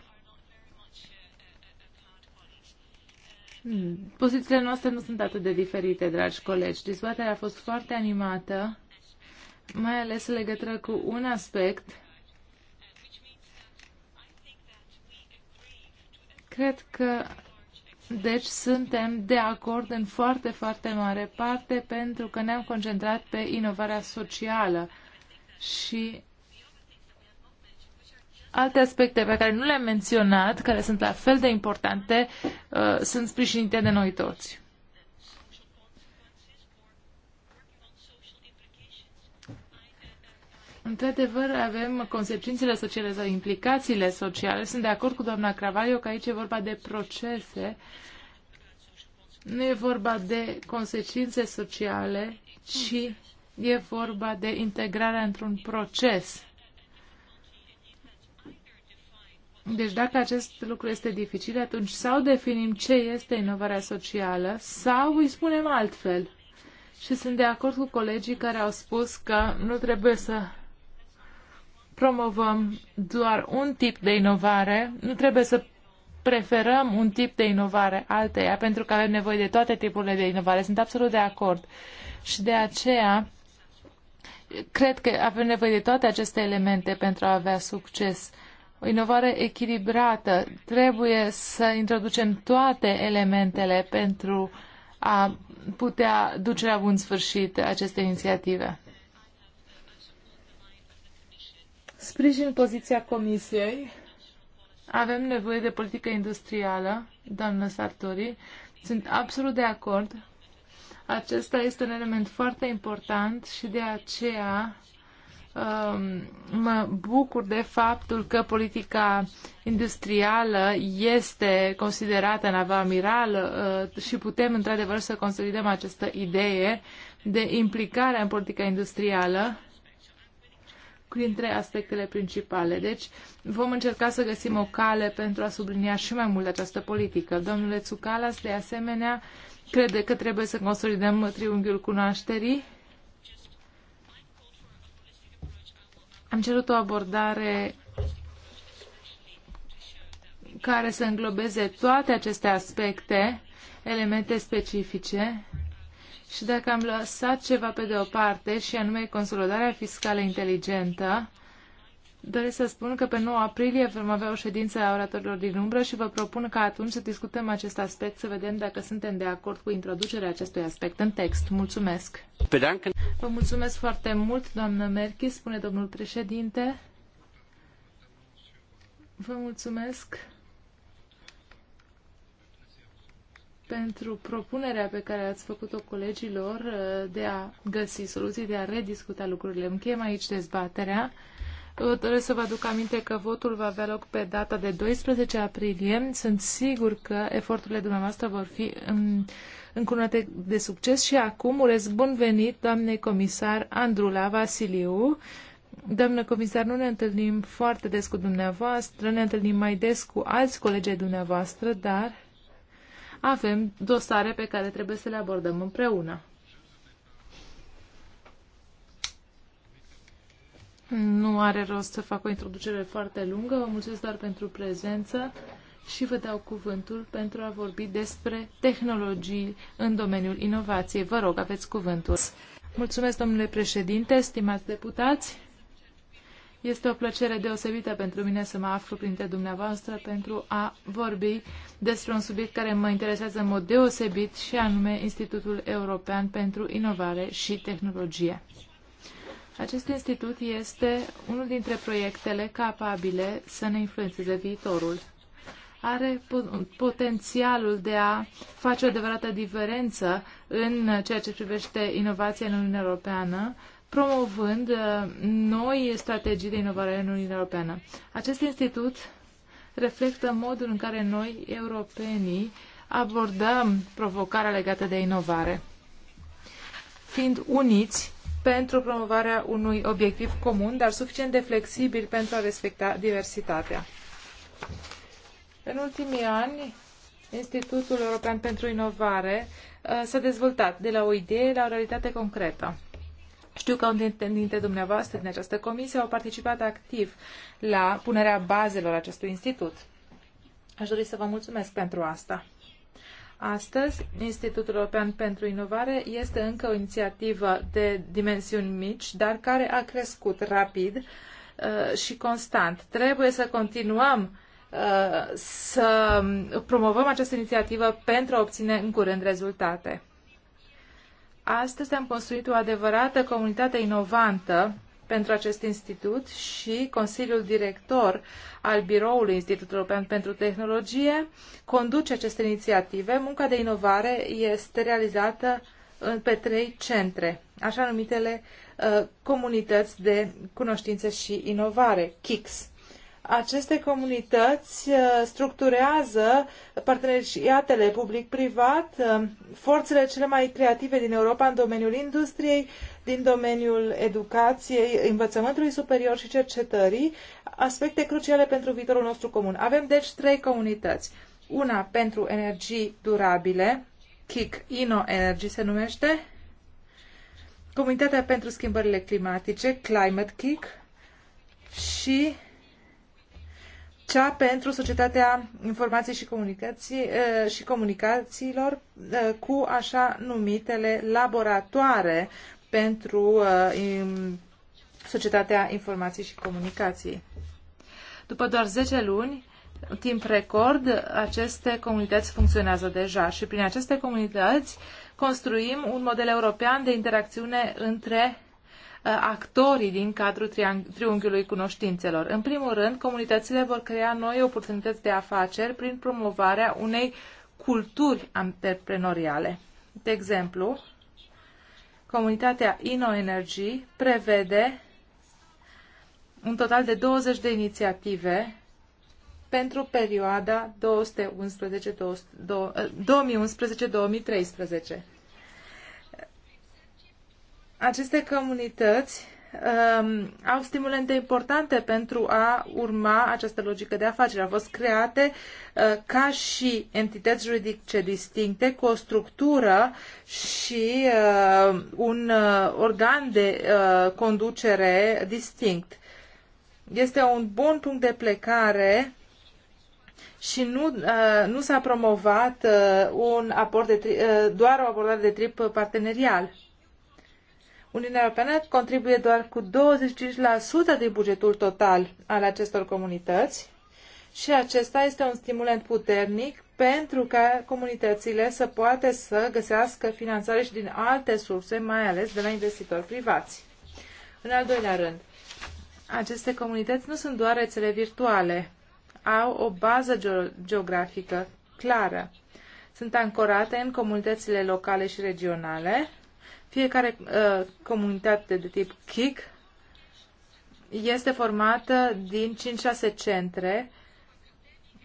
[SPEAKER 3] Hmm, pozițiile noastre nu sunt atât de diferite, dragi colegi. Dezbaterea a fost foarte animată, mai ales în legătură cu un aspect. Cred că, deci, suntem de acord în foarte, foarte mare parte pentru că ne-am concentrat pe inovarea socială și alte aspecte pe care nu le-am menționat, care sunt la fel de importante, uh, sunt sprijinite de noi toți. Într-adevăr, avem consecințele sociale sau implicațiile sociale. Sunt de acord cu doamna Cravaio că aici e vorba de procese, nu e vorba de consecințe sociale, ci E vorba de integrarea într-un proces. Deci dacă acest lucru este dificil, atunci sau definim ce este inovarea socială, sau îi spunem altfel. Și sunt de acord cu colegii care au spus că nu trebuie să promovăm doar un tip de inovare, nu trebuie să preferăm un tip de inovare alteia, pentru că avem nevoie de toate tipurile de inovare. Sunt absolut de acord. Și de aceea cred că avem nevoie de toate aceste elemente pentru a avea succes. O inovare echilibrată. Trebuie să introducem toate elementele pentru a putea duce la bun sfârșit aceste inițiative. Sprijin poziția Comisiei. Avem nevoie de politică industrială, doamnă Sartori. Sunt absolut de acord acesta este un element foarte important și de aceea um, mă bucur de faptul că politica industrială este considerată navamiral uh, și putem într-adevăr să consolidăm această idee de implicare în politica industrială printre aspectele principale. Deci vom încerca să găsim o cale pentru a sublinia și mai mult această politică. Domnule Tsukalas, de asemenea, uh, crede că trebuie să consolidăm triunghiul cunoașterii. Am cerut o abordare care să înglobeze toate aceste aspecte, elemente specifice, și dacă am lăsat ceva pe de o parte, și anume consolidarea fiscală inteligentă, Doresc să spun că pe 9 aprilie vom avea o ședință a oratorilor din umbră și vă propun ca atunci să discutăm acest aspect, să vedem dacă suntem de acord cu introducerea acestui aspect în text. Mulțumesc! Vă mulțumesc foarte mult, doamnă Merchi, spune domnul președinte. Vă mulțumesc pentru propunerea pe care ați făcut-o colegilor uh, de a găsi soluții, de a rediscuta lucrurile. Încheiem aici dezbaterea. Doresc să vă aduc aminte că votul va avea loc pe data de 12 aprilie. Sunt sigur că eforturile dumneavoastră vor fi în, încunate de succes și acum urez bun venit doamnei comisar Andrula Vasiliu. Doamnă comisar, nu ne întâlnim foarte des cu dumneavoastră, ne întâlnim mai des cu alți colegii dumneavoastră, dar avem dosare pe care trebuie să le abordăm împreună. Nu are rost să fac o introducere foarte lungă. Vă mulțumesc doar pentru prezență și vă dau cuvântul pentru a vorbi despre tehnologii în domeniul inovației. Vă rog, aveți cuvântul. Mulțumesc, domnule președinte, stimați deputați. Este o plăcere deosebită pentru mine să mă aflu printre dumneavoastră pentru a vorbi despre un subiect care mă interesează în mod deosebit și anume Institutul European pentru Inovare și Tehnologie. Acest institut este unul dintre proiectele capabile să ne influențeze viitorul. Are potențialul de a face o adevărată diferență în ceea ce privește inovația în Uniunea Europeană, promovând uh, noi strategii de inovare în Uniunea Europeană. Acest institut reflectă modul în care noi, europenii, abordăm provocarea legată de inovare. Fiind uniți, pentru promovarea unui obiectiv comun, dar suficient de flexibil pentru a respecta diversitatea. În ultimii ani, Institutul European pentru Inovare uh, s-a dezvoltat de la o idee la o realitate concretă. Știu că unii dintre dumneavoastră din această comisie au participat activ la punerea bazelor acestui institut. Aș dori să vă mulțumesc pentru asta. Astăzi, Institutul European pentru Inovare este încă o inițiativă de dimensiuni mici, dar care a crescut rapid uh, și constant. Trebuie să continuăm uh, să promovăm această inițiativă pentru a obține în curând rezultate. Astăzi am construit o adevărată comunitate inovantă pentru acest institut și Consiliul Director al Biroului Institutului European pentru Tehnologie conduce aceste inițiative. Munca de inovare este realizată pe trei centre, așa numitele uh, comunități de cunoștință și inovare, KICS. Aceste comunități uh, structurează parteneriatele public-privat, uh, forțele cele mai creative din Europa în domeniul industriei, din domeniul educației, învățământului superior și cercetării, aspecte cruciale pentru viitorul nostru comun. Avem deci trei comunități. Una pentru energii durabile, KIC Ino Energy se numește, Comunitatea pentru Schimbările Climatice, Climate KIC, și cea pentru societatea informației și, comunicații, și comunicațiilor cu așa numitele laboratoare pentru societatea informației și comunicației. După doar 10 luni, timp record, aceste comunități funcționează deja și prin aceste comunități construim un model european de interacțiune între Uh, actorii din cadrul triunghiului cunoștințelor. În primul rând, comunitățile vor crea noi oportunități de afaceri prin promovarea unei culturi antreprenoriale. De exemplu, comunitatea InnoEnergy prevede un total de 20 de inițiative pentru perioada 2011-2013. Aceste comunități um, au stimulente importante pentru a urma această logică de afaceri. Au fost create uh, ca și entități juridice distincte, cu o structură și uh, un uh, organ de uh, conducere distinct. Este un bun punct de plecare și nu, uh, nu s-a promovat uh, un aport de tri- uh, doar o abordare de trip partenerial. Uniunea Europeană contribuie doar cu 25% din bugetul total al acestor comunități și acesta este un stimulant puternic pentru ca comunitățile să poată să găsească finanțare și din alte surse, mai ales de la investitori privați. În al doilea rând, aceste comunități nu sunt doar rețele virtuale, au o bază geografică clară. Sunt ancorate în comunitățile locale și regionale fiecare uh, comunitate de tip KIC este formată din 5-6 centre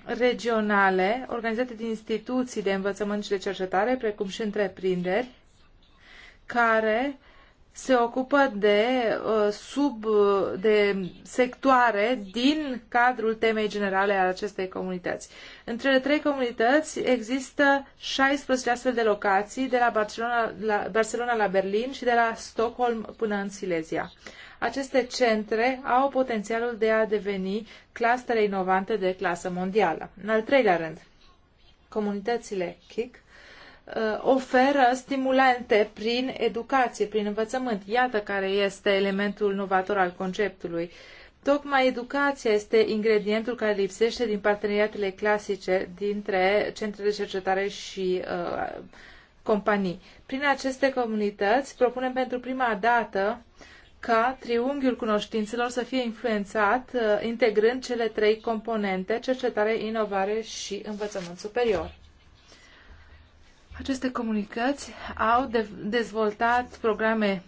[SPEAKER 3] regionale organizate din instituții de învățământ și de cercetare, precum și întreprinderi, care se ocupă de uh, sub uh, de sectoare din cadrul temei generale al acestei comunități. Între cele trei comunități există 16 astfel de locații, de la Barcelona la, Barcelona la Berlin și de la Stockholm până în Silesia. Aceste centre au potențialul de a deveni clustere inovante de clasă mondială. În al treilea rând, comunitățile KIC Uh, oferă stimulante prin educație, prin învățământ. Iată care este elementul novator al conceptului. Tocmai educația este ingredientul care lipsește din parteneriatele clasice dintre centre de cercetare și uh, companii. Prin aceste comunități propunem pentru prima dată ca triunghiul cunoștințelor să fie influențat uh, integrând cele trei componente, cercetare, inovare și învățământ superior. Aceste comunități au de dezvoltat programe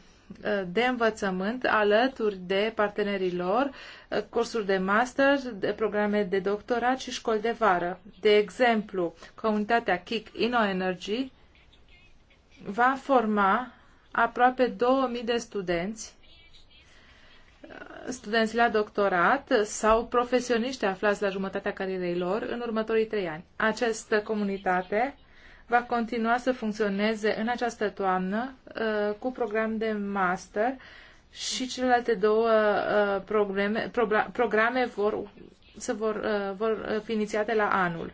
[SPEAKER 3] ă, de învățământ alături de partenerii lor, ă, cursuri de master, de programe de doctorat și școli de vară. De exemplu, comunitatea Kick Inno Energy va forma aproape 2000 de studenți ă, studenți la doctorat sau profesioniști aflați la jumătatea carierei lor în următorii trei ani. Această comunitate va continua să funcționeze în această toamnă uh, cu program de master și celelalte două uh, programe, programe vor, se vor, uh, vor fi inițiate la anul.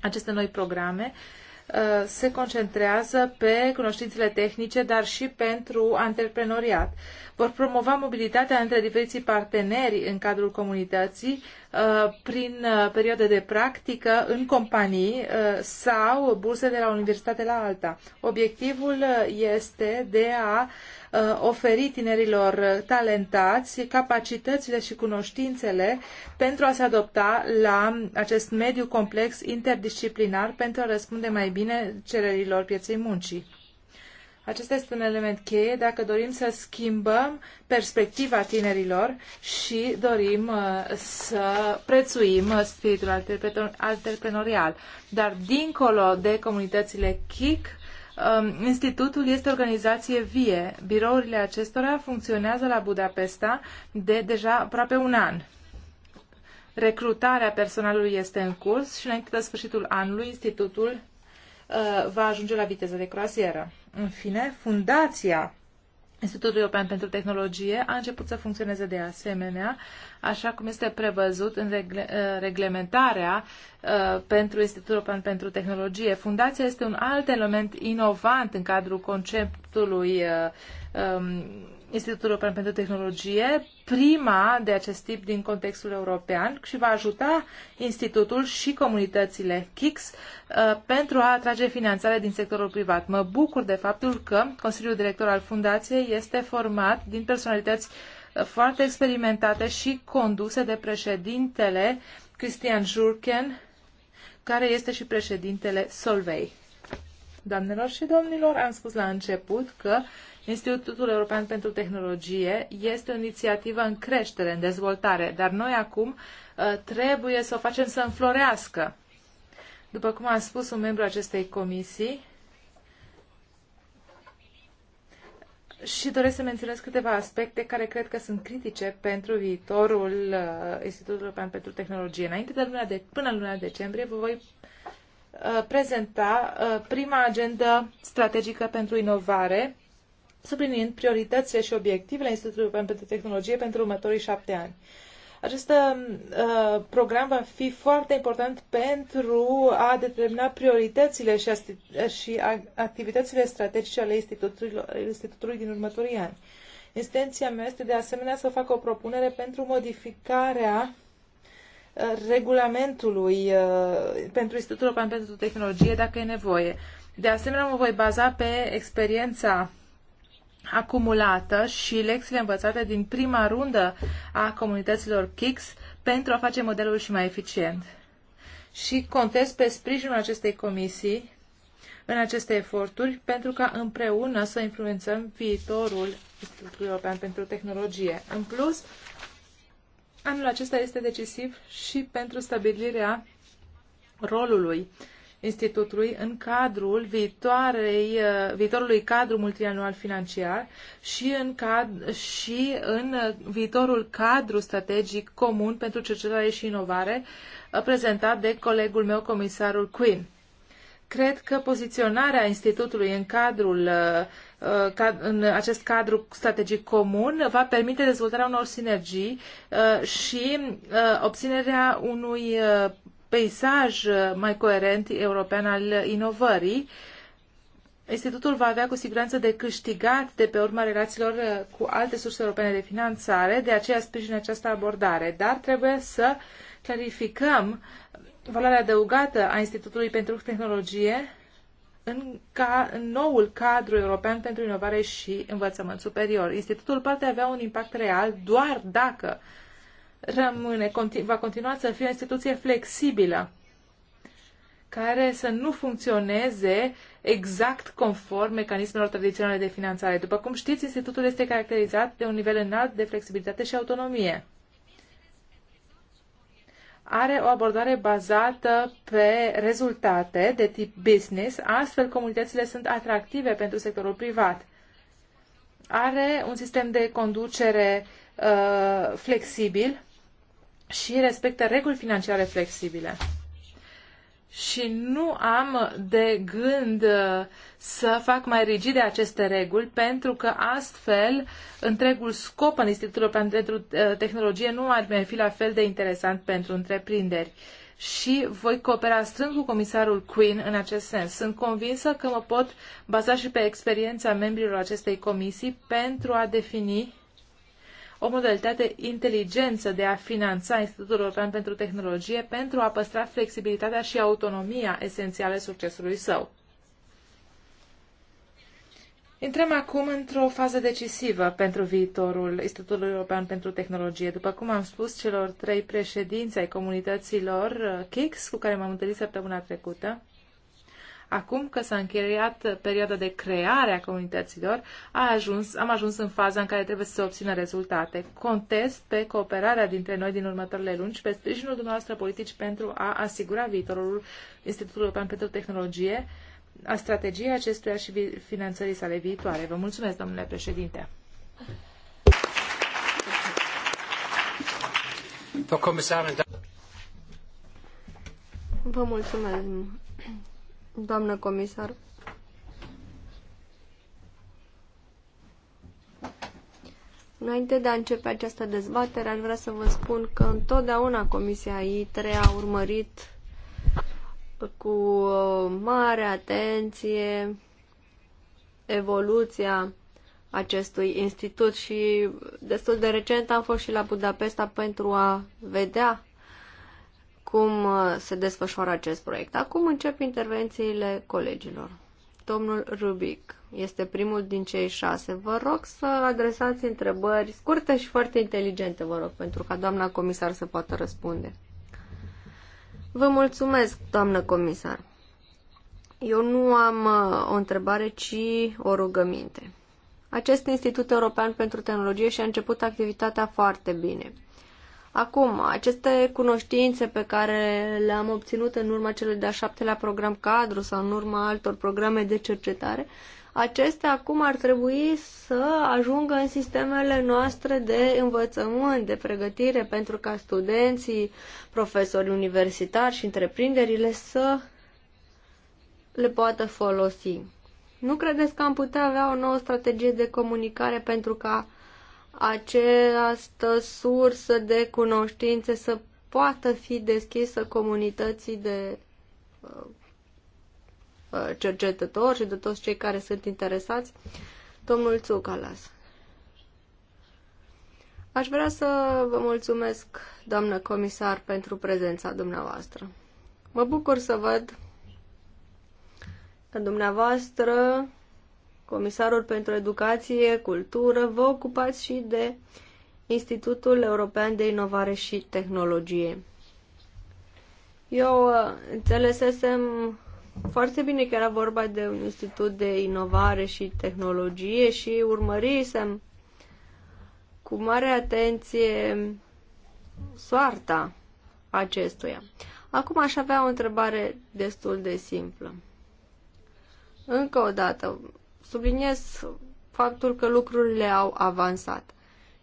[SPEAKER 3] Aceste noi programe uh, Uh, se concentrează pe cunoștințele tehnice, dar și pentru antreprenoriat. Vor promova mobilitatea între diferiții parteneri în cadrul comunității uh, prin uh, perioade de practică în companii sau burse de la universitate la alta. Obiectivul este de a Uh, oferi tinerilor talentați capacitățile și cunoștințele pentru a se adopta la acest mediu complex interdisciplinar pentru a răspunde mai bine cererilor pieței muncii. Acesta este un element cheie dacă dorim să schimbăm perspectiva tinerilor și dorim uh, să prețuim spiritul antreprenorial. Dar dincolo de comunitățile KIC, Um, institutul este organizație vie. Birourile acestora funcționează la Budapesta de deja aproape un an. Recrutarea personalului este în curs și înainte de sfârșitul anului, institutul uh, va ajunge la viteză de croasieră. În fine, fundația Institutul European pentru Tehnologie a început să funcționeze de asemenea, așa cum este prevăzut în regle, uh, reglementarea uh, pentru Institutul European pentru Tehnologie. Fundația este un alt element inovant în cadrul conceptului uh, um, Institutul European pentru Tehnologie, prima de acest tip din contextul european și va ajuta institutul și comunitățile KICS uh, pentru a atrage finanțare din sectorul privat. Mă bucur de faptul că Consiliul Director al Fundației este format din personalități uh, foarte experimentate și conduse de președintele Cristian Jurken, care este și președintele Solvei. Doamnelor și domnilor, am spus la început că Institutul European pentru Tehnologie este o inițiativă în creștere, în dezvoltare, dar noi acum uh, trebuie să o facem să înflorească. După cum a spus un membru acestei comisii, și doresc să menționez câteva aspecte care cred că sunt critice pentru viitorul uh, Institutului European pentru Tehnologie. Înainte de luna de, până luna decembrie vă voi uh, prezenta prima agendă strategică pentru inovare subliniind prioritățile și obiectivele Institutului European pentru Tehnologie pentru următorii șapte ani. Acest um, uh, program va fi foarte important pentru a determina prioritățile și, și activitățile strategice ale institutului, institutului din următorii ani. Instenția mea este de asemenea să fac o propunere pentru modificarea uh, regulamentului uh, pentru Institutul European pentru Tehnologie, dacă e nevoie. De asemenea, mă voi baza pe experiența acumulată și lecțiile învățate din prima rundă a comunităților KICS pentru a face modelul și mai eficient. Și contez pe sprijinul acestei comisii în aceste eforturi pentru ca împreună să influențăm viitorul Institutului European pentru Tehnologie. În plus, anul acesta este decisiv și pentru stabilirea rolului uh, Institutului în cadrul viitoarei, uh, viitorului cadru multianual financiar și în, cad, și în uh, viitorul cadru strategic comun pentru cercetare și inovare uh, prezentat de colegul meu, comisarul Quinn. Cred că poziționarea Institutului în cadrul în acest cadru strategic comun va permite dezvoltarea unor sinergii și obținerea unui peisaj uh, mai coerent european al inovării. Institutul va avea cu siguranță de câștigat de pe urma relațiilor uh, cu alte surse europene de finanțare, de aceea sprijin această abordare, dar trebuie să clarificăm valoarea adăugată a Institutului pentru Tehnologie în, ca, în noul cadru european pentru inovare și învățământ superior. Institutul poate avea un impact real doar dacă rămâne, continu, va continua să fie o instituție flexibilă, care să nu funcționeze exact conform mecanismelor tradiționale de finanțare. După cum știți, institutul este caracterizat de un nivel înalt de flexibilitate și autonomie. Are o abordare bazată pe rezultate de tip business, astfel comunitățile sunt atractive pentru sectorul privat. Are un sistem de conducere uh, flexibil și respectă reguli financiare flexibile. Și nu am de gând uh, să fac mai rigide aceste reguli, pentru că astfel întregul scop în Institutul pentru uh, Tehnologie nu ar mai fi la fel de interesant pentru întreprinderi și voi coopera strâng cu comisarul Quinn în acest sens. Sunt convinsă că mă pot baza și pe experiența membrilor acestei comisii pentru a defini o modalitate inteligență de a finanța Institutul European pentru Tehnologie pentru a păstra flexibilitatea și autonomia esențiale succesului său. Intrăm acum într-o fază decisivă pentru viitorul Institutului European pentru Tehnologie. După cum am spus celor trei președinți ai comunităților uh, KICS, cu care m-am întâlnit săptămâna trecută, Acum că s-a încheiat perioada de creare a comunităților, a ajuns, am ajuns în faza în care trebuie să se obțină rezultate. Contest pe cooperarea dintre noi din următoarele luni și pe sprijinul dumneavoastră politici pentru a asigura viitorul Institutului European pentru Tehnologie, a strategiei acestuia și finanțării sale viitoare. Vă mulțumesc, domnule președinte.
[SPEAKER 2] Da- Vă mulțumesc doamnă comisar. Înainte de a începe această dezbatere, aș vrea să vă spun că întotdeauna Comisia ITRE a urmărit cu uh, mare atenție evoluția acestui institut și destul de recent am fost și la Budapesta pentru a vedea cum uh, se desfășoară acest proiect. Acum încep intervențiile colegilor. Domnul Rubic este primul din cei șase. Vă rog să adresați întrebări scurte și foarte inteligente, vă rog, pentru ca doamna comisar să poată răspunde. Vă mulțumesc, doamnă comisar. Eu nu am uh, o întrebare, ci o rugăminte. Acest Institut European pentru Tehnologie și-a început activitatea foarte bine. Acum, aceste cunoștințe pe care le-am obținut în urma celui de-a șaptelea program cadru sau în urma altor programe de cercetare, acestea acum ar trebui să ajungă în sistemele noastre de învățământ, de pregătire, pentru ca studenții, profesori universitari și întreprinderile să le poată folosi. Nu credeți că am putea avea o nouă strategie de comunicare pentru ca această sursă de cunoștințe să poată fi deschisă comunității de uh, uh, cercetători și de toți cei care sunt interesați, domnul Țucalas. Aș vrea să vă mulțumesc, doamnă comisar, pentru prezența dumneavoastră. Mă bucur să văd că dumneavoastră comisarul pentru educație, cultură, vă ocupați și de Institutul European de Inovare și Tehnologie. Eu uh, înțelesesem foarte bine că era vorba de un institut de inovare și tehnologie și urmărisem cu mare atenție soarta acestuia. Acum aș avea o întrebare destul de simplă. Încă o dată, subliniez faptul că lucrurile au avansat.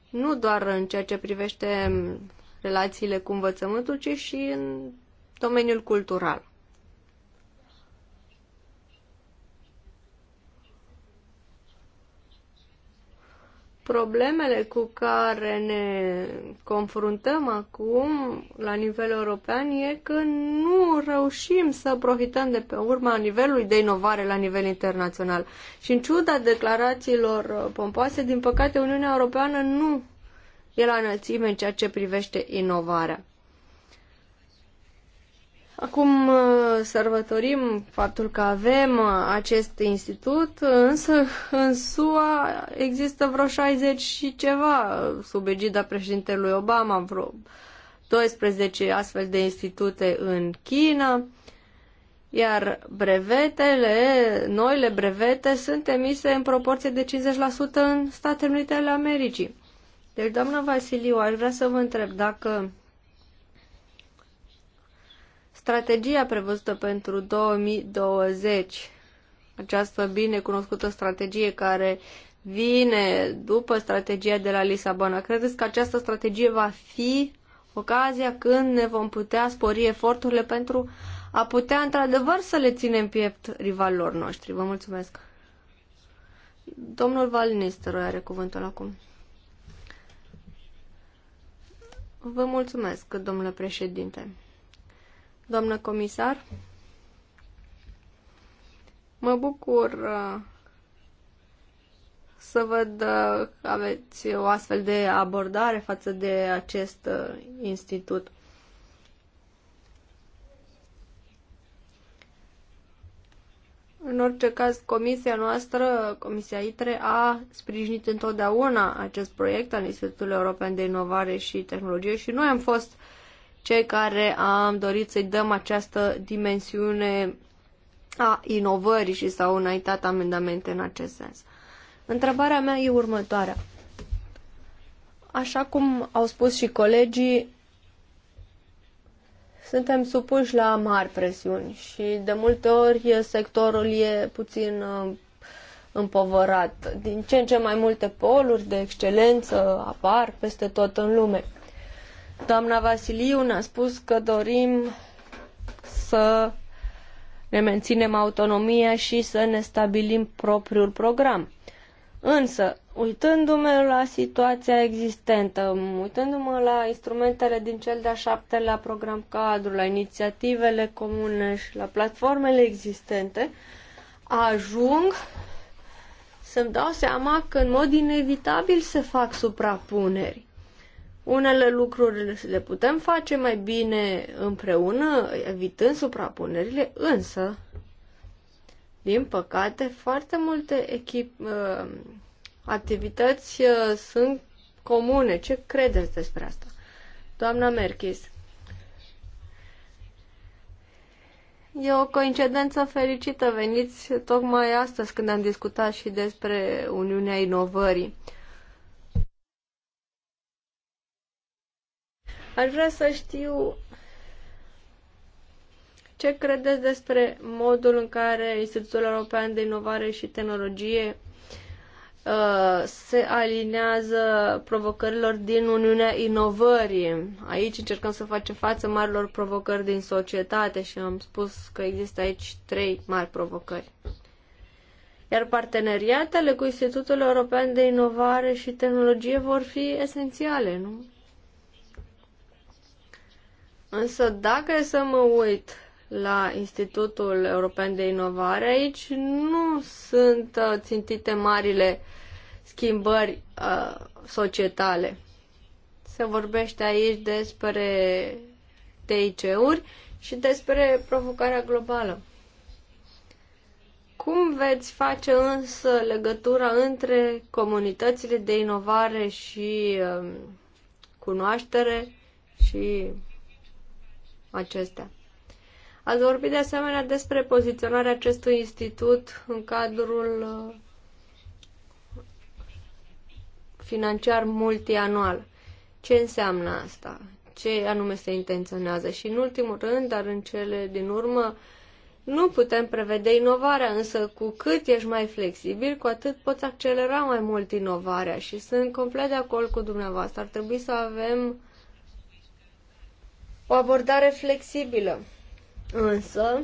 [SPEAKER 2] Nu doar în ceea ce privește relațiile cu învățământul, ci și în domeniul cultural. problemele cu care ne confruntăm acum la nivel european e că nu reușim să profităm de pe urma nivelului de inovare la nivel internațional. Și în ciuda declarațiilor pompoase, din păcate Uniunea Europeană nu e la înălțime în ceea ce privește inovarea. Acum uh, sărbătorim faptul că avem uh, acest institut, uh, însă în SUA există vreo 60 și ceva sub egida președintelui Obama, vreo 12 astfel de institute în China, iar brevetele, noile brevete sunt emise în proporție de 50% în Statele Unite ale Americii. Deci, doamna Vasiliu, aș vrea să vă întreb dacă Strategia prevăzută pentru 2020, această bine cunoscută strategie care vine după strategia de la Lisabona, credeți că această strategie va fi ocazia când ne vom putea spori eforturile pentru a putea într-adevăr să le ținem piept rivalilor noștri? Vă mulțumesc! Domnul Valnister are cuvântul acum. Vă mulțumesc, domnule președinte doamnă comisar. Mă bucur uh, să văd că uh, aveți o astfel de abordare față de acest uh, institut. În orice caz, comisia noastră, Comisia ITRE, a sprijinit întotdeauna acest proiect al Institutului European de Inovare și Tehnologie și noi am fost cei care am dorit să-i dăm această dimensiune a inovării și s-au înaintat amendamente în acest sens. Întrebarea mea e următoarea. Așa cum au spus și colegii, suntem supuși la mari presiuni și de multe ori sectorul e puțin uh, împovărat. Din ce în ce mai multe poluri de excelență apar peste tot în lume. Doamna Vasiliu ne-a spus că dorim să ne menținem autonomia și să ne stabilim propriul program. Însă, uitându-mă la situația existentă, uitându-mă la instrumentele din cel de-a șaptelea program cadru, la inițiativele comune și la platformele existente, ajung să-mi dau seama că în mod inevitabil se fac suprapuneri. Unele lucruri le putem face mai bine împreună, evitând suprapunerile, însă, din păcate, foarte multe echip, uh, activități uh, sunt comune. Ce credeți despre asta? Doamna Merchis. E o coincidență fericită. Veniți tocmai astăzi când am discutat și despre Uniunea Inovării. Uh, Aș vrea să știu ce credeți despre modul în care Institutul European de Inovare și Tehnologie uh, se alinează provocărilor din Uniunea Inovării. Aici încercăm să facem față marilor provocări din societate și am spus că există aici trei mari provocări. Iar parteneriatele cu Institutul European de Inovare și Tehnologie vor fi esențiale, nu? Însă dacă e să mă uit la Institutul European de Inovare, aici nu sunt uh, țintite marile schimbări uh, societale. Se vorbește aici despre TIC-uri și despre provocarea globală. Cum veți face însă legătura între comunitățile de inovare și uh, cunoaștere și acestea. Ați vorbit de asemenea despre poziționarea acestui institut în cadrul uh, financiar multianual. Ce înseamnă asta? Ce anume se intenționează? Și în ultimul rând, dar în cele din urmă, nu putem prevede inovarea, însă cu cât ești mai flexibil, cu atât poți accelera mai mult inovarea și sunt complet de acord cu dumneavoastră. Ar trebui să avem o abordare flexibilă. Însă,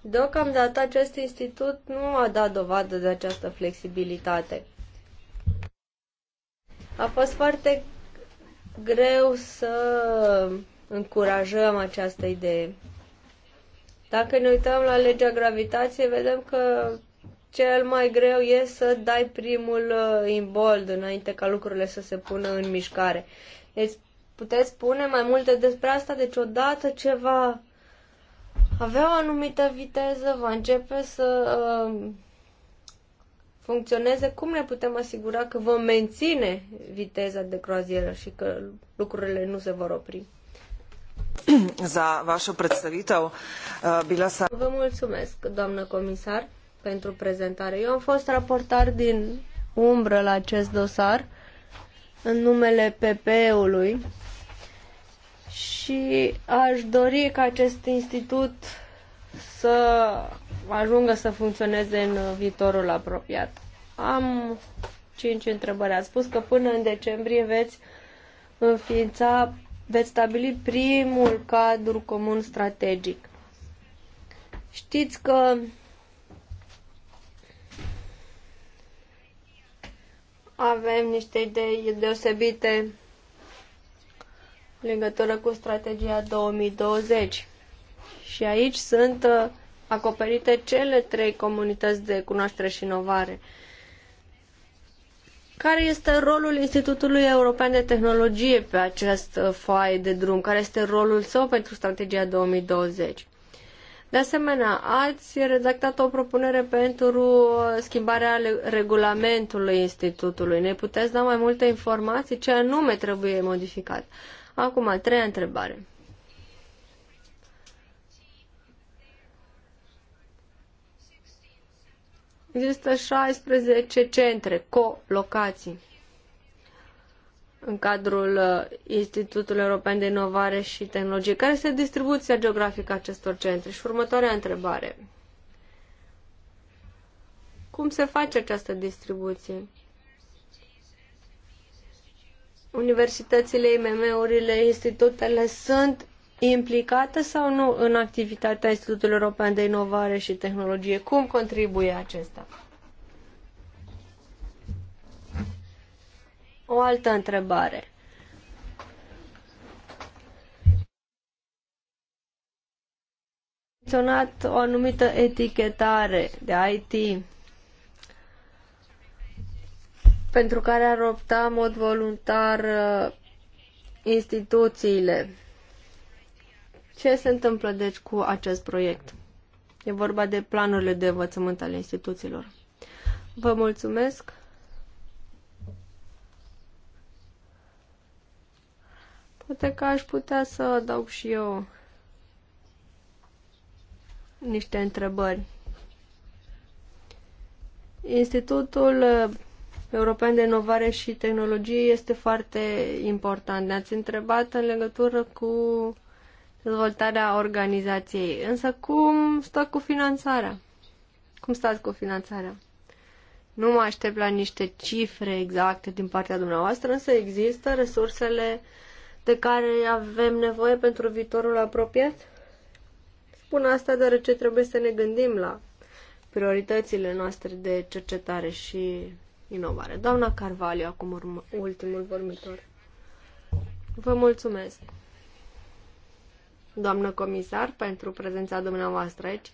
[SPEAKER 2] deocamdată acest institut nu a dat dovadă de această flexibilitate. A fost foarte greu să încurajăm această idee. Dacă ne uităm la legea gravitației, vedem că cel mai greu e să dai primul uh, imbold înainte ca lucrurile să se pună în mișcare. Deci puteți spune mai multe despre asta? Deci odată ce va avea o anumită viteză, va începe să uh, funcționeze, cum ne putem asigura că vom menține viteza de croazieră și că lucrurile nu se vor opri?
[SPEAKER 3] <clears throat> Za vașă predstavită, uh, bila sa...
[SPEAKER 2] Vă mulțumesc, doamnă comisar, pentru prezentare. Eu am fost raportar din umbră la acest dosar în numele PP-ului și aș dori ca acest institut să ajungă să funcționeze în viitorul apropiat. Am cinci întrebări. Ați spus că până în decembrie veți înființa, veți stabili primul cadru comun strategic. Știți că avem niște idei deosebite legătură cu strategia 2020. Și aici sunt uh, acoperite cele trei comunități de cunoaștere și inovare. Care este rolul Institutului European de Tehnologie pe acest uh, foaie de drum? Care este rolul său pentru strategia 2020? De asemenea, ați redactat o propunere pentru uh, schimbarea regulamentului Institutului. Ne puteți da mai multe informații? Ce anume trebuie modificat? Acum, a treia întrebare. Există 16 centre, co-locații, în cadrul uh, Institutului European de Inovare și Tehnologie. Care este distribuția geografică a acestor centre? Și următoarea întrebare. Cum se face această distribuție? universitățile, IMM-urile, institutele sunt implicate sau nu în activitatea Institutului European de Inovare și Tehnologie? Cum contribuie acesta? O altă întrebare. menționat o anumită etichetare de IT pentru care ar opta în mod voluntar uh, instituțiile. Ce se întâmplă deci cu acest proiect? E vorba de planurile de învățământ ale instituțiilor. Vă mulțumesc! Poate că aș putea să adaug și eu niște întrebări. Institutul uh, European de Inovare și Tehnologie este foarte important. Ne-ați întrebat în legătură cu dezvoltarea organizației. Însă cum stă cu finanțarea? Cum stați cu finanțarea? Nu mă aștept la niște cifre exacte din partea dumneavoastră, însă există resursele de care avem nevoie pentru viitorul apropiat? Spun asta deoarece trebuie să ne gândim la prioritățile noastre de cercetare și inovare. Doamna Carvalho, acum urmă, ultimul vorbitor. Vă mulțumesc, doamnă comisar, pentru prezența dumneavoastră aici.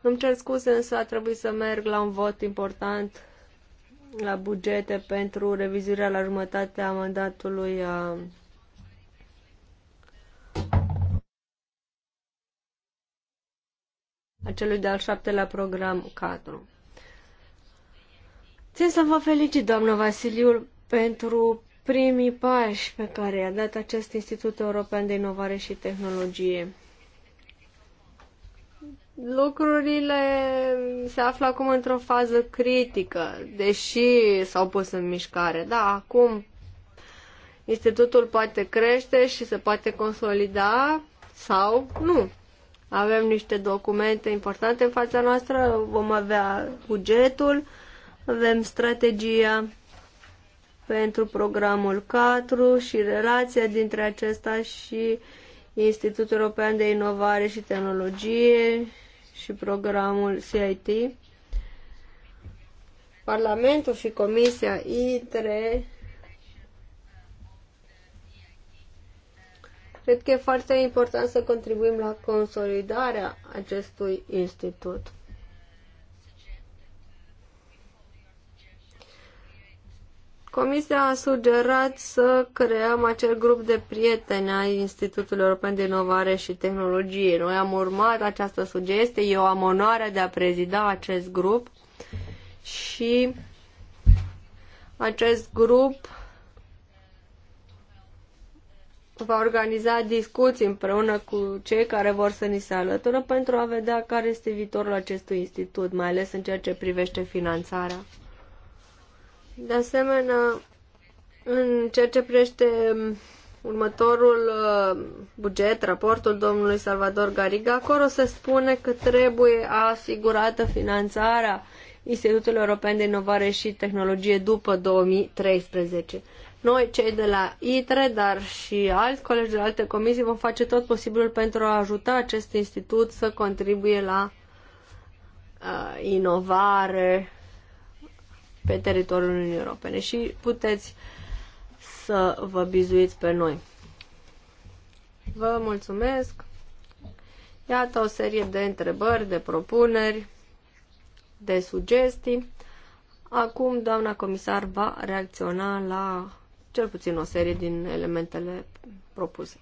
[SPEAKER 2] Îmi cer scuze, însă a trebuit să merg la un vot important la bugete pentru revizuirea la jumătatea a mandatului a uh, acelui de-al șaptelea program cadru. Țin să vă felicit, doamnă Vasiliu, pentru primii pași pe care i-a dat acest Institut European de Inovare și Tehnologie. Lucrurile se află acum într-o fază critică, deși s-au pus în mișcare. Da, acum institutul poate crește și se poate consolida sau nu. Avem niște documente importante în fața noastră, vom avea bugetul, avem strategia pentru programul 4 și relația dintre acesta și Institutul European de Inovare și Tehnologie și programul CIT. Parlamentul și Comisia ITRE Cred că e foarte important să contribuim la consolidarea acestui institut. Comisia a sugerat să creăm acel grup de prieteni ai Institutului European de Inovare și Tehnologie. Noi am urmat această sugestie, eu am onoarea de a prezida acest grup și acest grup va organiza discuții împreună cu cei care vor să ni se alătură pentru a vedea care este viitorul acestui institut, mai ales în ceea ce privește finanțarea. De asemenea, în ceea ce privește următorul uh, buget, raportul domnului Salvador Gariga, acolo se spune că trebuie asigurată finanțarea Institutului European de Inovare și Tehnologie după 2013. Noi, cei de la ITRE, dar și alți colegi de alte comisii, vom face tot posibilul pentru a ajuta acest institut să contribuie la uh, inovare, pe teritoriul Uniunii Europene și puteți să vă bizuiți pe noi. Vă mulțumesc! Iată o serie de întrebări, de propuneri, de sugestii. Acum doamna comisar va reacționa la cel puțin o serie din elementele propuse.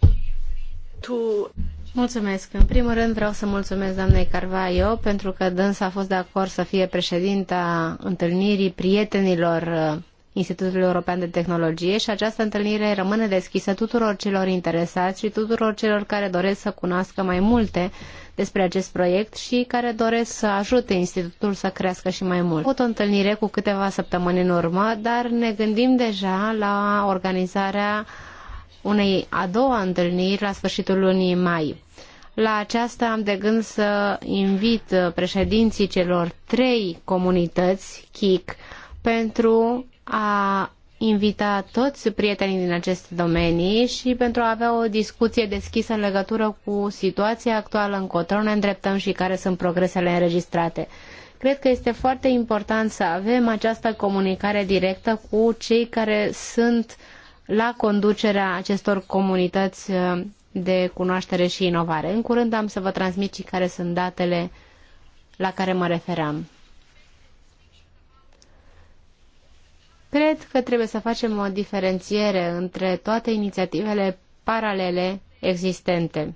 [SPEAKER 1] Tu... Mulțumesc. În primul rând vreau să mulțumesc doamnei Carvaio pentru că dânsa a fost de acord să fie președinta întâlnirii prietenilor uh, Institutului European de Tehnologie și această întâlnire rămâne deschisă tuturor celor interesați și tuturor celor care doresc să cunoască mai multe despre acest proiect și care doresc să ajute institutul să crească și mai mult. avut o întâlnire cu câteva săptămâni în urmă, dar ne gândim deja la organizarea unei a doua întâlniri la sfârșitul lunii mai. La aceasta am de gând să invit președinții celor trei comunități, CHIC, pentru a invita toți prietenii din aceste domenii și pentru a avea o discuție deschisă în legătură cu situația actuală încotro ne îndreptăm și care sunt progresele înregistrate. Cred că este foarte important să avem această comunicare directă cu cei care sunt la conducerea acestor comunități de cunoaștere și inovare. În curând am să vă transmit și care sunt datele la care mă referam. Cred că trebuie să facem o diferențiere între toate inițiativele paralele existente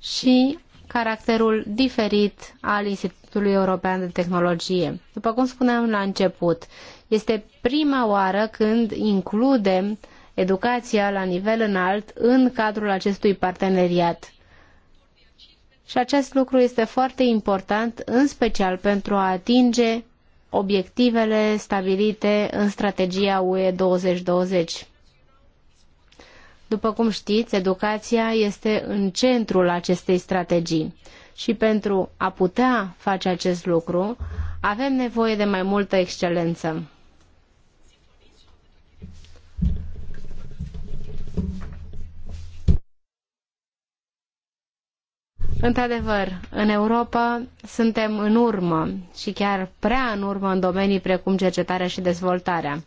[SPEAKER 1] și caracterul diferit al Institutului European de Tehnologie. După cum spuneam la început, este prima oară când includem uh, educația la nivel înalt în cadrul acestui parteneriat. Și acest lucru este foarte important, în special pentru a atinge obiectivele stabilite în strategia UE 2020. După cum știți, educația este în centrul acestei strategii și pentru a putea face acest lucru avem nevoie de mai multă excelență. Într-adevăr, în Europa suntem în urmă și chiar prea în urmă în domenii precum cercetarea și dezvoltarea.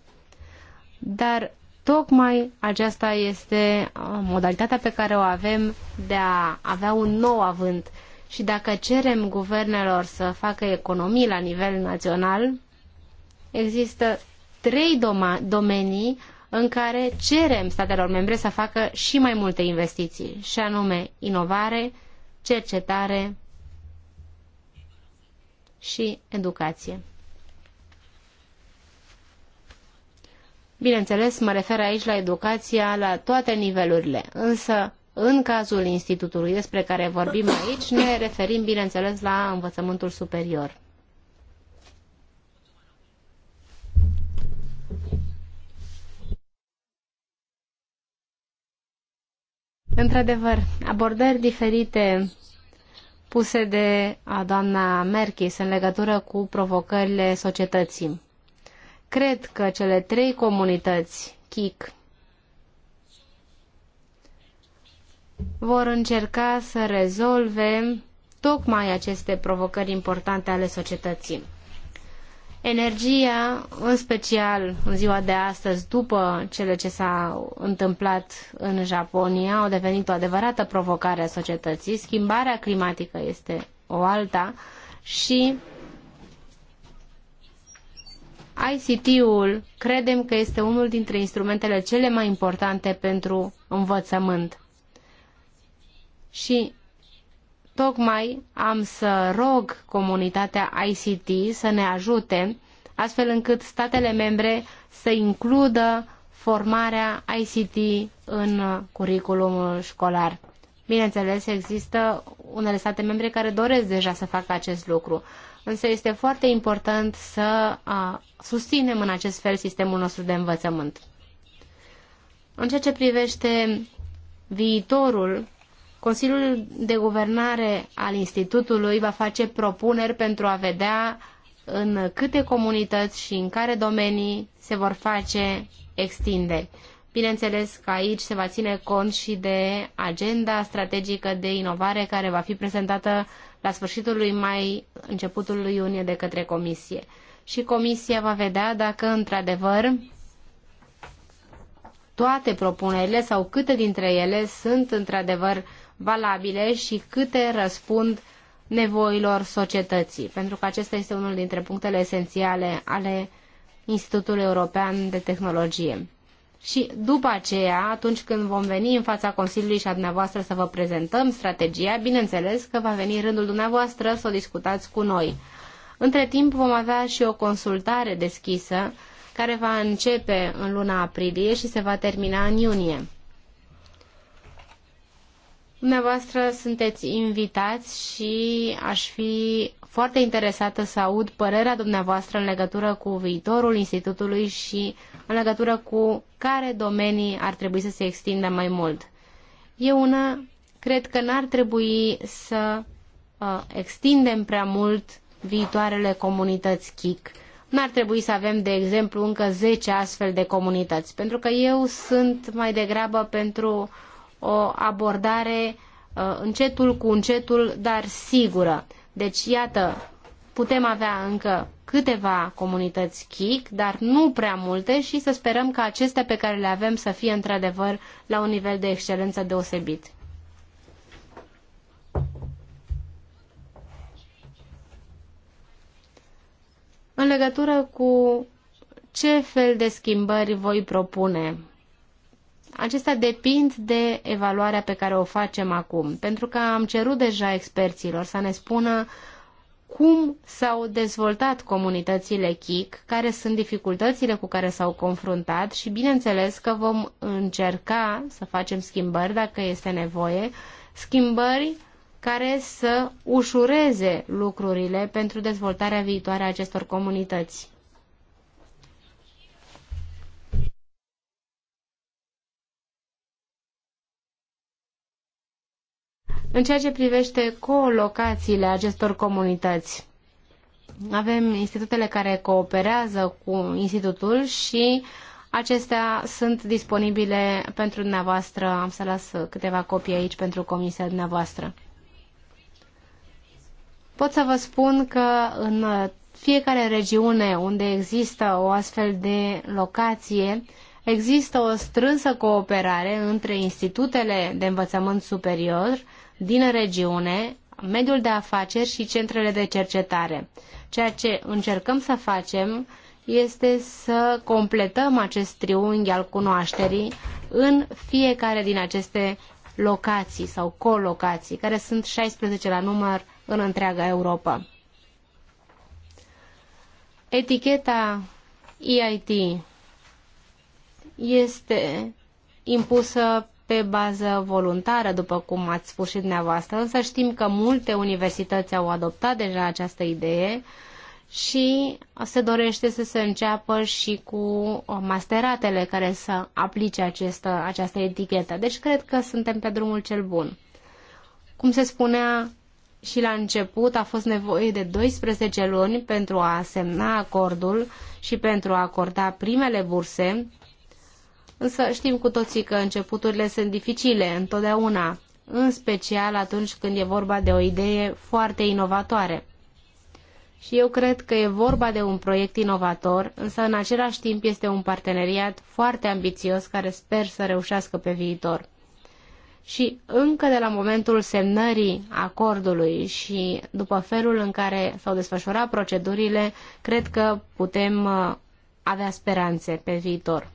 [SPEAKER 1] Dar tocmai aceasta este modalitatea pe care o avem de a avea un nou avânt. Și dacă cerem guvernelor să facă economii la nivel național, există trei domenii în care cerem statelor membre să facă și mai multe investiții, și anume inovare, cercetare și educație. Bineînțeles, mă refer aici la educația la toate nivelurile, însă în cazul institutului despre care vorbim aici, ne referim, bineînțeles, la învățământul superior. Într-adevăr, abordări diferite puse de a doamna Merkis în legătură cu provocările societății. Cred că cele trei comunități, KIC, vor încerca să rezolve tocmai aceste provocări importante ale societății. Energia, în special în ziua de astăzi, după cele ce s-a întâmplat în Japonia, a devenit o adevărată provocare a societății. Schimbarea climatică este o alta și ICT-ul credem că este unul dintre instrumentele cele mai importante pentru învățământ. Și Tocmai am să rog comunitatea ICT să ne ajute astfel încât statele membre să includă formarea ICT în curriculumul școlar. Bineînțeles, există unele state membre care doresc deja să facă acest lucru, însă este foarte important să a, susținem în acest fel sistemul nostru de învățământ. În ceea ce privește viitorul Consiliul de Guvernare al Institutului va face propuneri pentru a vedea în câte comunități și în care domenii se vor face extinderi. Bineînțeles că aici se va ține cont și de agenda strategică de inovare care va fi prezentată la sfârșitul lui mai, începutul lui iunie de către comisie. Și comisia va vedea dacă într-adevăr toate propunerile sau câte dintre ele sunt într-adevăr valabile și câte răspund nevoilor societății, pentru că acesta este unul dintre punctele esențiale ale Institutului European de Tehnologie. Și după aceea, atunci când vom veni în fața Consiliului și a dumneavoastră să vă prezentăm strategia, bineînțeles că va veni rândul dumneavoastră să o discutați cu noi. Între timp vom avea și o consultare deschisă care va începe în luna aprilie și se va termina în iunie. Dumneavoastră sunteți invitați și aș fi foarte interesată să aud părerea dumneavoastră în legătură cu viitorul Institutului și în legătură cu care domenii ar trebui să se extindă mai mult. Eu una cred că n-ar trebui să uh, extindem prea mult viitoarele comunități KIC. N-ar trebui să avem, de exemplu, încă 10 astfel de comunități, pentru că eu sunt mai degrabă pentru uh, o abordare uh, încetul cu încetul, dar sigură. Deci, iată, putem avea încă câteva comunități KIC, dar nu prea multe și să sperăm că acestea pe care le avem să fie într-adevăr la un nivel de excelență deosebit. În legătură cu ce fel de schimbări voi propune acestea depind de evaluarea pe care o facem acum, pentru că am cerut deja experților să ne spună cum s-au dezvoltat comunitățile KIC, care sunt dificultățile cu care s-au confruntat și bineînțeles că vom încerca să facem schimbări dacă este nevoie, schimbări care să ușureze lucrurile pentru dezvoltarea viitoare a acestor comunități. În ceea ce privește colocațiile acestor comunități, avem institutele care cooperează cu institutul și acestea sunt disponibile pentru dumneavoastră. Am să las câteva copii aici pentru comisia dumneavoastră. Pot să vă spun că în fiecare regiune unde există o astfel de locație, există o strânsă cooperare între institutele de învățământ superior, din regiune, mediul de afaceri și centrele de cercetare. Ceea ce încercăm să facem este să completăm acest triunghi al cunoașterii în fiecare din aceste locații sau colocații, care sunt 16 la număr în întreaga Europa. Eticheta EIT este impusă pe bază voluntară, după cum ați spus și dumneavoastră, însă știm că multe universități au adoptat deja această idee și se dorește să se înceapă și cu masteratele care să aplice această, această etichetă. Deci cred că suntem pe drumul cel bun. Cum se spunea și la început, a fost nevoie de 12 luni pentru a semna acordul și pentru a acorda primele burse Însă știm cu toții că începuturile sunt dificile întotdeauna, în special atunci când e vorba de o idee foarte inovatoare. Și eu cred că e vorba de un proiect inovator, însă în același timp este un parteneriat foarte ambițios care sper să reușească pe viitor. Și încă de la momentul semnării acordului și după felul în care s-au desfășurat procedurile, cred că putem uh, avea speranțe pe viitor.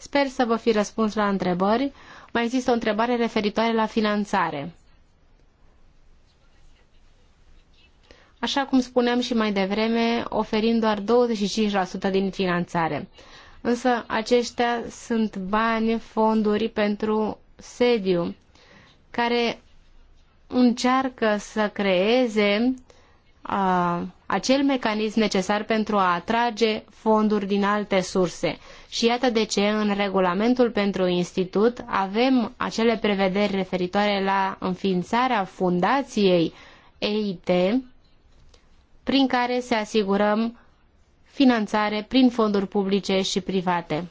[SPEAKER 1] Sper să vă fi răspuns la întrebări. Mai există o întrebare referitoare la finanțare. Așa cum spuneam și mai devreme, oferim doar 25% din finanțare. Însă aceștia sunt bani, fonduri pentru sediu, care încearcă să creeze uh, acel mecanism necesar pentru a atrage fonduri din alte surse. Și iată de ce în regulamentul pentru institut avem acele prevederi referitoare la înființarea fundației EIT prin care se asigurăm finanțare prin fonduri publice și private.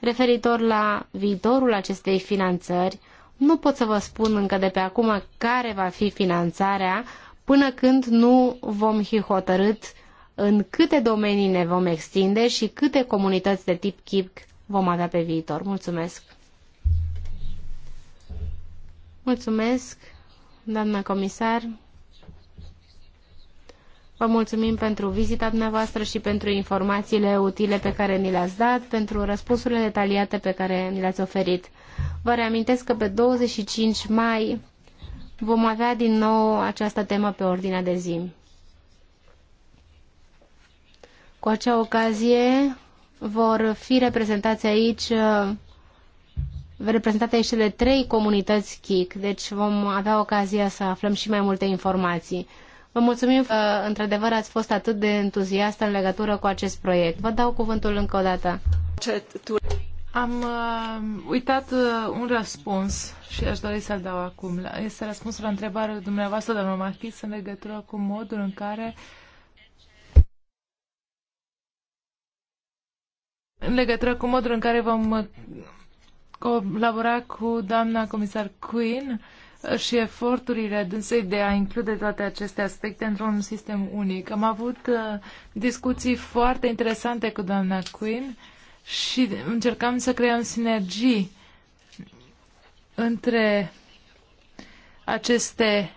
[SPEAKER 1] Referitor la viitorul acestei finanțări, nu pot să vă spun încă de pe acum care va fi finanțarea, până când nu vom fi hotărât în câte domenii ne vom extinde și câte comunități de tip KIP vom avea pe viitor. Mulțumesc! Mulțumesc, doamna comisar! Vă mulțumim pentru vizita dumneavoastră și pentru informațiile utile pe care ni le-ați dat, pentru răspunsurile detaliate pe care ni le-ați oferit. Vă reamintesc că pe 25 mai vom avea din nou această temă pe ordinea de zi. Cu acea ocazie vor fi reprezentați aici reprezentate aici cele trei comunități KIC, deci vom avea ocazia să aflăm și mai multe informații. Vă mulțumim că, într-adevăr, ați fost atât de entuziastă în legătură cu acest proiect. Vă dau cuvântul încă o dată.
[SPEAKER 3] Am uh, uitat uh, un răspuns și aș dori să-l dau acum. Este răspunsul la întrebarea dumneavoastră, domnul Machis, în legătură cu modul în care în legătură cu modul în care vom uh, colabora cu doamna comisar Queen și eforturile dânsei de a include toate aceste aspecte într-un sistem unic. Am avut uh, discuții foarte interesante cu doamna Queen uh, și încercăm să creăm sinergii între aceste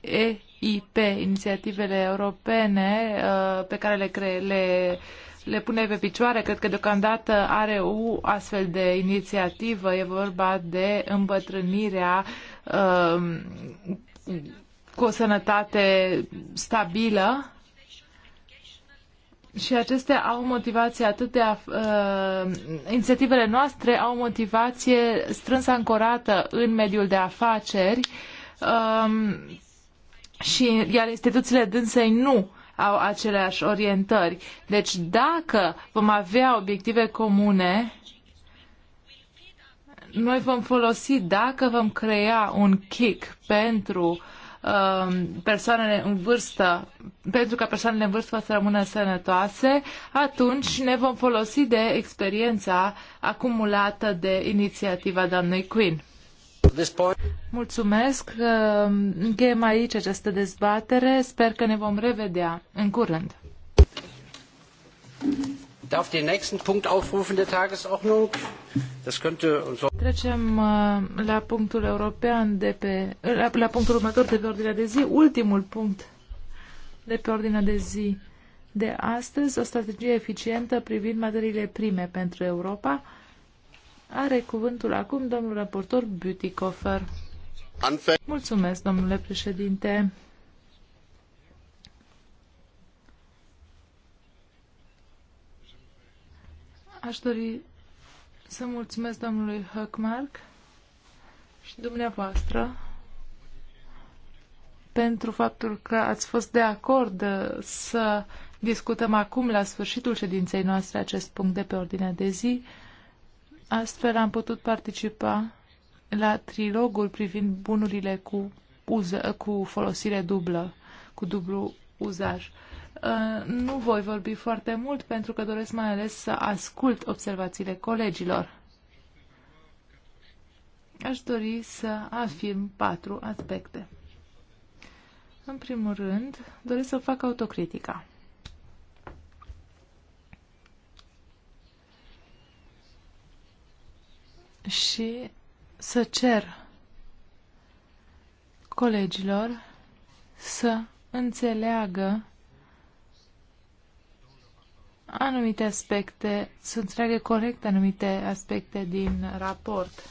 [SPEAKER 3] EIP, inițiativele europene uh, pe care le, cre- le, le pune pe picioare. Cred că deocamdată are o astfel de inițiativă. E vorba de îmbătrânirea uh, cu o sănătate stabilă și acestea au motivație atât de a, uh, inițiativele noastre au motivație strâns ancorată în mediul de afaceri um, și iar instituțiile dânsei nu au aceleași orientări. Deci dacă vom avea obiective comune, noi vom folosi, dacă vom crea un kick pentru uh, Um, persoanele în vârstă, pentru ca persoanele în vârstă să rămână sănătoase, atunci ne vom folosi de experiența acumulată de inițiativa doamnei Queen. Mulțumesc. Um, încheiem aici această dezbatere. Sper că ne vom revedea în curând
[SPEAKER 2] darf den nächsten Punkt aufrufen der Tagesordnung. Das könnte
[SPEAKER 3] Trecem uh, la punctul european de pe uh, la, la punctul următor de pe ordinea de zi, ultimul punct de pe ordinea de zi de astăzi, o strategie eficientă privind materiile prime pentru Europa. Are cuvântul acum domnul raportor Butikofer. Mulțumesc, domnule președinte. Aș dori să mulțumesc domnului Höckmark și dumneavoastră pentru faptul că ați fost de acord să discutăm acum, la sfârșitul ședinței noastre, acest punct de pe ordinea de zi. Astfel am putut participa la trilogul privind bunurile cu, uză, cu folosire dublă, cu dublu uzaj. Uh, nu voi vorbi foarte mult pentru că doresc mai ales să ascult observațiile colegilor. Aș dori să afirm patru aspecte. În primul rând, doresc să fac autocritica. Și să cer colegilor să înțeleagă anumite aspecte, să înțeleagă corect anumite aspecte din raport.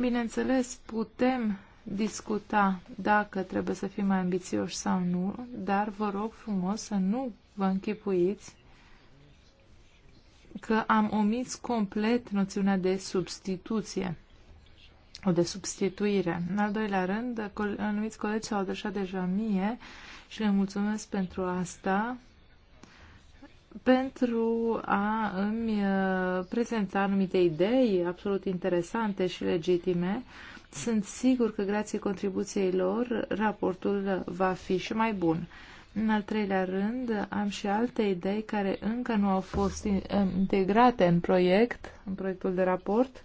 [SPEAKER 3] Bineînțeles, putem discuta dacă trebuie să fim mai ambițioși sau nu, dar vă rog frumos să nu vă închipuiți că am omis complet noțiunea de substituție o de substituire. În al doilea rând, anumiți colegi s-au adresat deja mie și le mulțumesc pentru asta, pentru a îmi uh, prezenta anumite idei absolut interesante și legitime. Sunt sigur că, grație contribuției lor, raportul va fi și mai bun. În al treilea rând, am și alte idei care încă nu au fost uh, integrate în proiect, în proiectul de raport,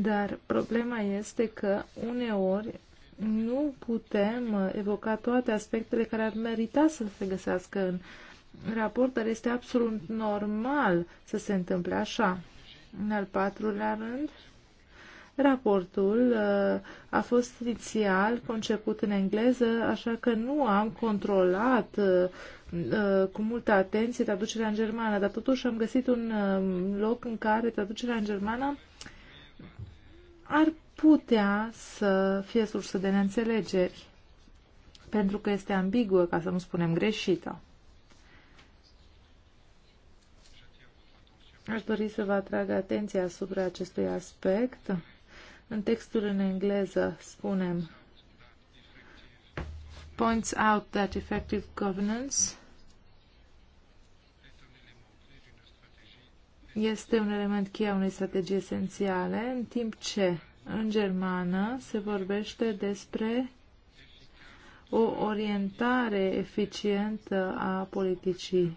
[SPEAKER 3] dar problema este că uneori nu putem evoca toate aspectele care ar merita să se găsească în raport, dar este absolut normal să se întâmple așa. În al patrulea rând, raportul uh, a fost inițial conceput în engleză, așa că nu am controlat uh, uh, cu multă atenție traducerea în germană, dar totuși am găsit un loc în care traducerea în germană ar putea să fie sursă de neînțelegeri, pentru că este ambiguă, ca să nu spunem greșită. Aș dori să vă atrag atenția asupra acestui aspect. În textul în engleză spunem points out that effective governance este un element cheie a unei strategii esențiale, în timp ce în germană se vorbește despre o orientare eficientă a politicii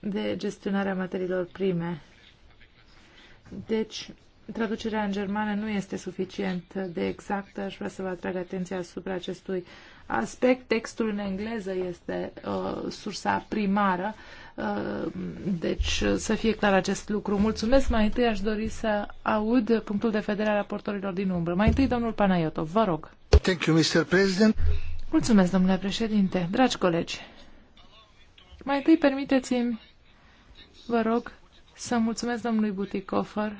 [SPEAKER 3] de gestionare a materiilor prime. Deci, traducerea în germană nu este suficient de exactă. Aș vrea să vă atrag atenția asupra acestui uh, aspect. Textul în engleză este uh, sursa primară, uh, deci uh, să fie clar acest lucru. Mulțumesc. Mai întâi aș dori să aud punctul de vedere al raportorilor din umbră. Mai întâi, domnul Panayotov, vă rog. Thank you, Mr. President. Mulțumesc, domnule președinte. Dragi colegi, mai întâi permiteți-mi, vă rog, să mulțumesc domnului Buticofer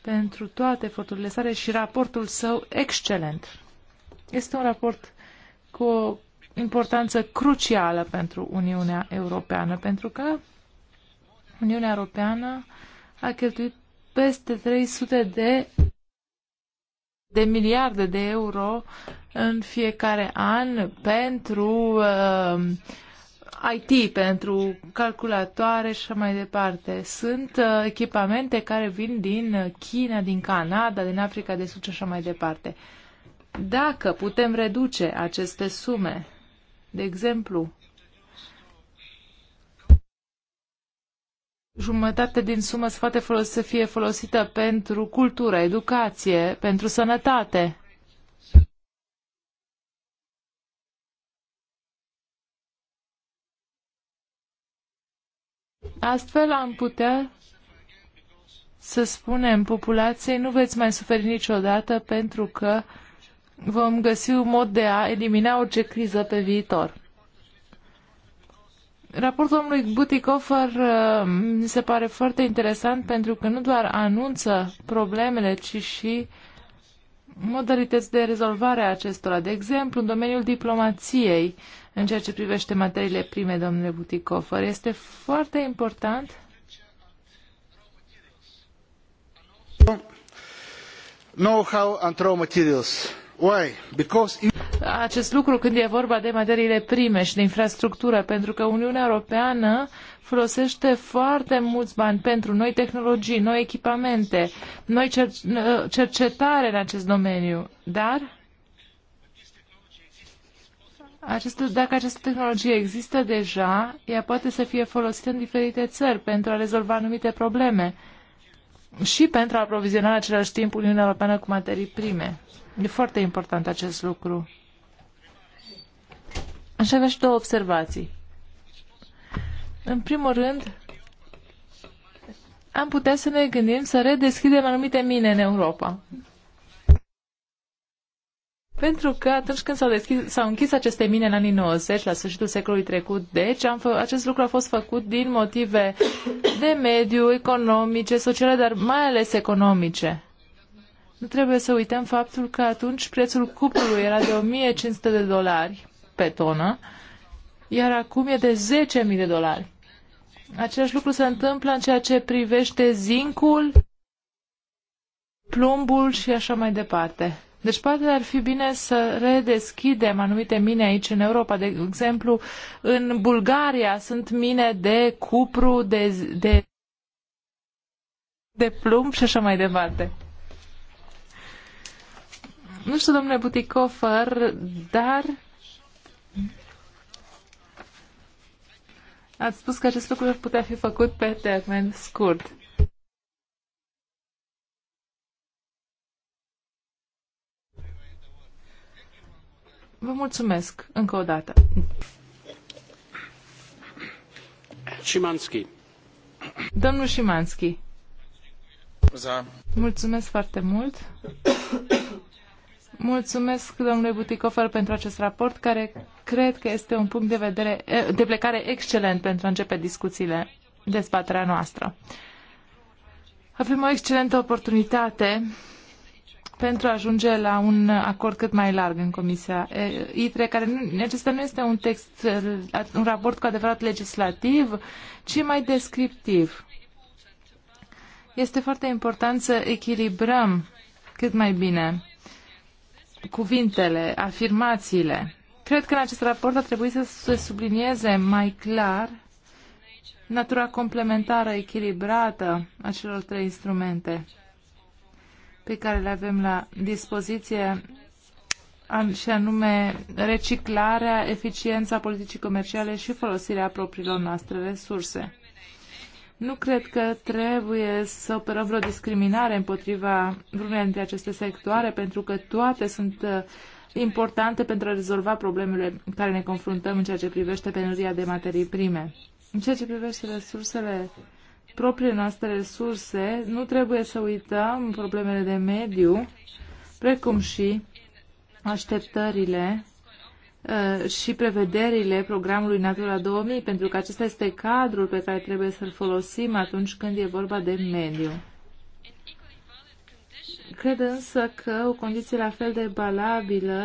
[SPEAKER 3] pentru toate eforturile sale și raportul său excelent. Este un raport cu o importanță crucială pentru Uniunea Europeană, pentru că Uniunea Europeană a cheltuit peste 300 de, de miliarde de euro în fiecare an pentru uh, IT, pentru calculatoare și mai departe. Sunt uh, echipamente care vin din China, din Canada, din Africa de Sud și așa mai departe. Uh, dacă putem reduce aceste sume, de exemplu, jumătate din sumă să, poate folos- să fie folosită pentru cultură, educație, pentru sănătate. Astfel am putea să spunem populației nu veți mai suferi niciodată pentru că uh, vom găsi un mod de a elimina orice criză pe viitor. Raportul domnului Butikofer uh, mi se pare foarte interesant pentru că nu doar anunță problemele, ci și modalități de rezolvare a acestora. De exemplu, în domeniul diplomației, în ceea ce privește materiile prime, domnule Butikofer, este foarte important know how and raw materials Why? Because... Acest lucru când e vorba de materiile prime și de infrastructură, pentru că Uniunea Europeană folosește foarte mulți bani pentru noi tehnologii, noi echipamente, noi cer cercetare în acest domeniu, dar aceste, dacă această tehnologie există deja, ea poate să fie folosită în diferite țări pentru a rezolva anumite probleme și pentru a aproviziona în același timp Uniunea Europeană cu materii prime. E foarte important acest lucru. Aș avea și două observații. În primul rând, am putea să ne gândim să redeschidem anumite mine în Europa. Pentru că atunci când s-au, deschis, s-au închis aceste mine în anii 90, la sfârșitul secolului trecut, deci am fă, acest lucru a fost făcut din motive de mediu, economice, sociale, dar mai ales economice. Nu trebuie să uităm faptul că atunci prețul cuprului era de 1500 de dolari pe tonă, iar acum e de 10.000 de dolari. Același lucru se întâmplă în ceea ce privește zincul, plumbul și așa mai departe. Deci poate ar fi bine să redeschidem anumite mine aici în Europa. De exemplu, în Bulgaria sunt mine de cupru, de, de, de plumb și așa mai departe. Nu știu, domnule Buticofer, dar ați spus că acest lucru ar putea fi făcut pe termen scurt. Vă mulțumesc încă o dată.
[SPEAKER 2] Szymanski.
[SPEAKER 3] Domnul Szymanski. Mulțumesc foarte mult. Mulțumesc, domnule Buticofer, pentru acest raport, care cred că este un punct de, vedere, de plecare excelent pentru a începe discuțiile, dezbaterea noastră. Avem o excelentă oportunitate pentru a ajunge la un acord cât mai larg în Comisia ITRE, care nu, acesta nu este un text, un raport cu adevărat legislativ, ci mai descriptiv. Este foarte important să echilibrăm cât mai bine cuvintele, afirmațiile. Cred că în acest raport ar trebui să se sublinieze mai clar natura complementară, echilibrată a celor trei instrumente pe care le avem la dispoziție și anume reciclarea, eficiența politicii comerciale și folosirea propriilor noastre resurse. Nu cred că trebuie să operăm vreo discriminare împotriva vreunei dintre aceste sectoare, pentru că toate sunt uh, importante pentru a rezolva problemele care ne confruntăm în ceea ce privește penuria de materii prime. În ceea ce privește resursele, propriile noastre resurse, nu trebuie să uităm problemele de mediu, precum și așteptările Uh, și prevederile programului Natura 2000, pentru că acesta este cadrul pe care trebuie să-l folosim atunci când e vorba de mediu. Cred însă că o condiție la fel de balabilă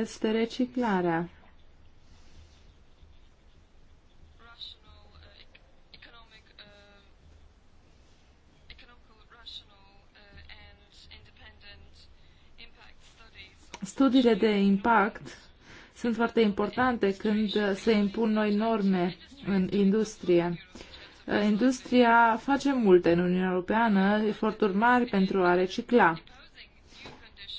[SPEAKER 3] este reciclarea. Studiile de impact sunt foarte importante când se impun noi norme în industrie. Industria face multe în Uniunea Europeană, eforturi mari pentru a recicla.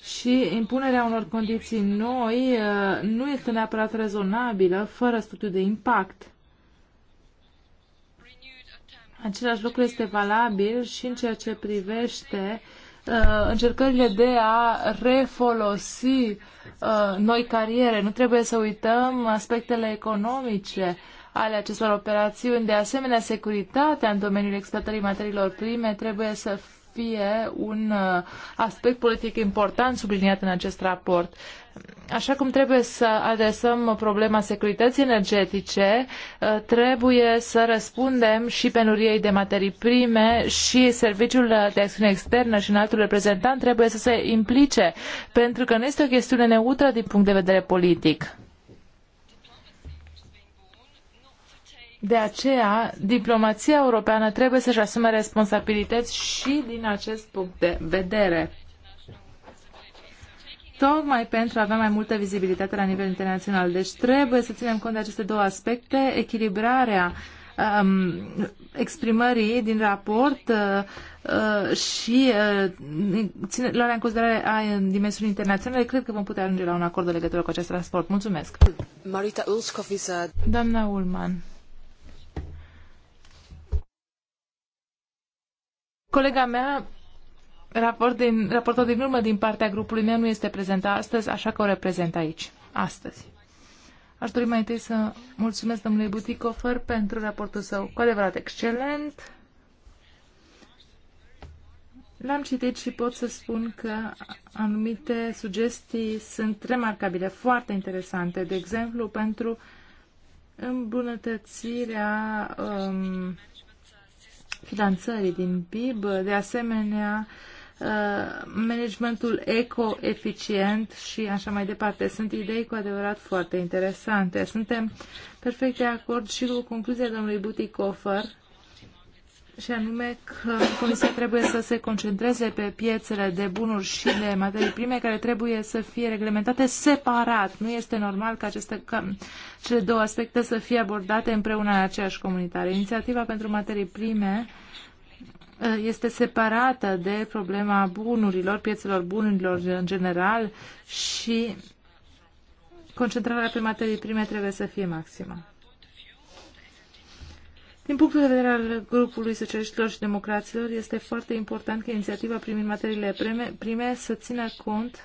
[SPEAKER 3] Și impunerea unor condiții noi uh, nu este neapărat rezonabilă fără studiu de impact. Același lucru este valabil și în ceea ce privește Uh, încercările de a refolosi uh, noi cariere. Nu trebuie să uităm aspectele economice ale acestor operațiuni. De asemenea, securitatea în domeniul exploatării materiilor prime trebuie să fie un uh, aspect politic important subliniat în acest raport. Așa cum trebuie să adresăm problema securității energetice, uh, trebuie să răspundem și penuriei de materii prime și Serviciul de Acțiune Externă și înaltul reprezentant trebuie să se implice, pentru că nu este o chestiune neutră din punct de vedere politic. De aceea, diplomația europeană trebuie să-și asume responsabilități și din acest punct de vedere. Tocmai pentru a avea mai multă vizibilitate la nivel internațional. Deci trebuie să ținem cont de aceste două aspecte, echilibrarea um, exprimării din raport uh, uh și uh, ține, luarea în considerare a dimensiunii internaționale, cred că vom putea ajunge la un acord de legătură cu acest transport. Mulțumesc! Marita Ulskov is a... Doamna Ulman. Colega mea, raport din, raportul din urmă din partea grupului meu, nu este prezentă astăzi, așa că o reprezent aici, astăzi. Aș dori mai întâi să mulțumesc domnului Buticofer pentru raportul său cu adevărat excelent. L-am citit și pot să spun că anumite sugestii sunt remarcabile, foarte interesante. De exemplu, pentru îmbunătățirea um, finanțării din PIB, de asemenea uh, managementul eco-eficient și așa mai departe. Sunt idei cu adevărat foarte interesante. Suntem perfect de acord și cu concluzia domnului Buticofer, și anume că Comisia trebuie să se concentreze pe piețele de bunuri și de materii prime care trebuie să fie reglementate separat. Nu este normal ca aceste ca cele două aspecte să fie abordate împreună în aceeași comunitate. Inițiativa pentru materii prime uh, este separată de problema bunurilor, piețelor bunurilor în general și concentrarea pe materii prime trebuie să fie maximă. Din punctul de vedere al grupului socialiștilor și democraților, este foarte important că inițiativa primind materiile prime, prime să țină cont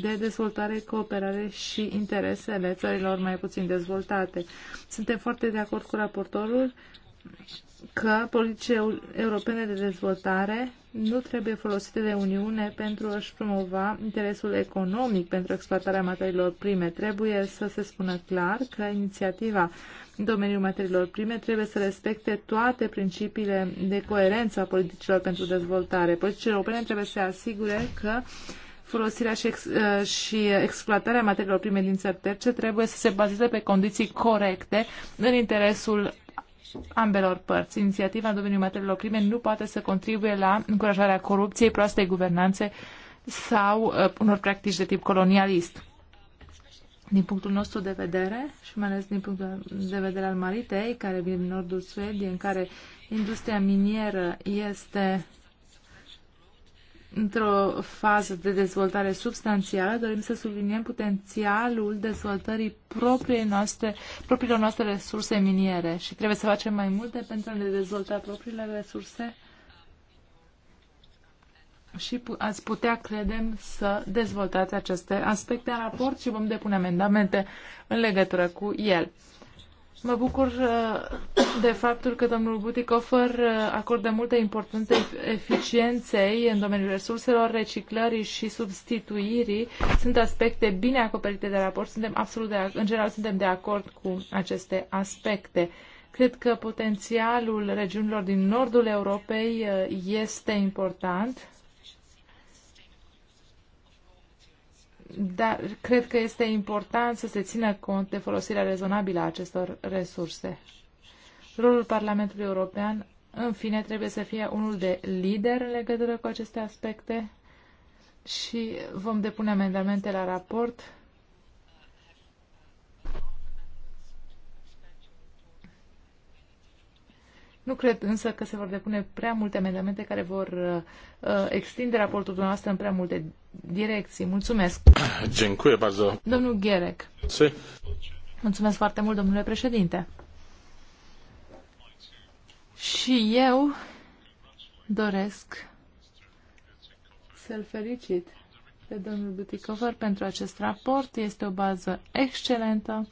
[SPEAKER 3] de dezvoltare, cooperare și interesele țărilor mai puțin dezvoltate. Suntem foarte de acord cu raportorul că politicile europene de dezvoltare nu trebuie folosite de Uniune pentru a-și promova interesul economic pentru exploatarea materiilor prime. Trebuie să se spună clar că inițiativa în domeniul materiilor prime trebuie să respecte toate principiile de coerență a politicilor pentru dezvoltare. Politicile europene trebuie să asigure că folosirea și, ex, uh, și exploatarea materiilor prime din țări terce trebuie să se bazeze pe condiții corecte în interesul ambelor părți. Inițiativa în domeniul materiilor prime nu poate să contribuie la încurajarea corupției, proastei guvernanțe sau uh, unor practici de tip colonialist din punctul nostru de vedere și mai ales din punctul de vedere al Maritei, care vine din nordul Suediei, în care industria minieră este într-o fază de dezvoltare substanțială, dorim să subliniem potențialul dezvoltării propriei noastre, propriilor noastre resurse miniere și trebuie să facem mai multe pentru a ne dezvolta propriile resurse și ați putea, credem, să dezvoltați aceste aspecte în raport și vom depune amendamente în legătură cu el. Mă bucur uh, de faptul că domnul Buticofer uh, acordă multă importanță eficienței în domeniul resurselor, reciclării și substituirii. Sunt aspecte bine acoperite de raport. Suntem absolut de, în general suntem de acord cu aceste aspecte. Cred că potențialul regiunilor din nordul Europei uh, este important dar cred că este important să se țină cont de folosirea rezonabilă a acestor resurse. Rolul Parlamentului European, în fine, trebuie să fie unul de lider în legătură cu aceste aspecte și vom depune amendamente la raport Nu cred însă că se vor depune prea multe amendamente care vor uh, uh, extinde raportul dumneavoastră în prea multe direcții. Mulțumesc! Dziękuję bardzo. Domnul Gherec. Si. Mulțumesc foarte mult, domnule președinte. Și eu doresc să-l felicit pe domnul Buticover pentru acest raport. Este o bază excelentă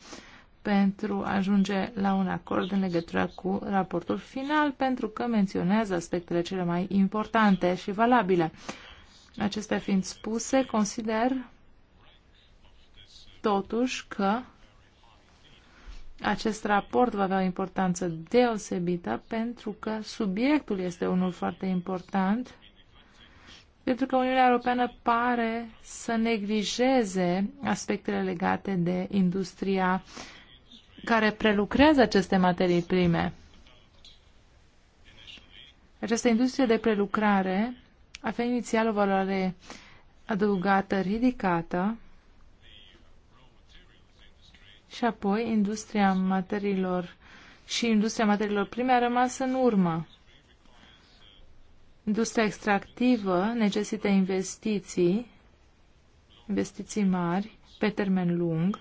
[SPEAKER 3] pentru a ajunge la un acord în legătură cu raportul final, pentru că menționează aspectele cele mai importante și valabile. Acestea fiind spuse, consider totuși că acest raport va avea o importanță deosebită pentru că subiectul este unul foarte important, pentru că Uniunea Europeană pare să neglijeze aspectele legate de industria uh, care prelucrează aceste materii prime. Această industrie de prelucrare avea inițial o valoare adăugată ridicată și apoi industria materiilor și industria materiilor prime a rămas în urmă. Industria extractivă necesită investiții, investiții mari, pe termen lung,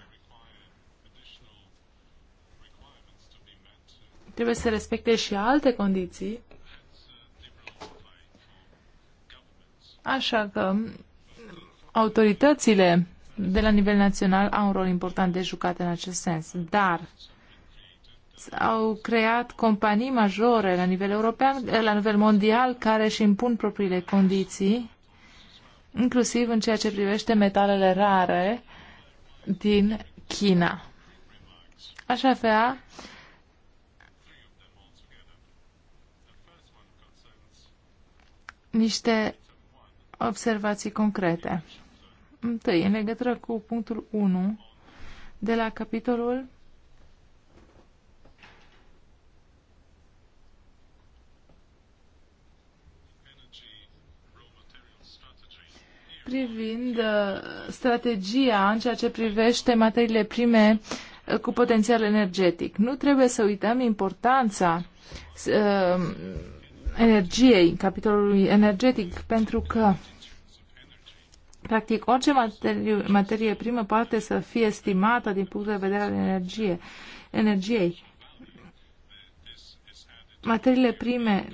[SPEAKER 3] trebuie să respecte și alte condiții. Așa că autoritățile de la nivel național au un rol important de jucat în acest sens, dar au creat companii majore la nivel european, la nivel mondial, care își impun propriile condiții, inclusiv în ceea ce privește metalele rare din China. Așa fel, niște observații concrete. Întâi, în legătură cu punctul 1 de la capitolul privind uh, strategia în ceea ce privește materiile prime uh, cu potențial energetic. Nu trebuie să uităm importanța uh, energiei, capitolului energetic, pentru că practic orice materie, materie primă poate să fie estimată din punct de vedere al energie, energiei. Materiile prime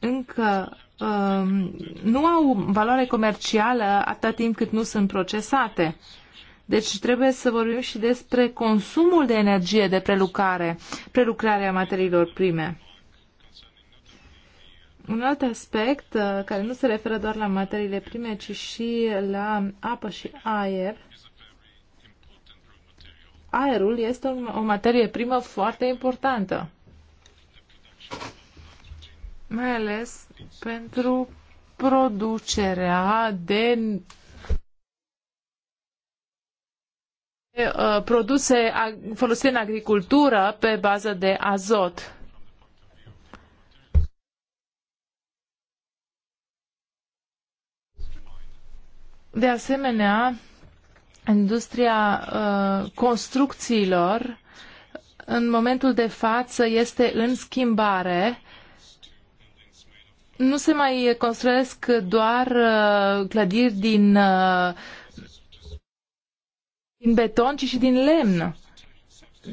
[SPEAKER 3] încă um, nu au valoare comercială atât timp cât nu sunt procesate. Deci trebuie să vorbim și despre consumul de energie de prelucrare, prelucrarea materiilor prime. Un alt aspect uh, care nu se referă doar la materiile prime, ci și la apă și aer. Aerul este o materie primă foarte importantă, mai ales pentru producerea de uh, produse folosite în agricultură pe bază de azot. De asemenea, industria uh, construcțiilor în momentul de față este în schimbare. Nu se mai construiesc doar uh, clădiri din, uh, din beton, ci și din lemn.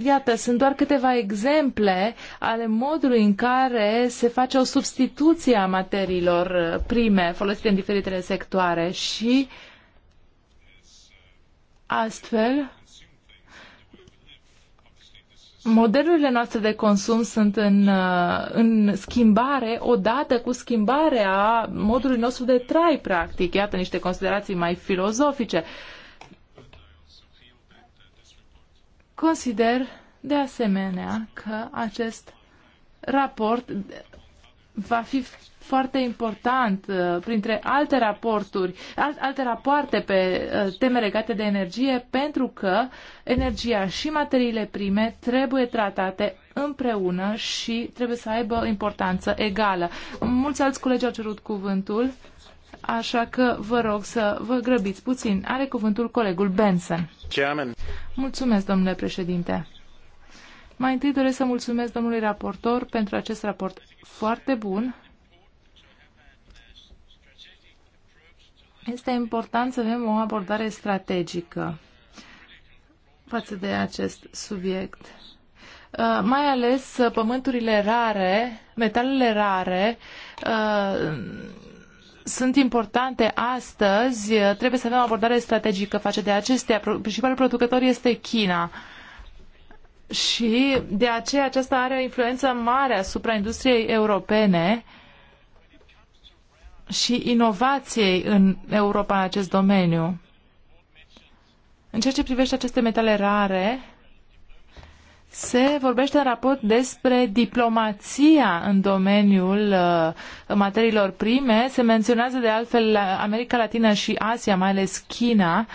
[SPEAKER 3] Iată, sunt doar câteva exemple ale modului în care se face o substituție a materiilor uh, prime folosite în diferitele sectoare și uh, Astfel, modelurile noastre de consum sunt în, uh, în schimbare odată cu schimbarea modului nostru de trai, practic. Iată niște considerații mai filozofice. Consider de asemenea că acest raport va fi foarte important uh, printre alte raporturi, alte rapoarte pe uh, teme legate de energie, pentru că energia și materiile prime trebuie tratate împreună și trebuie să aibă importanță egală. Mulți alți colegi au cerut cuvântul, așa că vă rog să vă grăbiți puțin. Are cuvântul colegul Benson. Mulțumesc, domnule președinte. Mai întâi doresc să mulțumesc domnului raportor pentru acest raport foarte bun. Este important să avem o abordare strategică față de acest subiect. Uh, mai ales uh, pământurile rare, metalele rare, uh, sunt importante astăzi. Trebuie să avem o abordare strategică față de acestea. Principalul producător este China și de aceea aceasta are o influență mare asupra industriei europene și inovației în Europa în acest domeniu. În ceea ce privește aceste metale rare, se vorbește în raport despre diplomația în domeniul uh, materiilor prime. Se menționează de altfel America Latină și Asia, mai ales China, uh,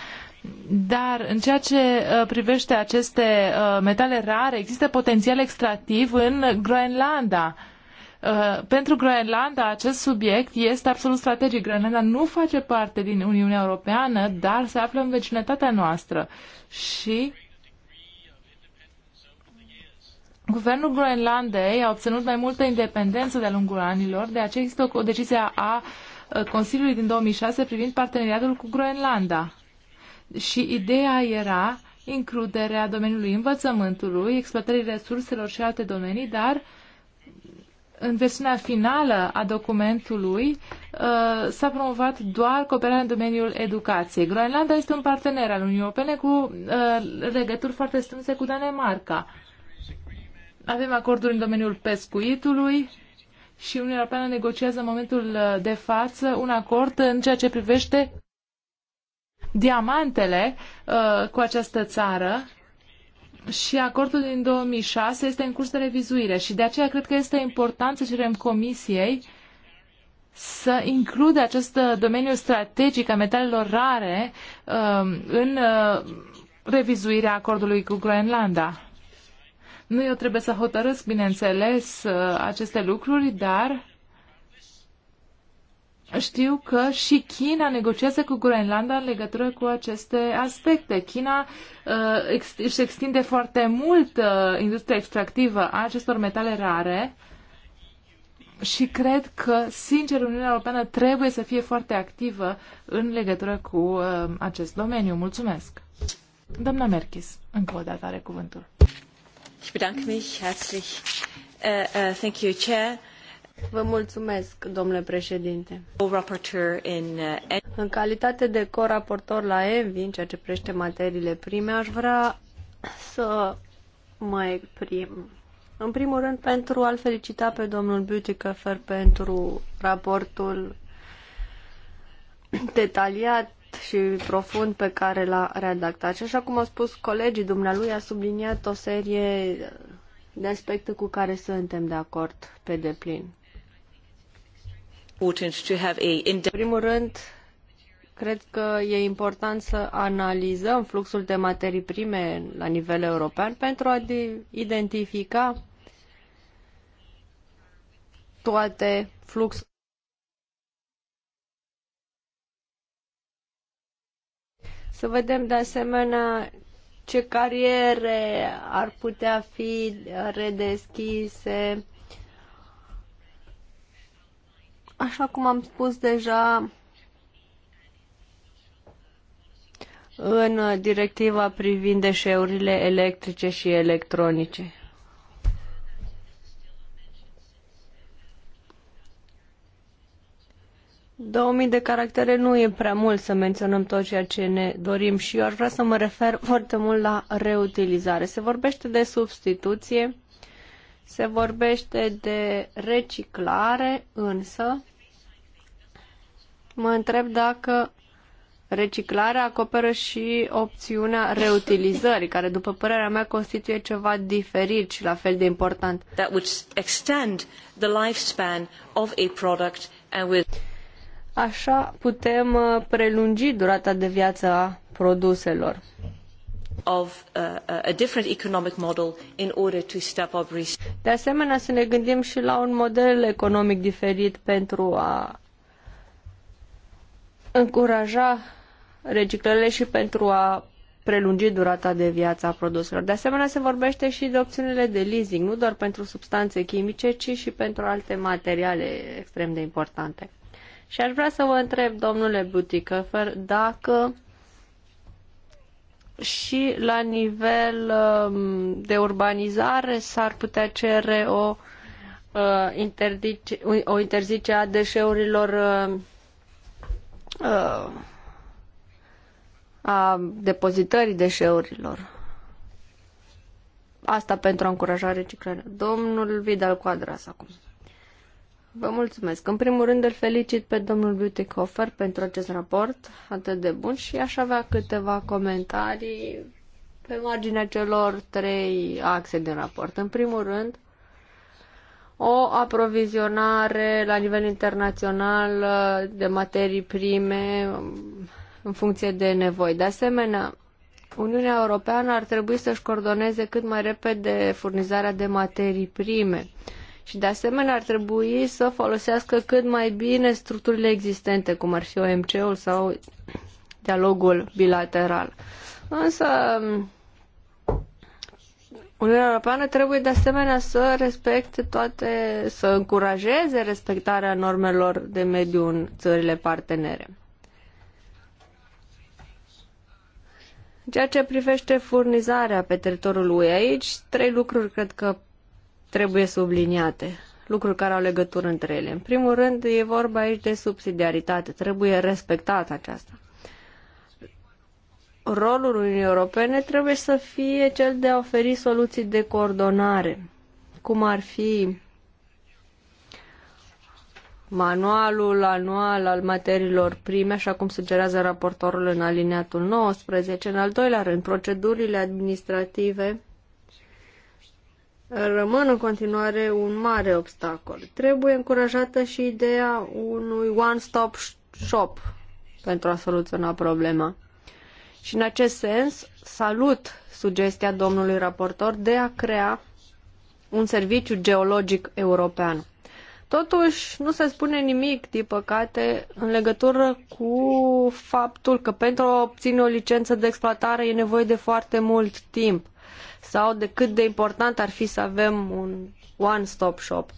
[SPEAKER 3] dar în ceea ce uh, privește aceste uh, metale rare, există potențial extractiv în Groenlanda. Uh, pentru Groenlanda acest subiect este absolut strategic. Groenlanda nu face parte din Uniunea Europeană, dar se află în vecinătatea noastră. Și Guvernul Groenlandei a obținut mai multă independență de-a lungul anilor, de aceea există o decizie a Consiliului din 2006 privind parteneriatul cu Groenlanda și ideea era includerea domeniului învățământului, exploatării resurselor și alte domenii, dar în versiunea finală a documentului uh, s-a promovat doar cooperarea în domeniul educației. Groenlanda este un partener al Uniunii Europene cu uh, legături foarte strânse cu Danemarca. Avem acorduri în domeniul pescuitului și Uniunea Europeană negociază în momentul uh, de față un acord în ceea ce privește diamantele uh, cu această țară și acordul din 2006 este în curs de revizuire și de aceea cred că este important să cerem comisiei să includă acest domeniu strategic a metalelor rare uh, în uh, revizuirea acordului cu Groenlanda. Nu eu trebuie să hotărăsc, bineînțeles, uh, aceste lucruri, dar știu că și China negociază cu Groenlanda în legătură cu aceste aspecte. China uh, ex- își extinde foarte mult uh, industria extractivă a acestor metale rare și cred că, sincer, Uniunea Europeană trebuie să fie foarte activă în legătură cu uh, acest domeniu. Mulțumesc! Doamna Merkis, încă o dată are cuvântul. Ich bedanke mich
[SPEAKER 2] herzlich. Uh, uh, thank you, Chair. Vă mulțumesc, domnule președinte. Uh, în calitate de co-raportor la ENVI, în ceea ce prește materiile prime, aș vrea să mă exprim. În primul rând, pentru a-l felicita pe domnul Butikofer pentru raportul detaliat și profund pe care l-a redactat. Și așa cum au spus colegii dumnealui, a subliniat o serie de aspecte cu care suntem de acord pe deplin. În primul rând, cred că e important să analizăm fluxul de materii prime la nivel european pentru a identifica toate fluxurile. Să vedem de asemenea ce cariere ar putea fi redeschise, Așa cum am spus deja în directiva privind deșeurile electrice și electronice. Două mii de caractere nu e prea mult să menționăm tot ceea ce ne dorim și eu aș vrea să mă refer foarte mult la reutilizare. Se vorbește de substituție, se vorbește de reciclare, însă mă întreb dacă reciclarea acoperă și opțiunea reutilizării, care, după părerea mea, constituie ceva diferit și la fel de important. That would extend the lifespan of a product and with... Așa putem uh, prelungi durata de viață a produselor. Of uh, a different economic model in order to step up risk. De asemenea, să ne gândim și la un model economic diferit pentru a încuraja reciclările și pentru a prelungi durata de viață a produselor. De asemenea, se vorbește și de opțiunile de leasing, nu doar pentru substanțe chimice, ci și pentru alte materiale extrem de importante. Și aș vrea să vă întreb, domnule Buticofer, dacă și la nivel um, de urbanizare s-ar putea cere o, uh, o interzice a deșeurilor uh, Uh, a depozitării deșeurilor. Asta pentru a încuraja reciclarea. Domnul Vidal cuadras acum. Vă mulțumesc. În primul rând îl felicit pe domnul Beautycofer pentru acest raport atât de bun și aș avea câteva comentarii pe marginea celor trei axe din raport. În primul rând, o aprovizionare la nivel internațional uh, de materii prime um, în funcție de nevoi. De asemenea, Uniunea Europeană ar trebui să-și coordoneze cât mai repede furnizarea de materii prime și de asemenea ar trebui să folosească cât mai bine structurile existente, cum ar fi OMC-ul sau dialogul bilateral. Însă um, Uniunea Europeană trebuie de asemenea să respecte toate, să încurajeze respectarea normelor de mediu în țările partenere. În ceea ce privește furnizarea pe teritoriul UE aici, trei lucruri cred că trebuie subliniate, lucruri care au legătură între ele. În primul rând, e vorba aici de subsidiaritate, trebuie respectată aceasta rolul Uniunii Europene trebuie să fie cel de a oferi soluții de coordonare, cum ar fi manualul anual al materiilor prime, așa cum sugerează raportorul în alineatul 19, în al doilea rând, procedurile administrative rămân în continuare un mare obstacol. Trebuie încurajată și ideea unui one-stop shop pentru a soluționa problema. Și în acest sens salut sugestia domnului raportor de a crea un serviciu geologic european. Totuși, nu se spune nimic, din păcate, în legătură cu faptul că pentru a obține o licență de exploatare e nevoie de foarte mult timp sau de cât de important ar fi să avem un one-stop shop.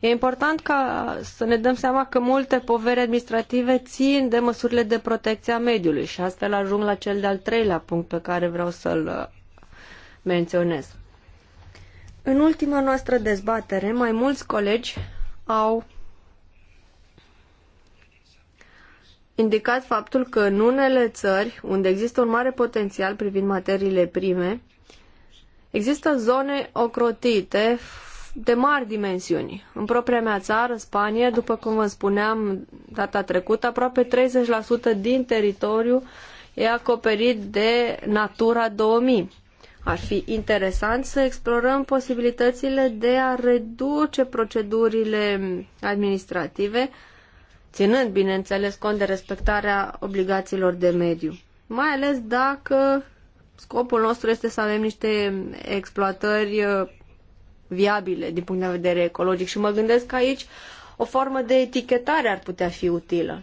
[SPEAKER 2] E important ca să ne dăm seama că multe poveri administrative țin de măsurile de protecție a mediului și astfel ajung la cel de-al treilea punct pe care vreau să-l uh, menționez. În ultima noastră dezbatere, mai mulți colegi au indicat faptul că în unele țări, unde există un mare potențial privind materiile prime, există zone ocrotite de mari dimensiuni. În propria mea țară, Spania, după cum vă spuneam data trecută, aproape 30% din teritoriu e acoperit de Natura 2000. Ar fi interesant să explorăm posibilitățile de a reduce procedurile administrative, ținând, bineînțeles, cont de respectarea obligațiilor de mediu. Mai ales dacă scopul nostru este să avem niște exploatări uh, viabile din punct de vedere ecologic și mă gândesc că aici o formă de etichetare ar putea fi utilă.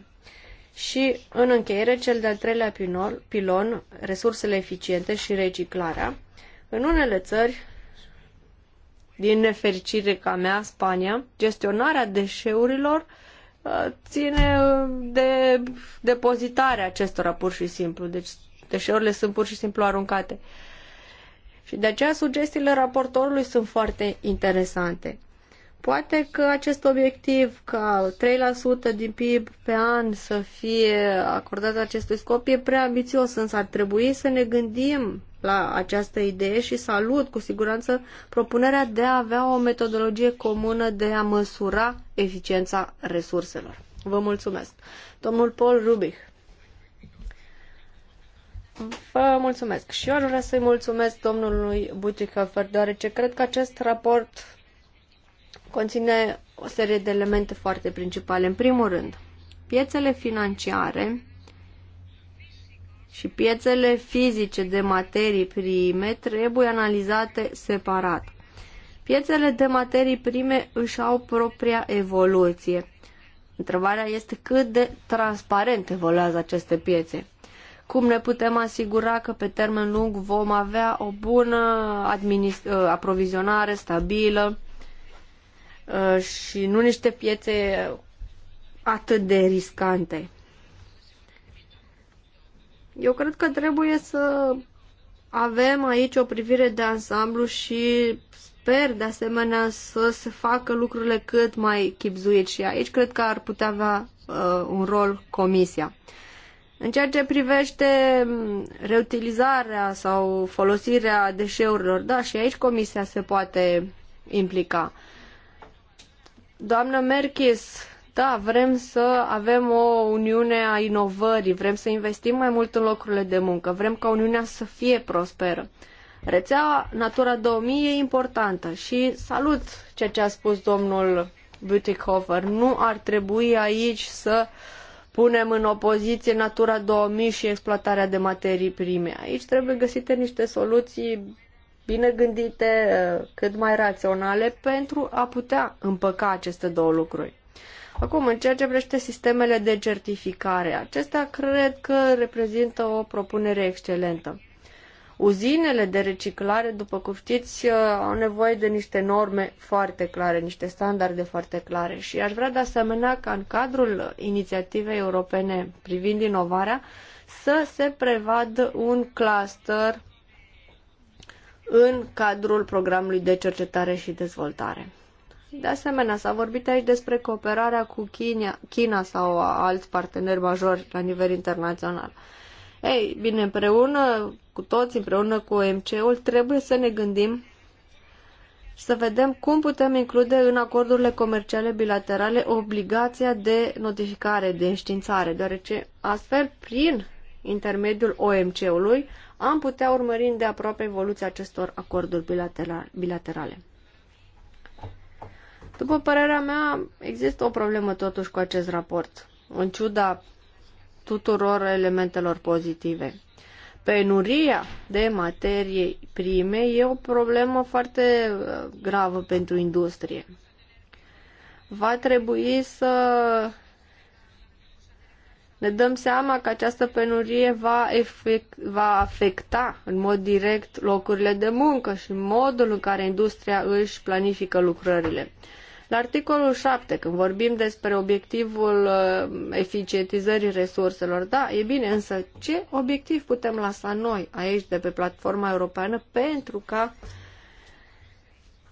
[SPEAKER 2] Și, în încheiere, cel de-al treilea pilon, pilon, resursele eficiente și reciclarea. În unele țări, din nefericire ca mea, Spania, gestionarea deșeurilor uh, ține uh, de depozitarea acestora pur și simplu. Deci deșeurile sunt pur și simplu aruncate. Uh, și de aceea sugestiile raportorului sunt foarte interesante. Poate că acest obiectiv ca 3% din PIB pe an să fie acordat acestui scop e prea ambițios, însă ar trebui să ne gândim la această idee și salut cu siguranță propunerea de a avea o metodologie comună de a măsura eficiența resurselor. Vă mulțumesc. Domnul Paul Rubich. Vă mulțumesc și eu vreau să-i mulțumesc domnului Buticofer, deoarece cred că acest raport conține o serie de elemente foarte principale. În primul rând, piețele financiare și piețele fizice de materii prime trebuie analizate separat. Piețele de materii prime își au propria evoluție. Întrebarea este cât de transparent evoluează aceste piețe cum ne putem asigura că pe termen lung vom avea o bună uh, aprovizionare stabilă uh, și nu niște piețe atât de riscante. Eu cred că trebuie să avem aici o privire de ansamblu și sper de asemenea să se facă lucrurile cât mai chipzuit și aici cred că ar putea avea uh, un rol comisia. În ceea ce privește reutilizarea sau folosirea deșeurilor, da, și aici comisia se poate implica. Doamnă Merkis, da, vrem să avem o uniune a inovării, vrem să investim mai mult în locurile de muncă, vrem ca uniunea să fie prosperă. Rețeaua Natura 2000 e importantă și salut ceea ce a spus domnul Butikofer. Nu ar trebui aici să uh, punem în opoziție Natura 2000 și exploatarea de materii prime. Aici trebuie găsite niște soluții bine gândite, cât mai raționale, pentru a putea împăca aceste două lucruri. Acum, în ceea ce vrește sistemele de certificare, acestea cred că reprezintă o propunere excelentă. Uzinele de reciclare, după cum știți, uh, au nevoie de niște norme foarte clare, niște standarde foarte clare și aș vrea de asemenea ca în cadrul inițiativei europene privind inovarea să se prevadă un cluster în cadrul programului de cercetare și dezvoltare. De asemenea, s-a vorbit aici despre cooperarea cu China, China sau alți parteneri majori la nivel internațional. Ei, bine, împreună cu toți, împreună cu OMC-ul, trebuie să ne gândim să vedem cum putem include în acordurile comerciale bilaterale obligația de notificare, de înștiințare, deoarece astfel, prin intermediul OMC-ului, am putea urmări de aproape evoluția acestor acorduri bilaterale. După părerea mea, există o problemă totuși cu acest raport. În ciuda tuturor elementelor pozitive. Penuria de materie prime e o problemă foarte uh, gravă pentru industrie. Va trebui să ne dăm seama că această penurie va, efect, va afecta în mod direct locurile de muncă și modul în care industria își planifică lucrările. La articolul 7, când vorbim despre obiectivul uh, eficientizării resurselor, da, e bine, însă ce obiectiv putem lăsa noi aici de pe platforma europeană pentru ca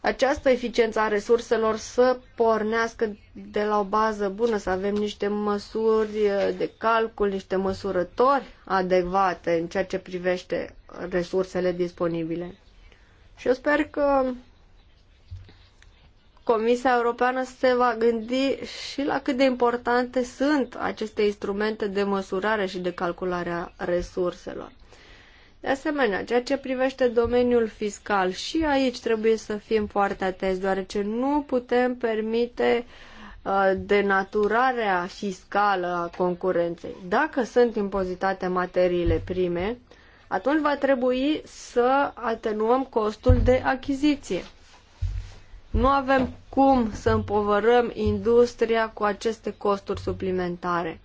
[SPEAKER 2] această eficiență a resurselor să pornească de la o bază bună, să avem niște măsuri uh, de calcul, niște măsurători adecvate în ceea ce privește resursele disponibile. Și eu sper că Comisia Europeană se va gândi și la cât de importante sunt aceste instrumente de măsurare și de calculare a resurselor. De asemenea, ceea ce privește domeniul fiscal, și aici trebuie să fim foarte atenți, deoarece nu putem permite uh, denaturarea fiscală a concurenței. Dacă sunt impozitate materiile prime, atunci va trebui să atenuăm costul de achiziție. Nu avem cum să împovărăm industria cu aceste costuri suplimentare.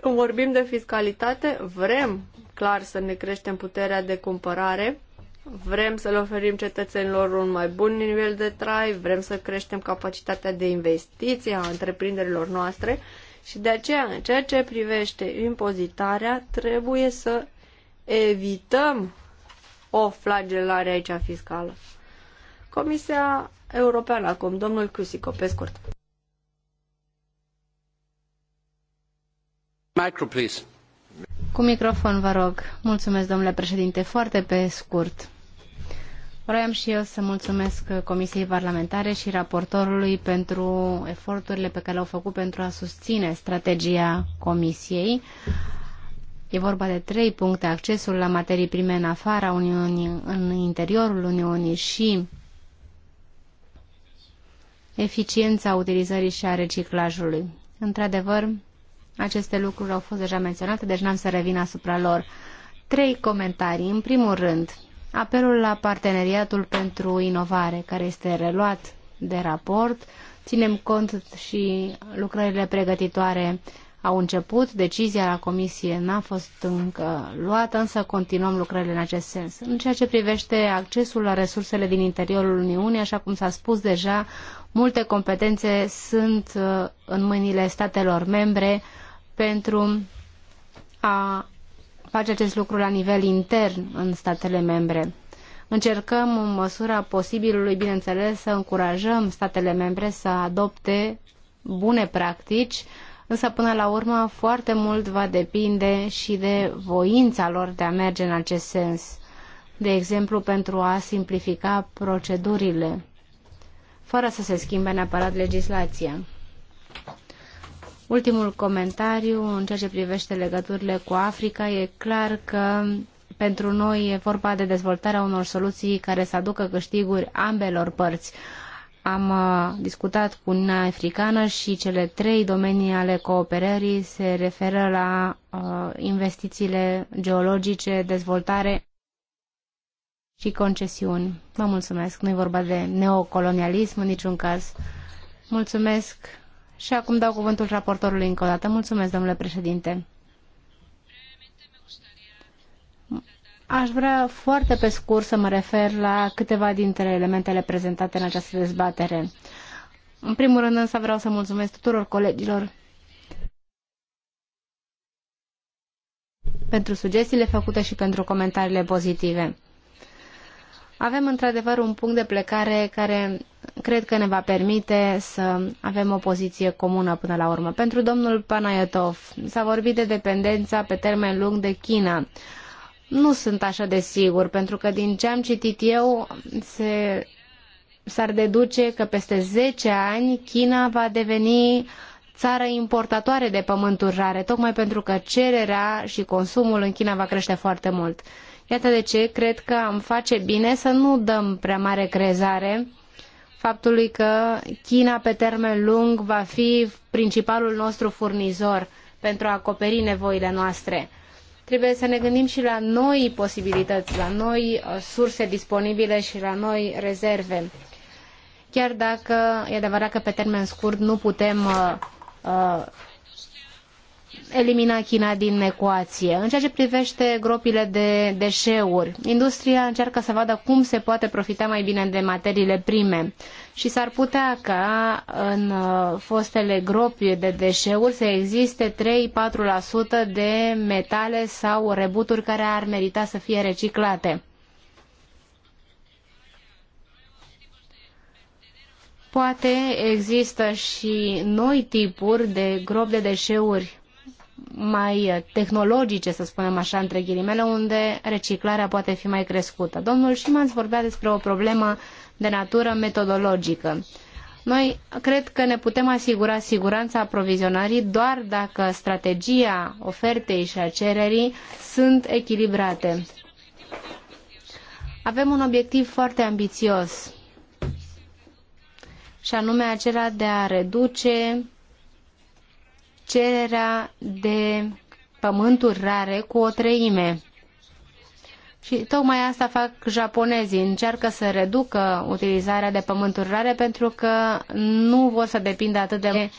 [SPEAKER 2] Când vorbim de fiscalitate, vrem clar să ne creștem puterea de cumpărare, vrem să le oferim cetățenilor un mai bun nivel de trai, vrem să creștem capacitatea de investiție a întreprinderilor noastre și de aceea, în ceea ce privește impozitarea, trebuie să evităm o flagelare aici fiscală. Comisia Europeană acum, domnul Cusico, pe scurt. Micro, please.
[SPEAKER 1] Cu microfon, vă rog. Mulțumesc, domnule președinte. Foarte pe scurt. Vreau și eu să mulțumesc Comisiei Parlamentare și raportorului pentru eforturile pe care le-au făcut pentru a susține strategia Comisiei. Uh, E vorba de trei puncte, accesul la materii prime în afara Uniunii, în interiorul Uniunii și eficiența utilizării și a reciclajului. Într-adevăr, aceste lucruri au fost deja menționate, deci n-am să revin asupra lor. Trei comentarii. În primul rând, apelul la parteneriatul pentru inovare, care este reluat de raport. Ținem cont și lucrările pregătitoare uh, au început, decizia la comisie n-a fost încă luată, însă continuăm lucrările în acest sens. În ceea ce privește accesul la resursele din interiorul Uniunii, așa cum s-a spus deja, multe competențe sunt uh, în mâinile statelor membre pentru a face acest lucru la nivel intern în statele membre. Încercăm, în măsura posibilului, bineînțeles, să încurajăm statele membre să adopte bune practici însă până la urmă foarte mult va depinde și de voința lor de a merge în acest sens, de exemplu pentru a simplifica procedurile, fără să se schimbe neapărat legislația. Ultimul comentariu în ceea ce privește legăturile cu Africa e clar că pentru noi e vorba de dezvoltarea unor soluții care să aducă câștiguri ambelor părți. Am uh, discutat cu Uniunea Africană și cele trei domenii ale cooperării se referă la uh, investițiile geologice, dezvoltare și concesiuni. Vă mulțumesc. Nu e vorba de neocolonialism în niciun caz. Mulțumesc. Și acum dau cuvântul raportorului încă o dată. Mulțumesc, domnule președinte. Aș vrea foarte pe scurt să mă refer la câteva dintre elementele prezentate în această dezbatere. În primul rând însă vreau să mulțumesc tuturor colegilor pentru sugestiile făcute și pentru comentariile pozitive. Avem într-adevăr un punct de plecare care cred că ne va permite să avem o poziție comună până la urmă. Pentru domnul Panayotov s-a vorbit de dependența pe termen lung de China nu sunt așa de sigur, pentru că din ce am citit eu se, s-ar deduce că peste 10 ani China va deveni țară importatoare de pământuri rare, tocmai pentru că cererea și consumul în China va crește foarte mult. Iată de ce cred că am face bine să nu dăm prea mare crezare faptului că China pe termen lung va fi principalul nostru furnizor pentru a acoperi nevoile noastre trebuie să ne gândim și la noi posibilități, la noi uh, surse disponibile și la noi rezerve. Chiar dacă e adevărat că pe termen scurt nu putem uh, uh, elimina China din ecuație. În ceea ce privește gropile de deșeuri, industria încearcă să vadă cum se poate profita mai bine de materiile prime și s-ar putea ca în uh, fostele gropi de deșeuri să existe 3-4% de metale sau rebuturi care ar merita să fie reciclate. Poate există și noi tipuri de gropi de deșeuri mai eh, tehnologice, să spunem așa, între ghilimele, unde reciclarea poate fi mai crescută. Domnul Șimanț vorbea despre o problemă de natură metodologică. Noi cred că ne putem asigura siguranța aprovizionării doar dacă strategia ofertei și a cererii sunt echilibrate. Avem un obiectiv foarte ambițios și anume acela de a reduce cererea de pământuri rare cu o treime. Și tocmai asta fac japonezii, încearcă să reducă utilizarea de pământuri rare pentru că nu vor să depindă atât de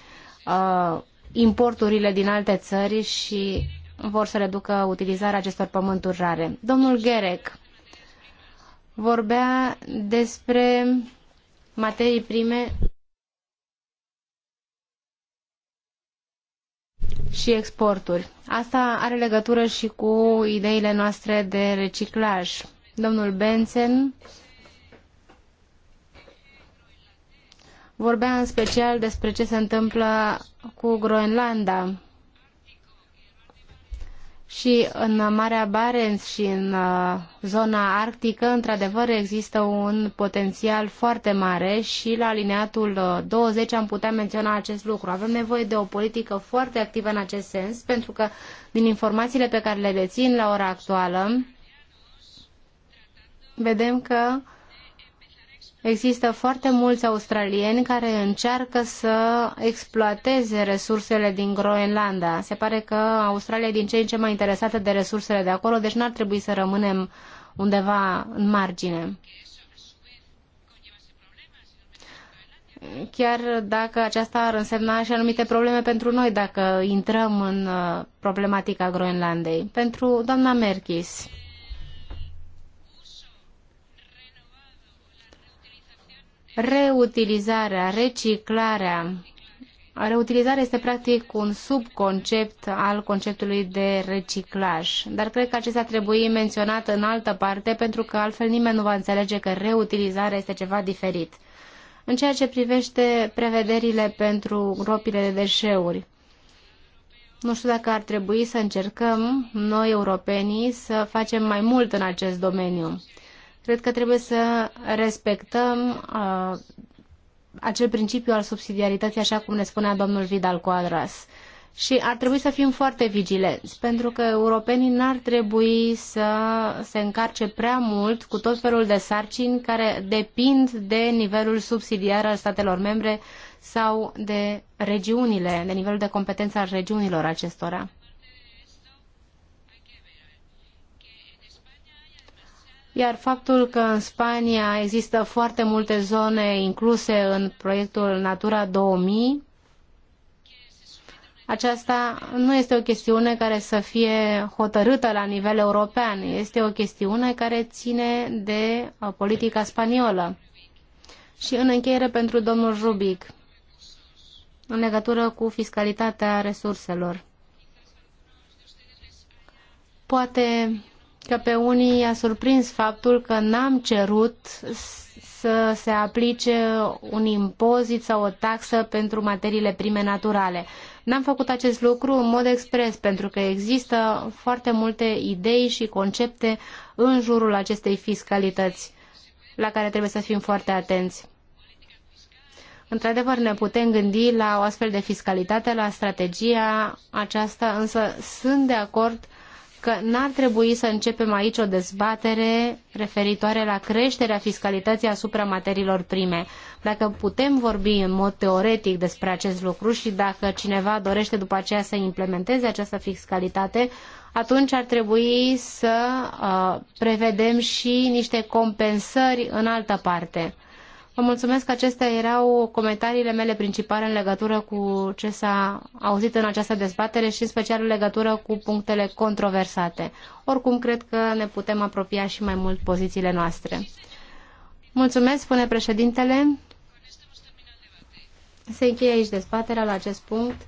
[SPEAKER 1] uh, importurile din alte țări și vor să reducă utilizarea acestor pământuri rare. Domnul Gerek vorbea despre materii prime și exporturi. Asta are legătură și cu ideile noastre de reciclaj. Domnul Benson vorbea în special despre ce se întâmplă cu Groenlanda și în Marea Barents și în uh, zona arctică, într-adevăr, există un potențial foarte mare și la alineatul 20 uh, am putea menționa acest lucru. Avem nevoie de o politică foarte activă în acest sens, pentru că din informațiile pe care le dețin la ora actuală, vedem că Există foarte mulți australieni care încearcă să exploateze resursele din Groenlanda. Se pare că Australia e din ce în ce mai interesată de resursele de acolo, deci n-ar trebui să rămânem undeva în margine. Chiar dacă aceasta ar însemna și anumite probleme pentru noi dacă intrăm în uh, problematica Groenlandei. Pentru doamna Merkis. reutilizarea, reciclarea. Reutilizarea este practic un subconcept al conceptului de reciclaj, dar cred că acesta trebuie menționat în altă parte pentru că altfel nimeni nu va înțelege că reutilizarea este ceva diferit. În ceea ce privește prevederile pentru gropile de deșeuri, nu știu dacă ar trebui să încercăm noi europenii să facem mai mult în acest domeniu. Cred că trebuie să respectăm uh, acel principiu al subsidiarității, așa cum ne spunea domnul Vidal Coadras. Și ar trebui să fim foarte vigilenți, pentru că europenii n-ar trebui să se încarce prea mult cu tot felul de sarcini care depind de nivelul subsidiar al statelor membre sau de regiunile, de nivelul de competență al regiunilor acestora. Iar faptul că în Spania există foarte multe zone incluse în proiectul Natura 2000, aceasta nu este o chestiune care să fie hotărâtă la nivel european, este o chestiune care ține de uh, politica spaniolă. Și în încheiere pentru domnul Rubic, în legătură cu fiscalitatea resurselor. Poate că pe unii i-a surprins faptul că n-am cerut să se aplice un impozit sau o taxă pentru materiile prime naturale. N-am făcut acest lucru în mod expres pentru că există foarte multe idei și concepte în jurul acestei fiscalități la care trebuie să fim foarte atenți. Într-adevăr, ne putem gândi la o astfel de fiscalitate, la strategia aceasta, însă sunt de acord că n-ar trebui să începem aici o dezbatere referitoare la creșterea fiscalității asupra materiilor prime. Dacă putem vorbi în mod teoretic despre acest lucru și dacă cineva dorește după aceea să implementeze această fiscalitate, atunci ar trebui să uh, prevedem și niște compensări în altă parte. Vă mulțumesc că acestea erau comentariile mele principale în legătură cu ce s-a auzit în această dezbatere și în special în legătură cu punctele controversate. Oricum, cred că ne putem apropia și mai mult pozițiile noastre. Mulțumesc, spune președintele. Se încheie aici dezbaterea la acest punct.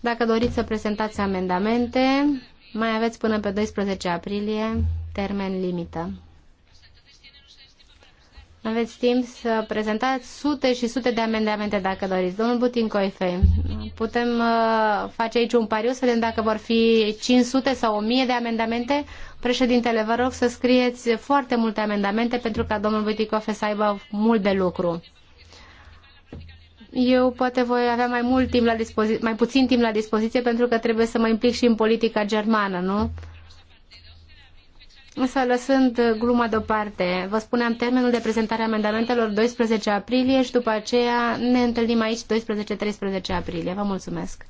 [SPEAKER 1] Dacă doriți să prezentați amendamente, mai aveți până pe 12 aprilie termen limită. Aveți timp să prezentați sute și sute de amendamente dacă doriți. Domnul Butin putem uh, face aici un pariu să vedem dacă vor fi 500 sau 1000 de amendamente? Președintele, vă rog să scrieți foarte multe amendamente pentru ca domnul Buticofe să aibă mult de lucru. Eu poate voi avea mai mult timp la mai puțin timp la dispoziție pentru că trebuie să mă implic și în politica germană, nu? Însă, lăsând gluma deoparte, vă spuneam termenul de prezentare a amendamentelor 12 aprilie și după aceea ne întâlnim aici 12-13 aprilie. Vă mulțumesc!